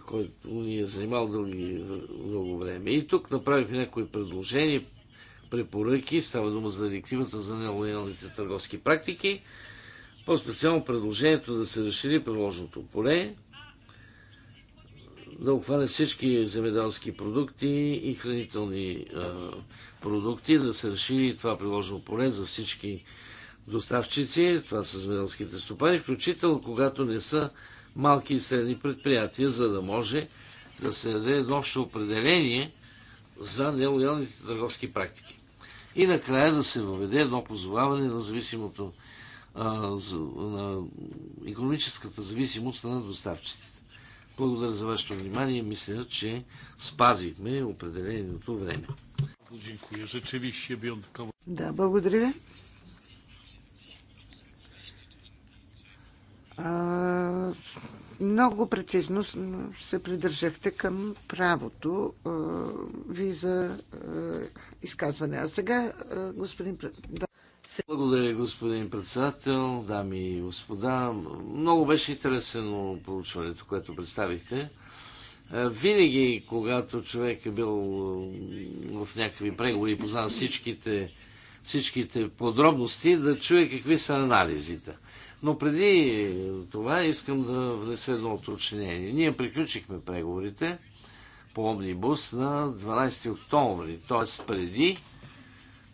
който ни е занимал дълги, дълго време. И тук направихме някои предложения, препоръки. Става дума за директивата за нелоялните търговски практики. По-специално предложението да се разшири приложното поле да обхване всички земеделски продукти и хранителни продукти, да се разшири това приложено поле за всички доставчици, това са земеделските стопани, включително когато не са малки и средни предприятия, за да може да се даде едно общо определение за нелоялните търговски практики. И накрая да се въведе едно позоваване на зависимото на економическата зависимост на доставчиците. Благодаря за вашето внимание. Мисля, че спазихме определеното време. Да, благодаря. ви. много прецизно се придържахте към правото ви за изказване. А сега, господин. Благодаря, господин председател, дами и господа. Много беше интересено проучването, което представихте. Е, винаги, когато човек е бил е, в някакви преговори и познава всичките, всичките подробности, да чуе какви са анализите. Но преди това искам да внеса едно уточнение. Ние приключихме преговорите по Омнибус на 12 октомври, т.е. преди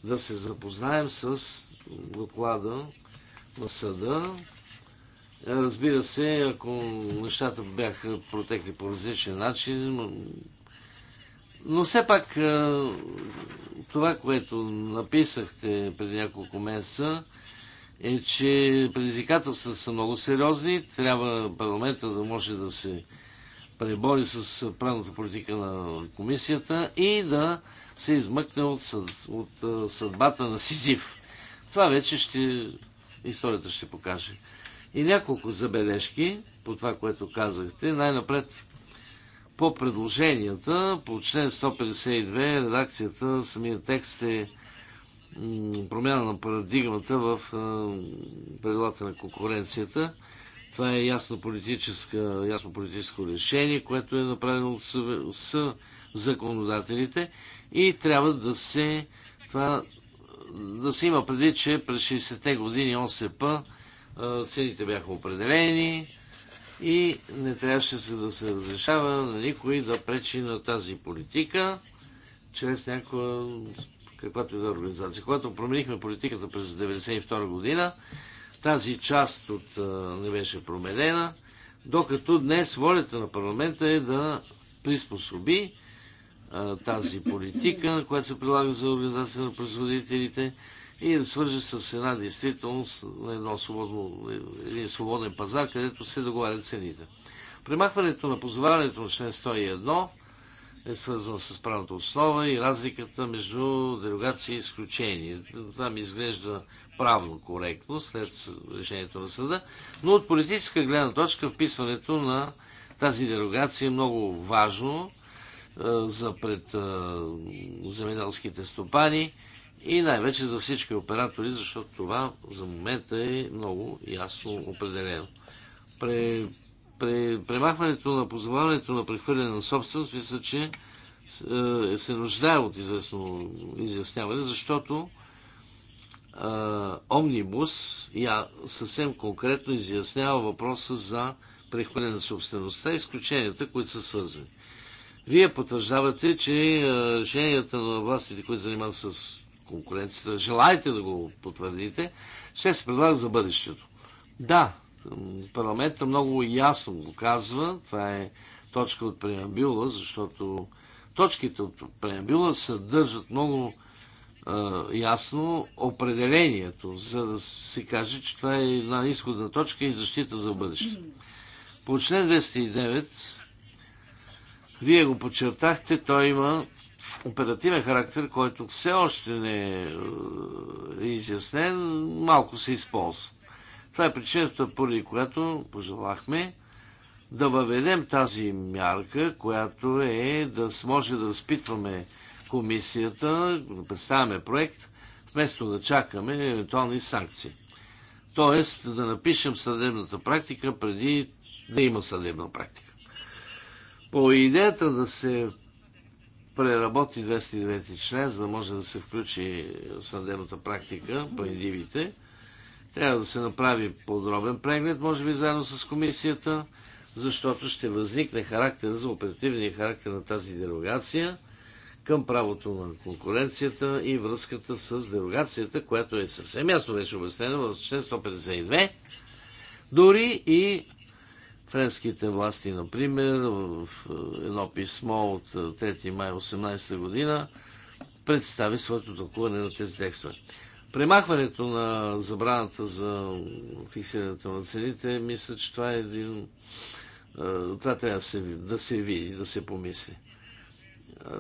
да се запознаем с доклада на съда. Е, разбира се, ако нещата бяха протекли по различен начин, но все пак е, това, което написахте преди няколко месеца, е, че предизвикателствата са много сериозни. Трябва парламента да може да се пребори с правната политика на комисията и да се измъкне от, съд, от съдбата на Сизив. Това вече ще историята ще покаже. И няколко забележки по това, което казахте. Най-напред по предложенията, по член 152, редакцията, самия текст е промяна на парадигмата в правилата на конкуренцията. Това е ясно, политическо, ясно политическо решение, което е направено от с законодателите. И трябва да се, това, да се има преди, че през 60-те години ОСП цените бяха определени и не трябваше се да се разрешава на никой да пречи на тази политика чрез някаква каквато и да е организация. Когато променихме политиката през 1992 година, тази част от не беше променена, докато днес волята на парламента е да приспособи тази политика, която се прилага за организация на производителите и да свържи с една действителност на едно свободно, един свободен пазар, където се договарят цените. Премахването на позоваването на член 101 е свързано с правната основа и разликата между дерогация и изключение. Това ми изглежда правно коректно след решението на съда, но от политическа гледна точка вписването на тази дерогация е много важно, за пред земеделските стопани и най-вече за всички оператори, защото това за момента е много ясно определено. При премахването на позоваването на прехвърляне на собственост, мисля, че е, се нуждае от известно изясняване, защото е, Омнибус я съвсем конкретно изяснява въпроса за прехвърляне на собствеността и изключенията, които са свързани. Вие потвърждавате, че е, решенията на властите, които занимават с конкуренцията, желаете да го потвърдите, ще се предлага за бъдещето. Да, парламентът много ясно го казва. Това е точка от преамбюла, защото точките от преамбюла съдържат много е, ясно определението, за да се каже, че това е една изходна точка и защита за бъдеще. По член 209 вие го подчертахте, той има оперативен характер, който все още не е, е изяснен, малко се използва. Това е причината, поради която пожелахме да въведем тази мярка, която е да може да разпитваме комисията, да представяме проект, вместо да чакаме евентуални санкции. Тоест да напишем съдебната практика преди да има съдебна практика. По идеята да се преработи 209 член, за да може да се включи съдебната практика по индивите, трябва да се направи подробен преглед, може би заедно с комисията, защото ще възникне характер за оперативния характер на тази дерогация към правото на конкуренцията и връзката с дерогацията, която е съвсем ясно вече обяснена в член 152, дори и Френските власти, например, в едно писмо от 3 е, май 18 година представи своето тълкуване на тези текстове. Премахването на забраната за фиксирането на цените, мисля, че това е един... Е, това трябва да се, да се види, да се помисли. Е,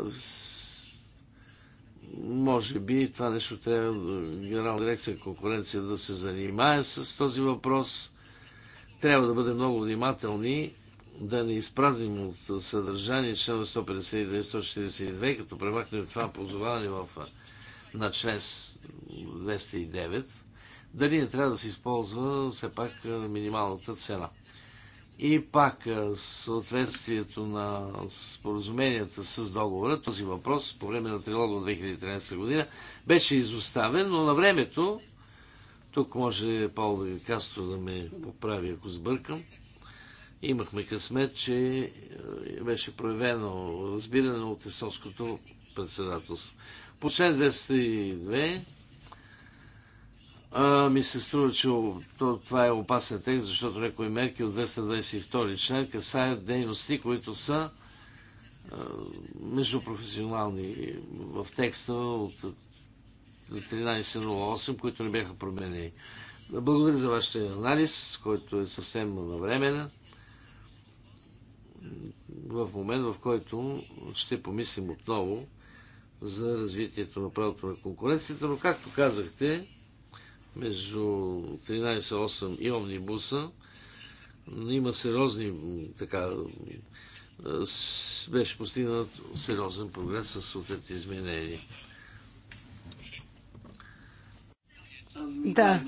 може би това нещо трябва Генерална дирекция конкуренция да се занимае с този въпрос – трябва да бъдем много внимателни да не изпразним от съдържание член 152-142, като премахнем това позоваване в, на член 209, дали не трябва да се използва все пак минималната цена. И пак съответствието на споразуменията с договора, този въпрос по време на трилога от 2013 година беше изоставен, но на времето тук може Пол Кастро да ме поправи, ако сбъркам. Имахме късмет, че е, беше проявено разбиране от естонското председателство. По член 202 а, ми се струва, че това е опасен текст, защото някои мерки от 222 член касаят дейности, които са междупрофесионални в текста от 1308, които не бяха променени. Благодаря за вашия анализ, който е съвсем навременен. В момент, в който ще помислим отново за развитието на правото на конкуренцията, но както казахте, между 13.8 и Омнибуса има сериозни така беше постигнат сериозен прогрес със съответните изменения. Да.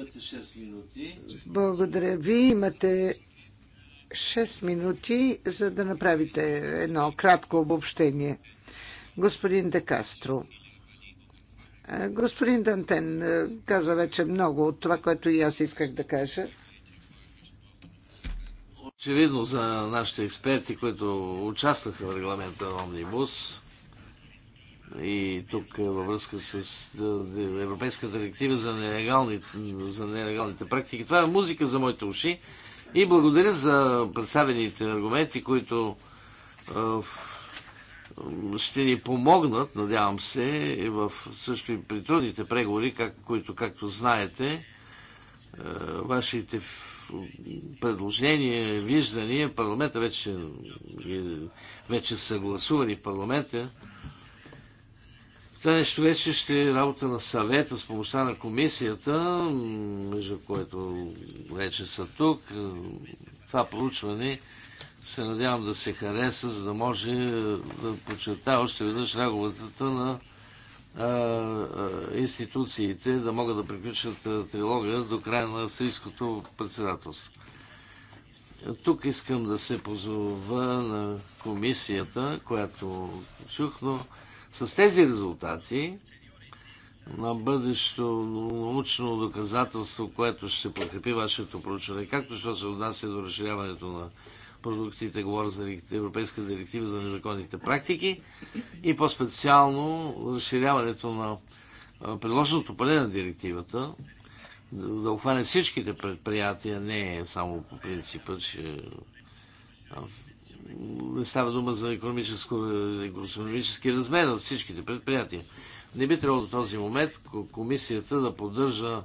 Благодаря. Вие имате 6 минути, за да направите едно кратко обобщение. Господин Декастро. Господин Дантен каза вече много от това, което и аз исках да кажа. Очевидно за нашите експерти, които участваха в регламента на Омнибус, и тук е, във връзка с е, Европейската директива за нелегалните, за нелегалните практики. Това е музика за моите уши и благодаря за представените аргументи, които е, ще ни помогнат, надявам се, в също и при трудните преговори, как, които, както знаете, вашите предложения, виждания, парламента вече, вече са гласувани в парламента това нещо вече ще е работа на съвета с помощта на комисията, между което вече са тук. Това проучване се надявам да се хареса, за да може да подчертава още веднъж работата на институциите да могат да приключат трилога до края на австрийското председателство. Тук искам да се позова на комисията, която чух, но с тези резултати на бъдещо научно доказателство, което ще подкрепи вашето проучване, както що се отнася до разширяването на продуктите, говоря за Европейска директива за незаконните практики и по-специално разширяването на предложеното поле на директивата, да охване всичките предприятия, не само по принципа, че не става дума за економически размер от всичките предприятия. Не би трябвало до този момент комисията да поддържа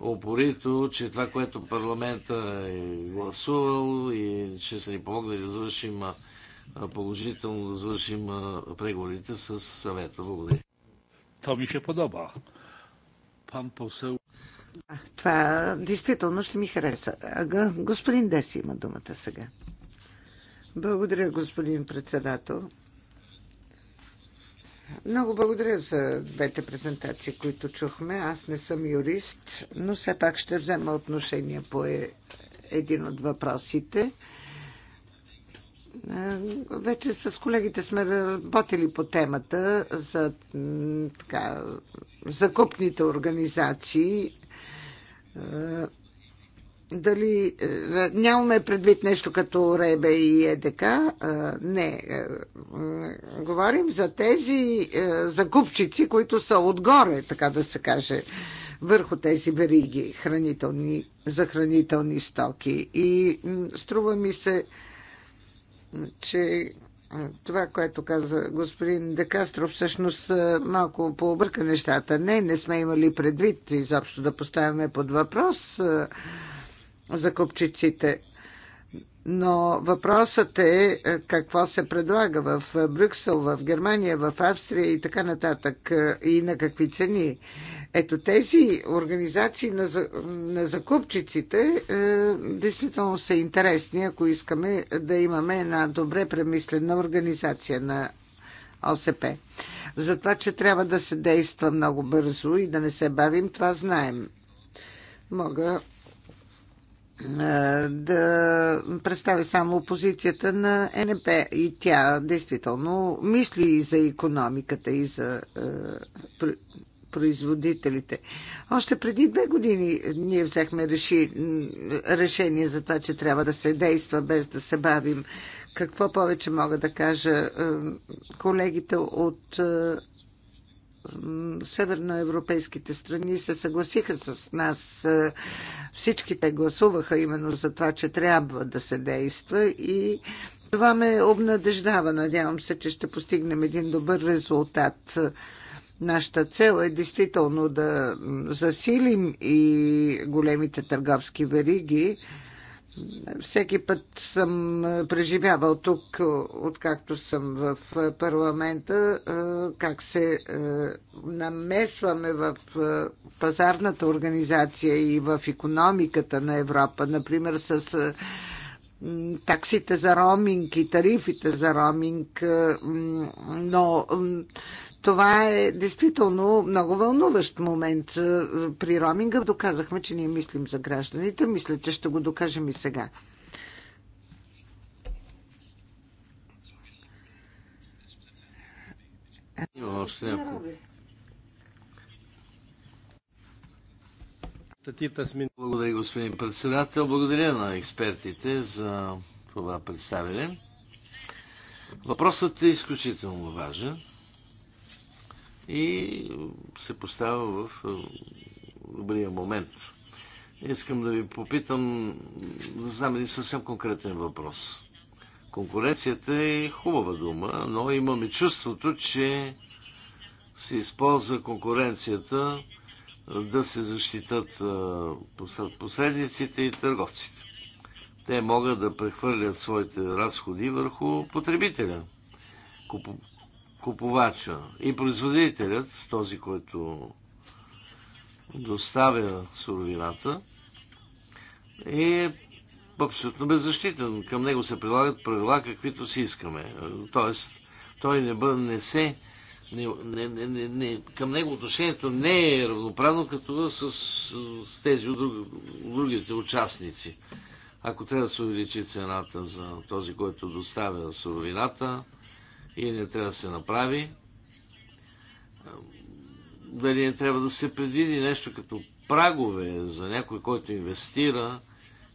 опорито, че това, което парламента е гласувал и че са ни помогнали да завършим положително, да завършим преговорите с съвета. Благодаря. То ми ще подоба. Пан посел. Това действително ще ми хареса. Господин Деси има думата сега. Благодаря, господин председател. Много благодаря за двете презентации, които чухме. Аз не съм юрист, но все пак ще взема отношение по е, един от въпросите. Вече с колегите сме работили по темата за така, закупните организации дали е, нямаме предвид нещо като Ребе и ЕДК? Е, не. Е, говорим за тези закупчици, които са отгоре, така да се каже, върху тези вериги хранителни, за хранителни стоки. И струва ми се, че това, което каза господин Декастров, всъщност малко пообърка нещата. Не, не сме имали предвид изобщо да поставяме под въпрос за купчиците. Но въпросът е, е какво се предлага в е, Брюксел, в Германия, в Австрия и така нататък е, и на какви цени. Ето тези организации на, на закупчиците е, действително са интересни, ако искаме да имаме една добре премислена организация на ОСП. За това, че трябва да се действа много бързо и да не се бавим, това знаем. Мога да представи само опозицията на НП и тя действително мисли и за економиката и за производителите. Още преди две години ние взехме реши, решение за това, че трябва да се действа без да се бавим. Какво повече мога да кажа? Колегите от северноевропейските страни се съгласиха с нас. Е, Всичките гласуваха именно за това, че трябва да се действа и това ме обнадеждава. Надявам се, че ще постигнем един добър резултат. Нашата цел е действително да засилим и големите търговски вериги, всеки път съм преживявал тук, откакто съм в парламента, как се намесваме в пазарната организация и в економиката на Европа, например с таксите за роминг и тарифите за роминг, но това е действително много вълнуващ момент. Е, при роминга доказахме, че ние мислим за гражданите. Мисля, че ще го докажем и сега. Има още няколко. Благодаря, господин председател. Благодаря на експертите за това представяне. Въпросът е изключително важен и се поставя в добрия момент. Искам да ви попитам, да знам един съвсем конкретен въпрос. Конкуренцията е хубава дума, но имаме чувството, че се използва конкуренцията да се защитат посредниците и търговците. Те могат да прехвърлят своите разходи върху потребителя купувача и производителят, този, който доставя суровината, е абсолютно беззащитен. Към него се прилагат правила, каквито си искаме. Тоест, той не, бъ, не се. Не, не, не, не, не, към него отношението не е равноправно като с, с тези от друг, другите участници. Ако трябва да се увеличи цената за този, който доставя суровината, и не трябва да се направи. Дали не трябва да се предвиди нещо като прагове за някой, който инвестира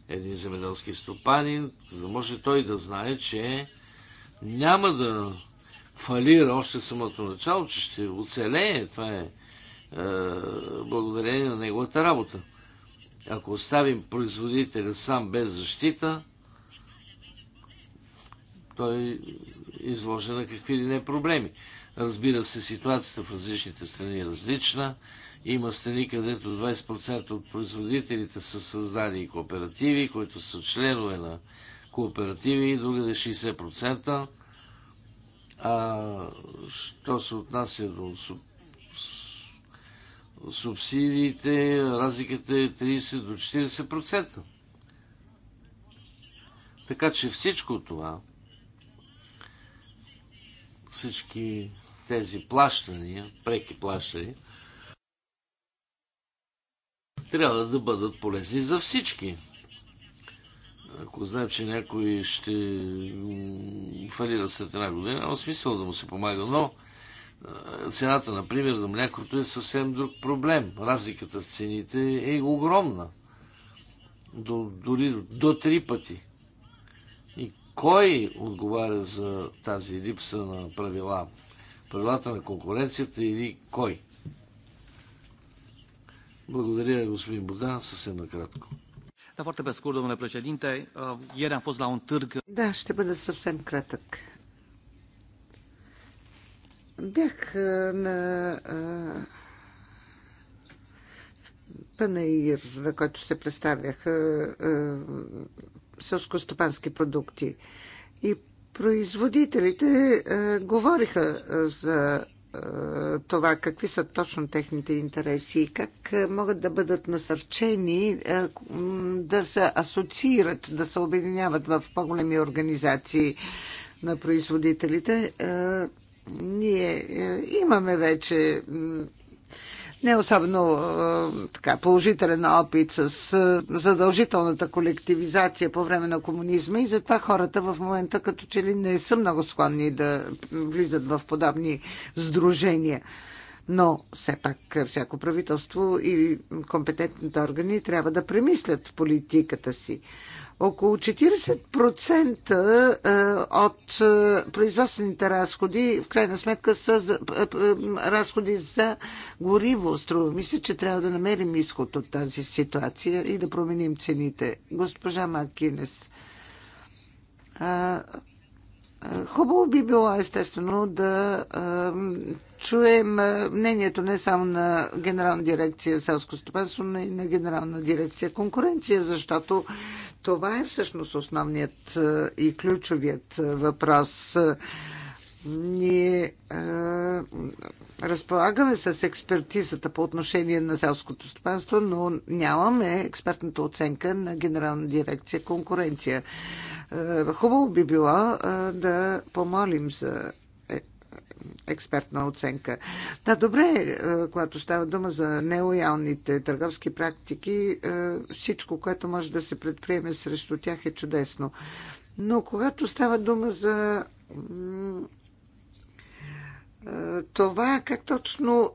един земеделски стопанин, за да може той да знае, че няма да фалира още самото начало, че ще оцелее. Това е, е благодарение на неговата работа. Ако оставим производителя сам без защита, той изложен на какви ли не проблеми. Разбира се, ситуацията в различните страни е различна. Има страни, където 20% от производителите са създали кооперативи, които са членове на кооперативи, другаде 60%. А, що се отнася до субсидиите, разликата е 30 до 40%. Така че всичко това всички тези плащания, преки плащания, трябва да бъдат полезни за всички. Ако знаем, че някой ще фалира след една година, няма смисъл да му се помага. Но цената, например, за млякото е съвсем друг проблем. Разликата в цените е огромна. До, дори до три пъти. Кой отговаря за тази липса на правила? Правилата на конкуренцията или кой? Благодаря, господин Бодан, съвсем накратко. Да, foarte pe scurt, domnule președinte, ieri am fost la un târg. ще бъда съвсем кратък. Бях на панаир, на който се представяха селскостопански продукти. И производителите е, говориха е, за е, това какви са точно техните интереси и как е, могат да бъдат насърчени е, да се асоциират, да се объединяват в по-големи организации на производителите. Е, ние е, имаме вече не е особено така, положителен опит с задължителната колективизация по време на комунизма и затова хората в момента като че ли не са много склонни да влизат в подобни сдружения. Но все пак всяко правителство и компетентните органи трябва да премислят политиката си. Около 40% е, от е, производствените разходи, в крайна сметка, са за е, разходи за гориво. Струва Мисля, че трябва да намерим изход от тази ситуация и да променим цените. Госпожа Макинес, Хубаво би било, естествено, да чуем мнението не само на Генерална дирекция селско стопанство, но и на Генерална дирекция конкуренция, защото това е всъщност основният е, и ключовият е, въпрос. Ние е, разполагаме с експертизата по отношение на селското стопанство, но нямаме експертната оценка на Генерална дирекция конкуренция. Е, хубаво би било е, да помолим за експертна оценка. Да, добре, е, когато става дума за нелоялните търговски практики, е, всичко, което може да се предприеме срещу тях е чудесно. Но когато става дума за е, това как точно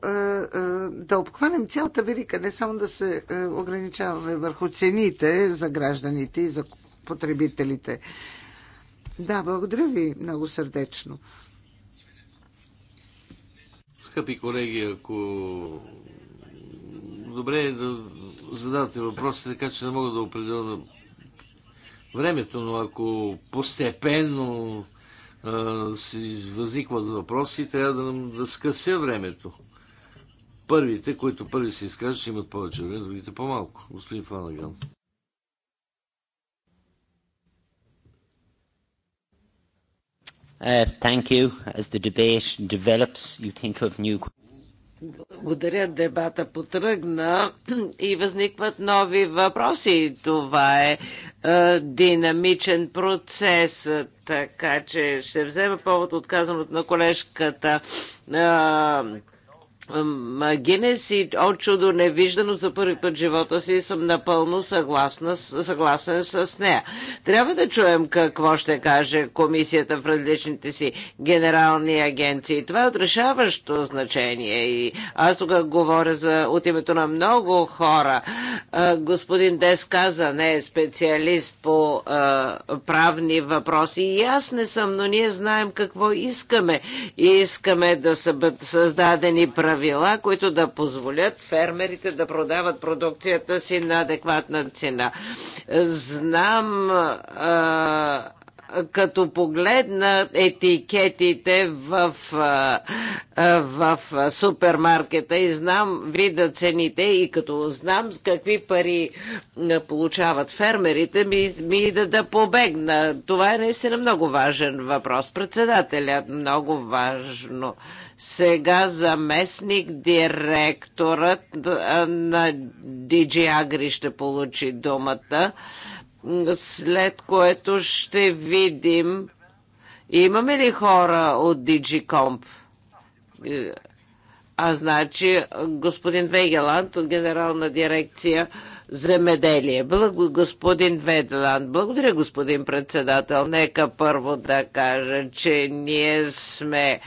да обхванем цялата велика, не само да се ограничаваме върху цените за гражданите и за потребителите. Да, благодаря ви много сърдечно. Скъпи колеги, ако добре е да задавате въпроси, така че не мога да определя времето, но ако постепенно си възникват въпроси, трябва да, да скъся времето. Първите, които първи се изкажат, ще имат повече време, другите по-малко. Господин Фанаган. Uh, thank you. As the debate develops, you think of new... Благодаря, дебата потръгна и възникват нови въпроси. Това е, е динамичен процес, така че ще взема повод от казаното на колежката. Е, Магинес и о чудо невиждано за първи път живота си съм напълно съгласна, съгласен с нея. Трябва да чуем какво ще каже комисията в различните си генерални агенции. Това е отрешаващо значение и аз тук говоря за, от името на много хора. Господин Дес каза, не е специалист по а, правни въпроси и аз не съм, но ние знаем какво искаме. Искаме да са създадени правила правила, които да позволят фермерите да продават продукцията си на адекватна цена. Знам а, като погледна етикетите в, в, в супермаркета и знам вида цените и като знам с какви пари получават фермерите, ми, ми да, да побегна. Това е наистина много важен въпрос. Председателят, много важно. Сега заместник директорът на DG Agri ще получи думата след което ще видим имаме ли хора от DigiComp. А значи господин Вегеланд от Генерална дирекция земеделие. Благо, господин Ведланд, благодаря господин председател. Нека първо да кажа, че ние сме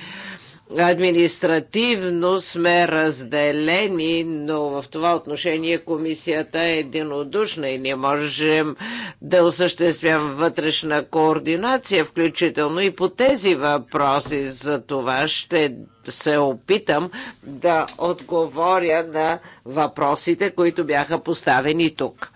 административно сме разделени, но в това отношение комисията е единодушна и ние можем да осъществяваме вътрешна координация, включително и по тези въпроси. За това ще се опитам да отговоря на въпросите, които бяха поставени тук.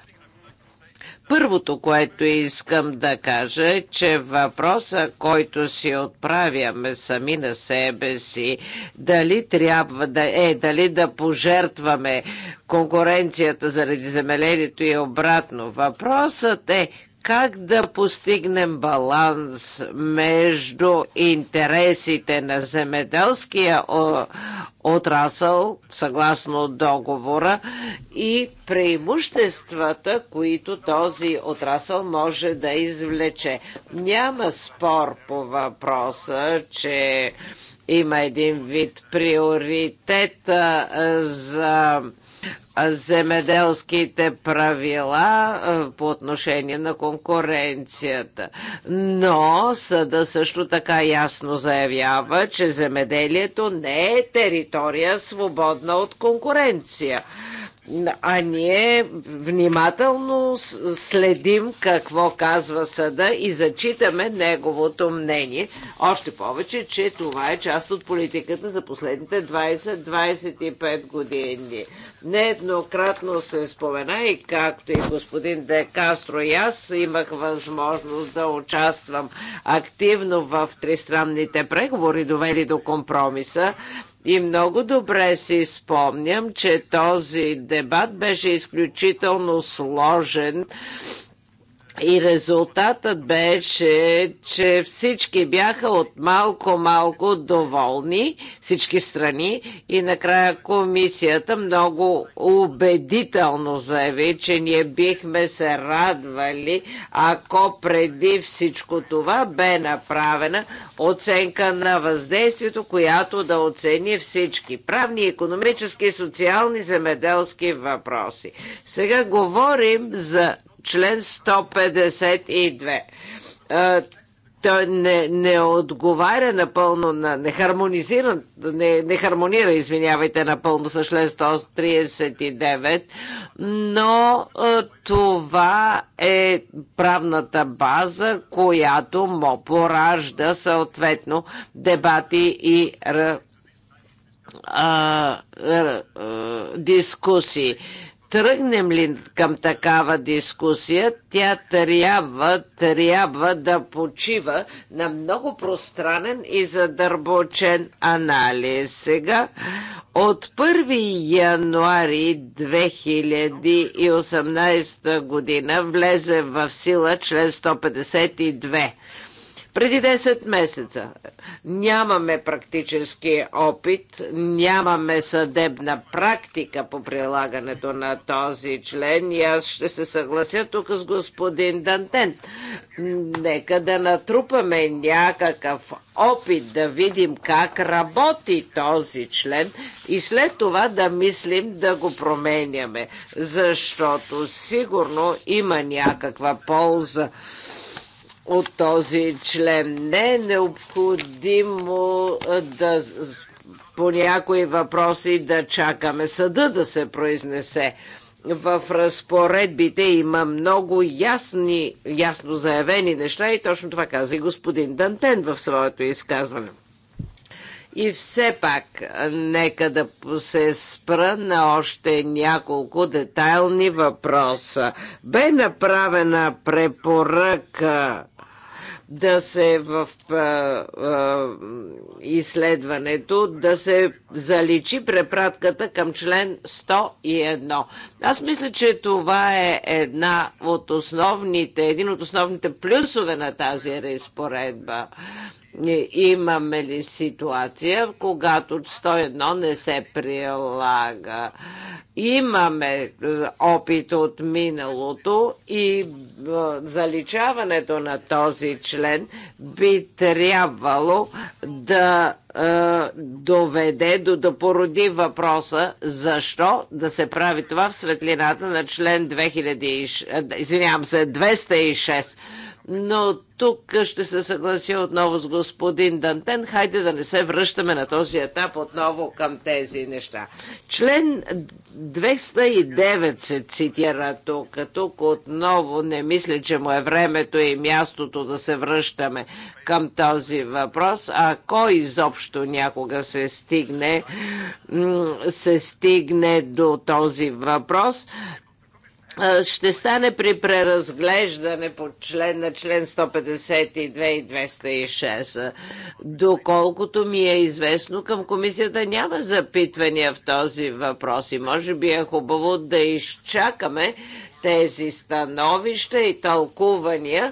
Първото, което искам да кажа, е, че въпроса, който си отправяме сами на себе си, дали трябва да е, дали да пожертваме конкуренцията заради замелението и обратно. Въпросът е как да постигнем баланс между интересите на земеделския отрасъл, съгласно договора, и преимуществата, които този отрасъл може да извлече. Няма спор по въпроса, че има един вид приоритет за земеделските правила по отношение на конкуренцията. Но съда също така ясно заявява, че земеделието не е територия свободна от конкуренция а ние внимателно следим какво казва съда и зачитаме неговото мнение. Още повече, че това е част от политиката за последните 20-25 години. Нееднократно се спомена и както и господин Де Кастро и аз имах възможност да участвам активно в тристранните преговори, довели до компромиса и много добре си спомням, че този дебат беше изключително сложен и резултатът беше, че всички бяха от малко-малко доволни, всички страни, и накрая комисията много убедително заяви, че ние бихме се радвали, ако преди всичко това бе направена оценка на въздействието, която да оцени всички правни, економически, социални, земеделски въпроси. Сега говорим за член 152 той не, не отговаря напълно на, не хармонизира, не, не хармонира, извинявайте, напълно с член 139, но това е правната база, която му поражда съответно дебати и а, а, а, дискусии. Тръгнем ли към такава дискусия, тя трябва, трябва да почива на много пространен и задърбочен анализ. Сега от 1 януари 2018 година влезе в сила член 152 преди 10 месеца нямаме практически опит, нямаме съдебна практика по прилагането на този член и аз ще се съглася тук с господин Дантен. Нека да натрупаме някакъв опит да видим как работи този член и след това да мислим да го променяме, защото сигурно има някаква полза от този член. Не е необходимо да по някои въпроси да чакаме съда да се произнесе. В разпоредбите има много ясни, ясно заявени неща и точно това каза и господин Дантен в своето изказване. И все пак, нека да се спра на още няколко детайлни въпроса. Бе направена препоръка да се в а, а, изследването да се заличи препратката към член 101. Аз мисля, че това е една от основните, един от основните плюсове на тази разпоредба имаме ли ситуация, когато 101 не се прилага. Имаме е, опит от миналото и е, заличаването на този член би трябвало да е, доведе до да породи въпроса защо да се прави това в светлината на член 2000, извинявам се, 206 но тук ще се съглася отново с господин Дантен. Хайде да не се връщаме на този етап отново към тези неща. Член 209 се цитира тук. Тук отново не мисля, че му е времето и мястото да се връщаме към този въпрос. А кой изобщо някога се стигне, се стигне до този въпрос, ще стане при преразглеждане по член на член 152 и 206. Доколкото ми е известно, към комисията няма запитвания в този въпрос и може би е хубаво да изчакаме тези становища и тълкувания е,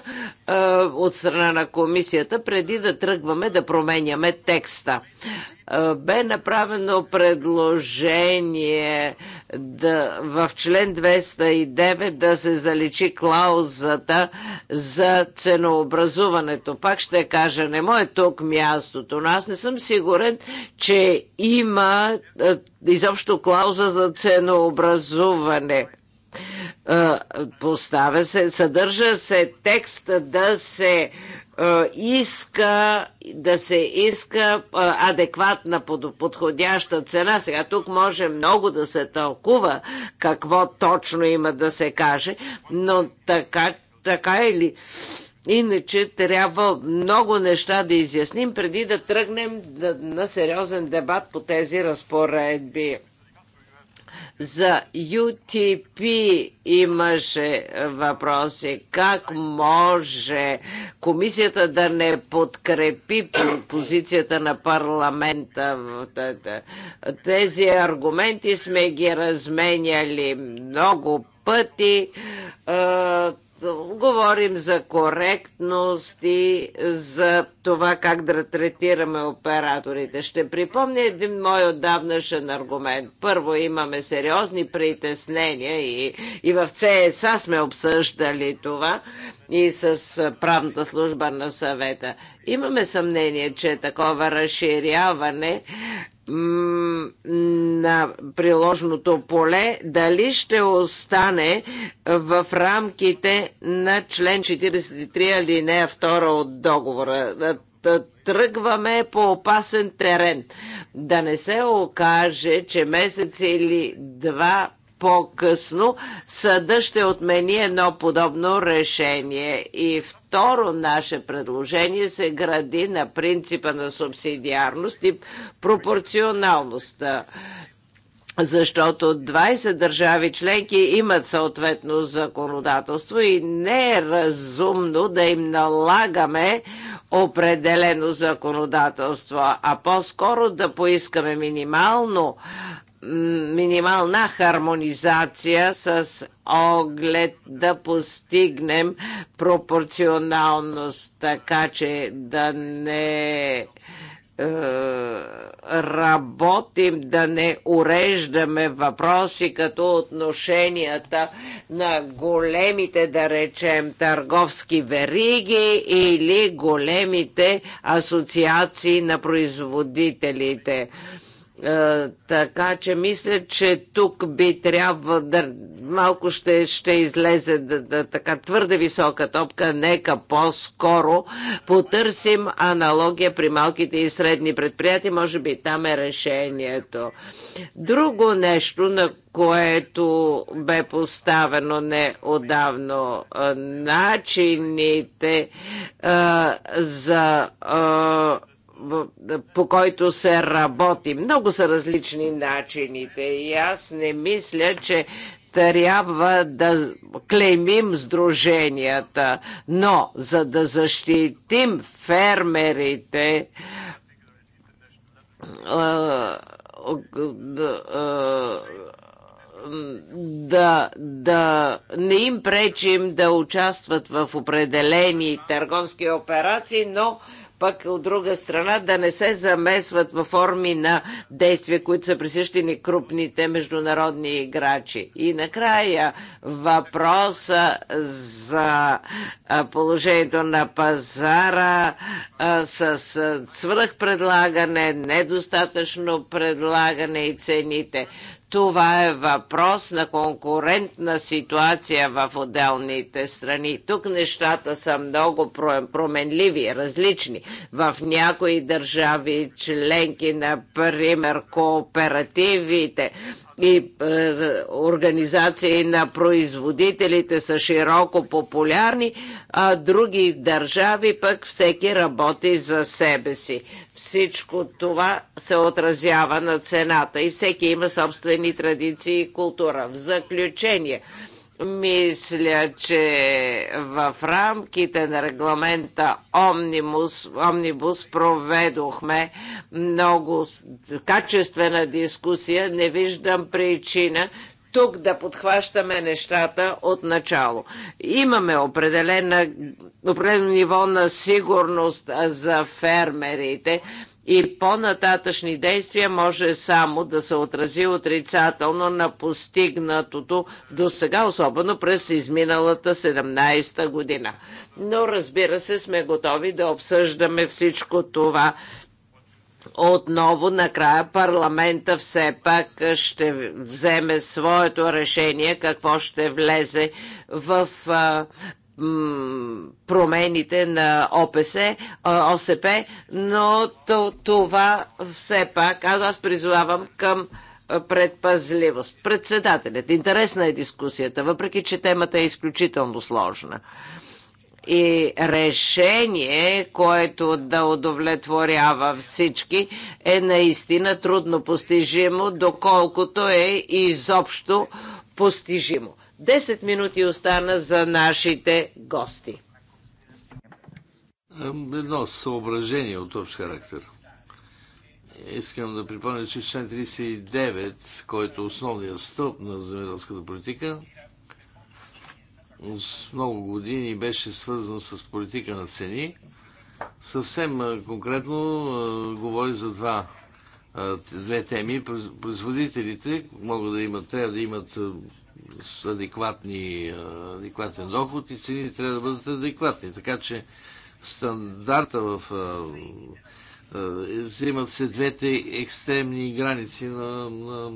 от страна на комисията, преди да тръгваме да променяме текста. Е, бе направено предложение да, в член 209 да се заличи клаузата за ценообразуването. Пак ще кажа, не му е тук мястото, но аз не съм сигурен, че има е, изобщо клауза за ценообразуване поставя се, съдържа се текст да се иска да се иска адекватна подходяща цена. Сега тук може много да се тълкува какво точно има да се каже, но така, така или е иначе трябва много неща да изясним преди да тръгнем на сериозен дебат по тези разпоредби. За UTP имаше въпроси как може комисията да не подкрепи позицията на парламента. Тези аргументи сме ги разменяли много пъти. Говорим за коректност и за това как да третираме операторите. Ще припомня един мой отдавнашен аргумент. Първо, имаме сериозни притеснения и, и в ЦСА сме обсъждали това, и с правната служба на съвета. Имаме съмнение, че такова разширяване на приложното поле, дали ще остане в рамките на член 43 алинея 2 от договора тръгваме по опасен терен. Да не се окаже, че месец или два по-късно съда ще отмени едно подобно решение. И второ наше предложение се гради на принципа на субсидиарност и пропорционалността защото 20 държави членки имат съответно законодателство и не е разумно да им налагаме определено законодателство, а по-скоро да поискаме минимално минимална хармонизация с оглед да постигнем пропорционалност, така че да не е, работим, да не уреждаме въпроси като отношенията на големите, да речем, търговски вериги или големите асоциации на производителите. Е, така че мисля, че тук би трябва да малко ще, ще излезе да, да, така твърде висока топка. Нека по-скоро потърсим аналогия при малките и средни предприятия. Може би там е решението. Друго нещо, на което бе поставено неодавно е, начините а, е, за а, по който се работи. Много са различни начините и аз не мисля, че трябва да клеймим сдруженията, но за да защитим фермерите, да, да не им пречим да участват в определени търговски операции, но пък от друга страна да не се замесват във форми на действия, които са присъщени крупните международни играчи. И накрая въпроса за положението на пазара с свръхпредлагане, недостатъчно предлагане и цените. Това е въпрос на конкурентна ситуация в отделните страни. Тук нещата са много променливи, различни. В някои държави членки, например, кооперативите и е, организации на производителите са широко популярни, а други държави пък всеки работи за себе си. Всичко това се отразява на цената и всеки има собствени традиции и култура. В заключение – мисля, че в рамките на регламента Омнибус, Омнибус проведохме много качествена дискусия. Не виждам причина тук да подхващаме нещата от начало. Имаме определено ниво на сигурност за фермерите и по-нататъчни действия може само да се отрази отрицателно на постигнатото до сега, особено през изминалата 17-та година. Но разбира се, сме готови да обсъждаме всичко това отново накрая парламента все пак ще вземе своето решение какво ще влезе в промените на ОПС, ОСП, но това все пак, аз призовавам към предпазливост. Председателят, интересна е дискусията, въпреки че темата е изключително сложна и решение, което да удовлетворява всички, е наистина трудно постижимо, доколкото е изобщо постижимо. 10 минути остана за нашите гости. Едно съображение от общ характер. Искам да припомня, че член 39, който е основният стълб на земеделската политика, с много години беше свързан с политика на цени. Съвсем конкретно говори за два, две теми. Производителите могат да имат, трябва да имат с адекватни, адекватен доход и цените трябва да бъдат адекватни. Така че стандарта в е, взимат се двете екстремни граници на, на,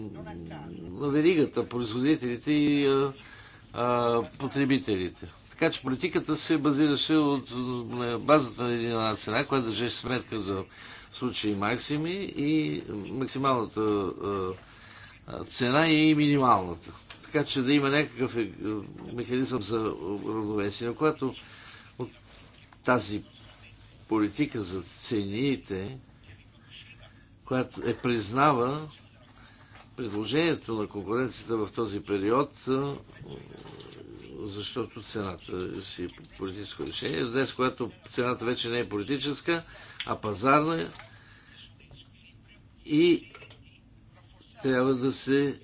на веригата, производителите и а, а, потребителите. Така че политиката се базираше от на базата на една цена, която държеше сметка за случаи максими и максималната а, цена и минималната така че да има някакъв е, механизъм за равновесие. Но когато от тази политика за цените, която е признава предложението на конкуренцията в този период, е, защото цената си е политическо решение. Днес, когато цената вече не е политическа, а пазарна е и трябва да се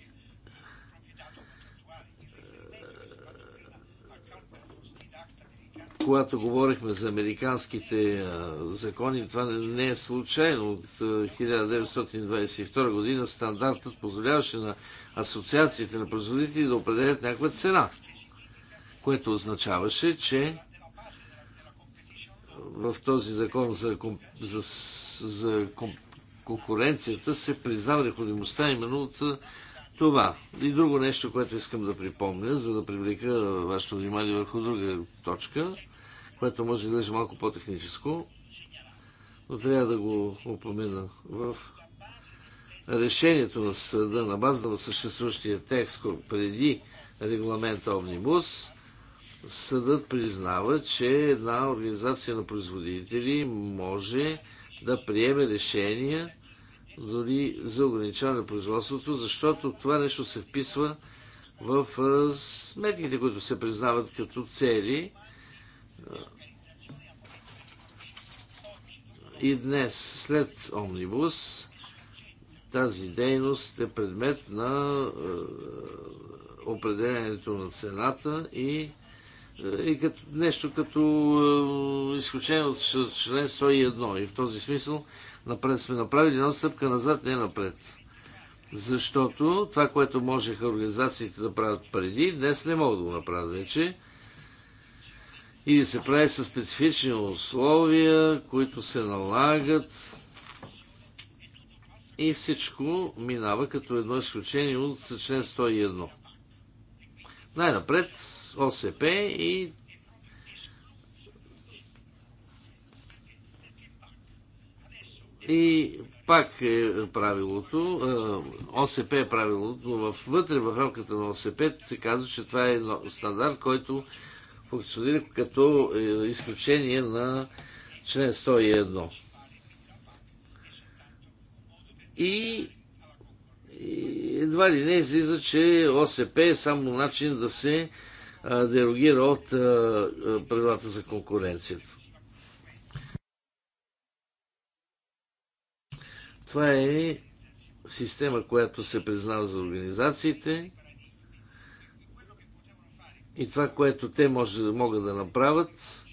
когато говорихме за американските закони, това не е случайно. От 1922 година стандартът позволяваше на асоциациите на производители да определят някаква цена, което означаваше, че в този закон за, за, за конкуренцията се признава необходимостта именно от това. И друго нещо, което искам да припомня, за да привлека вашето внимание върху друга точка което може да изглежда малко по-техническо, но трябва да го упомена в решението на съда на база на съществуващия текст преди регламента Омнибус, съдът признава, че една организация на производители може да приеме решения дори за ограничаване на производството, защото това нещо се вписва в сметките, които се признават като цели и днес, след Омнибус, тази дейност е предмет на е, определенето на цената и е, и като, нещо като е, изключение от член 101. И в този смисъл напред, сме направили една стъпка назад, не напред. Защото това, което можеха организациите да правят преди, днес не могат да го направят вече и да се прави със специфични условия, които се налагат и всичко минава като едно изключение от член 101. Най-напред ОСП и И пак е правилото, е, ОСП е правилото, но вътре в рамката на ОСП се казва, че това е стандарт, който функционира като е, изключение на член 101. И, едва ли не излиза, че ОСП е само начин да се дерогира от правилата за конкуренцията. Това е система, която се признава за организациите и това, което те може, могат да направят,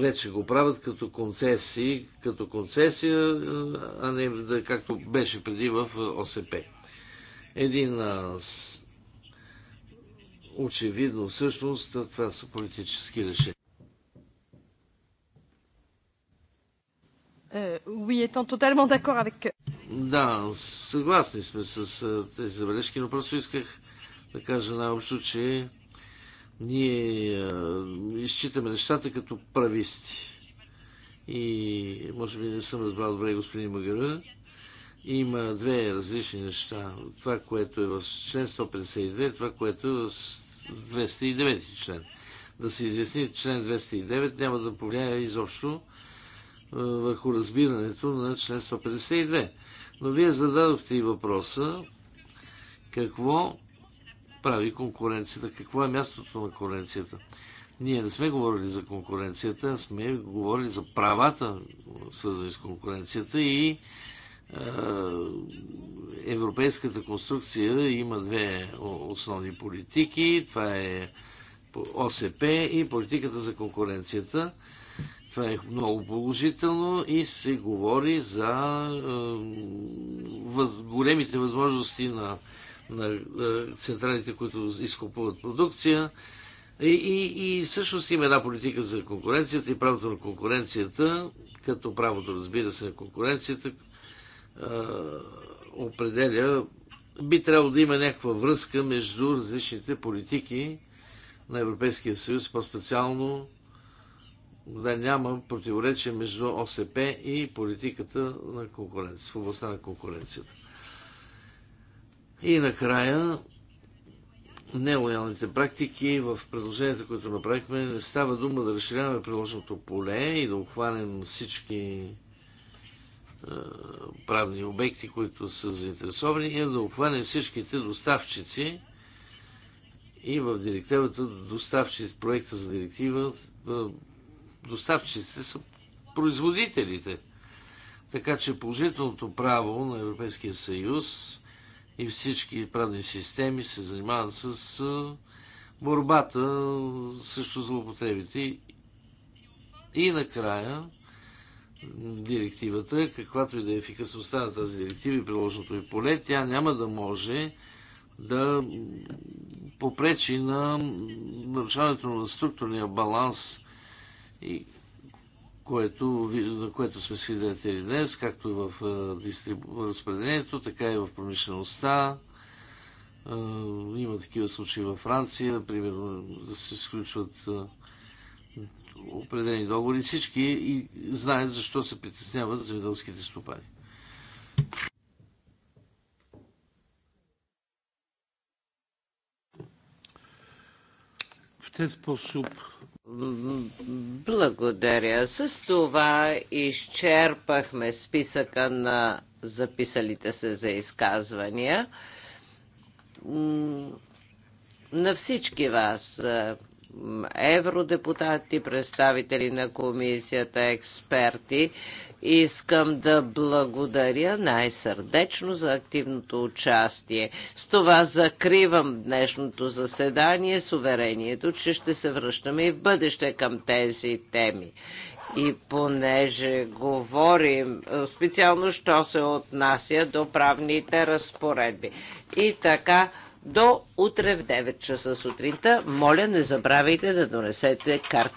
вече го правят като концесии, като концесия, а не да, както беше преди в ОСП. Един очевидно всъщност това са политически решения. Е, oui, étant totalement d'accord avec... Да, съгласни сме с тези забележки, но просто исках да кажа наобщо, че ние изчитаме нещата като прависти. И може би не съм разбрал добре господин Магара. Има две различни неща. Това, което е в член 152, е това, което е в 209 член. Да се изясни член 209 няма да повлияе изобщо върху разбирането на член 152. Но вие зададохте и въпроса какво прави конкуренцията. Какво е мястото на конкуренцията? Ние не сме говорили за конкуренцията, а сме говорили за правата, свързани с конкуренцията и е, европейската конструкция има две основни политики. Това е ОСП и политиката за конкуренцията. Това е много положително и се говори за е, въз, големите възможности на на е, централите, които изкупуват продукция. И, и, и всъщност има една политика за конкуренцията и правото на конкуренцията, като правото, разбира се, на конкуренцията, е, определя, би трябвало да има някаква връзка между различните политики на Европейския съюз, по-специално да няма противоречие между ОСП и политиката на конкуренция, в областта на конкуренцията. И накрая, нелоялните практики в предложенията, които направихме, не става дума да разширяваме приложеното поле и да обхванем всички е, правни обекти, които са заинтересовани, и да обхванем всичките доставчици и в директивата доставчици, проекта за директива е, доставчиците са производителите. Така че положителното право на Европейския съюз и всички правни системи се занимават с борбата срещу злоупотребите. И накрая директивата, каквато и да е ефикасността на тази директива и приложеното и поле, тя няма да може да попречи на нарушаването на структурния баланс и което, на което сме свидетели днес, както в разпределението, така и в промишлеността. Има такива случаи във Франция, например, да се изключват определени договори. Всички и знаят защо се притесняват земеделските стопани. В този способ благодаря. С това изчерпахме списъка на записалите се за изказвания. На всички вас, евродепутати, представители на комисията, експерти, Искам да благодаря най-сърдечно за активното участие. С това закривам днешното заседание с уверението, че ще се връщаме и в бъдеще към тези теми. И понеже говорим е, специално, що се отнася до правните разпоредби. И така, до утре в 9 часа сутринта, моля не забравяйте да донесете карта.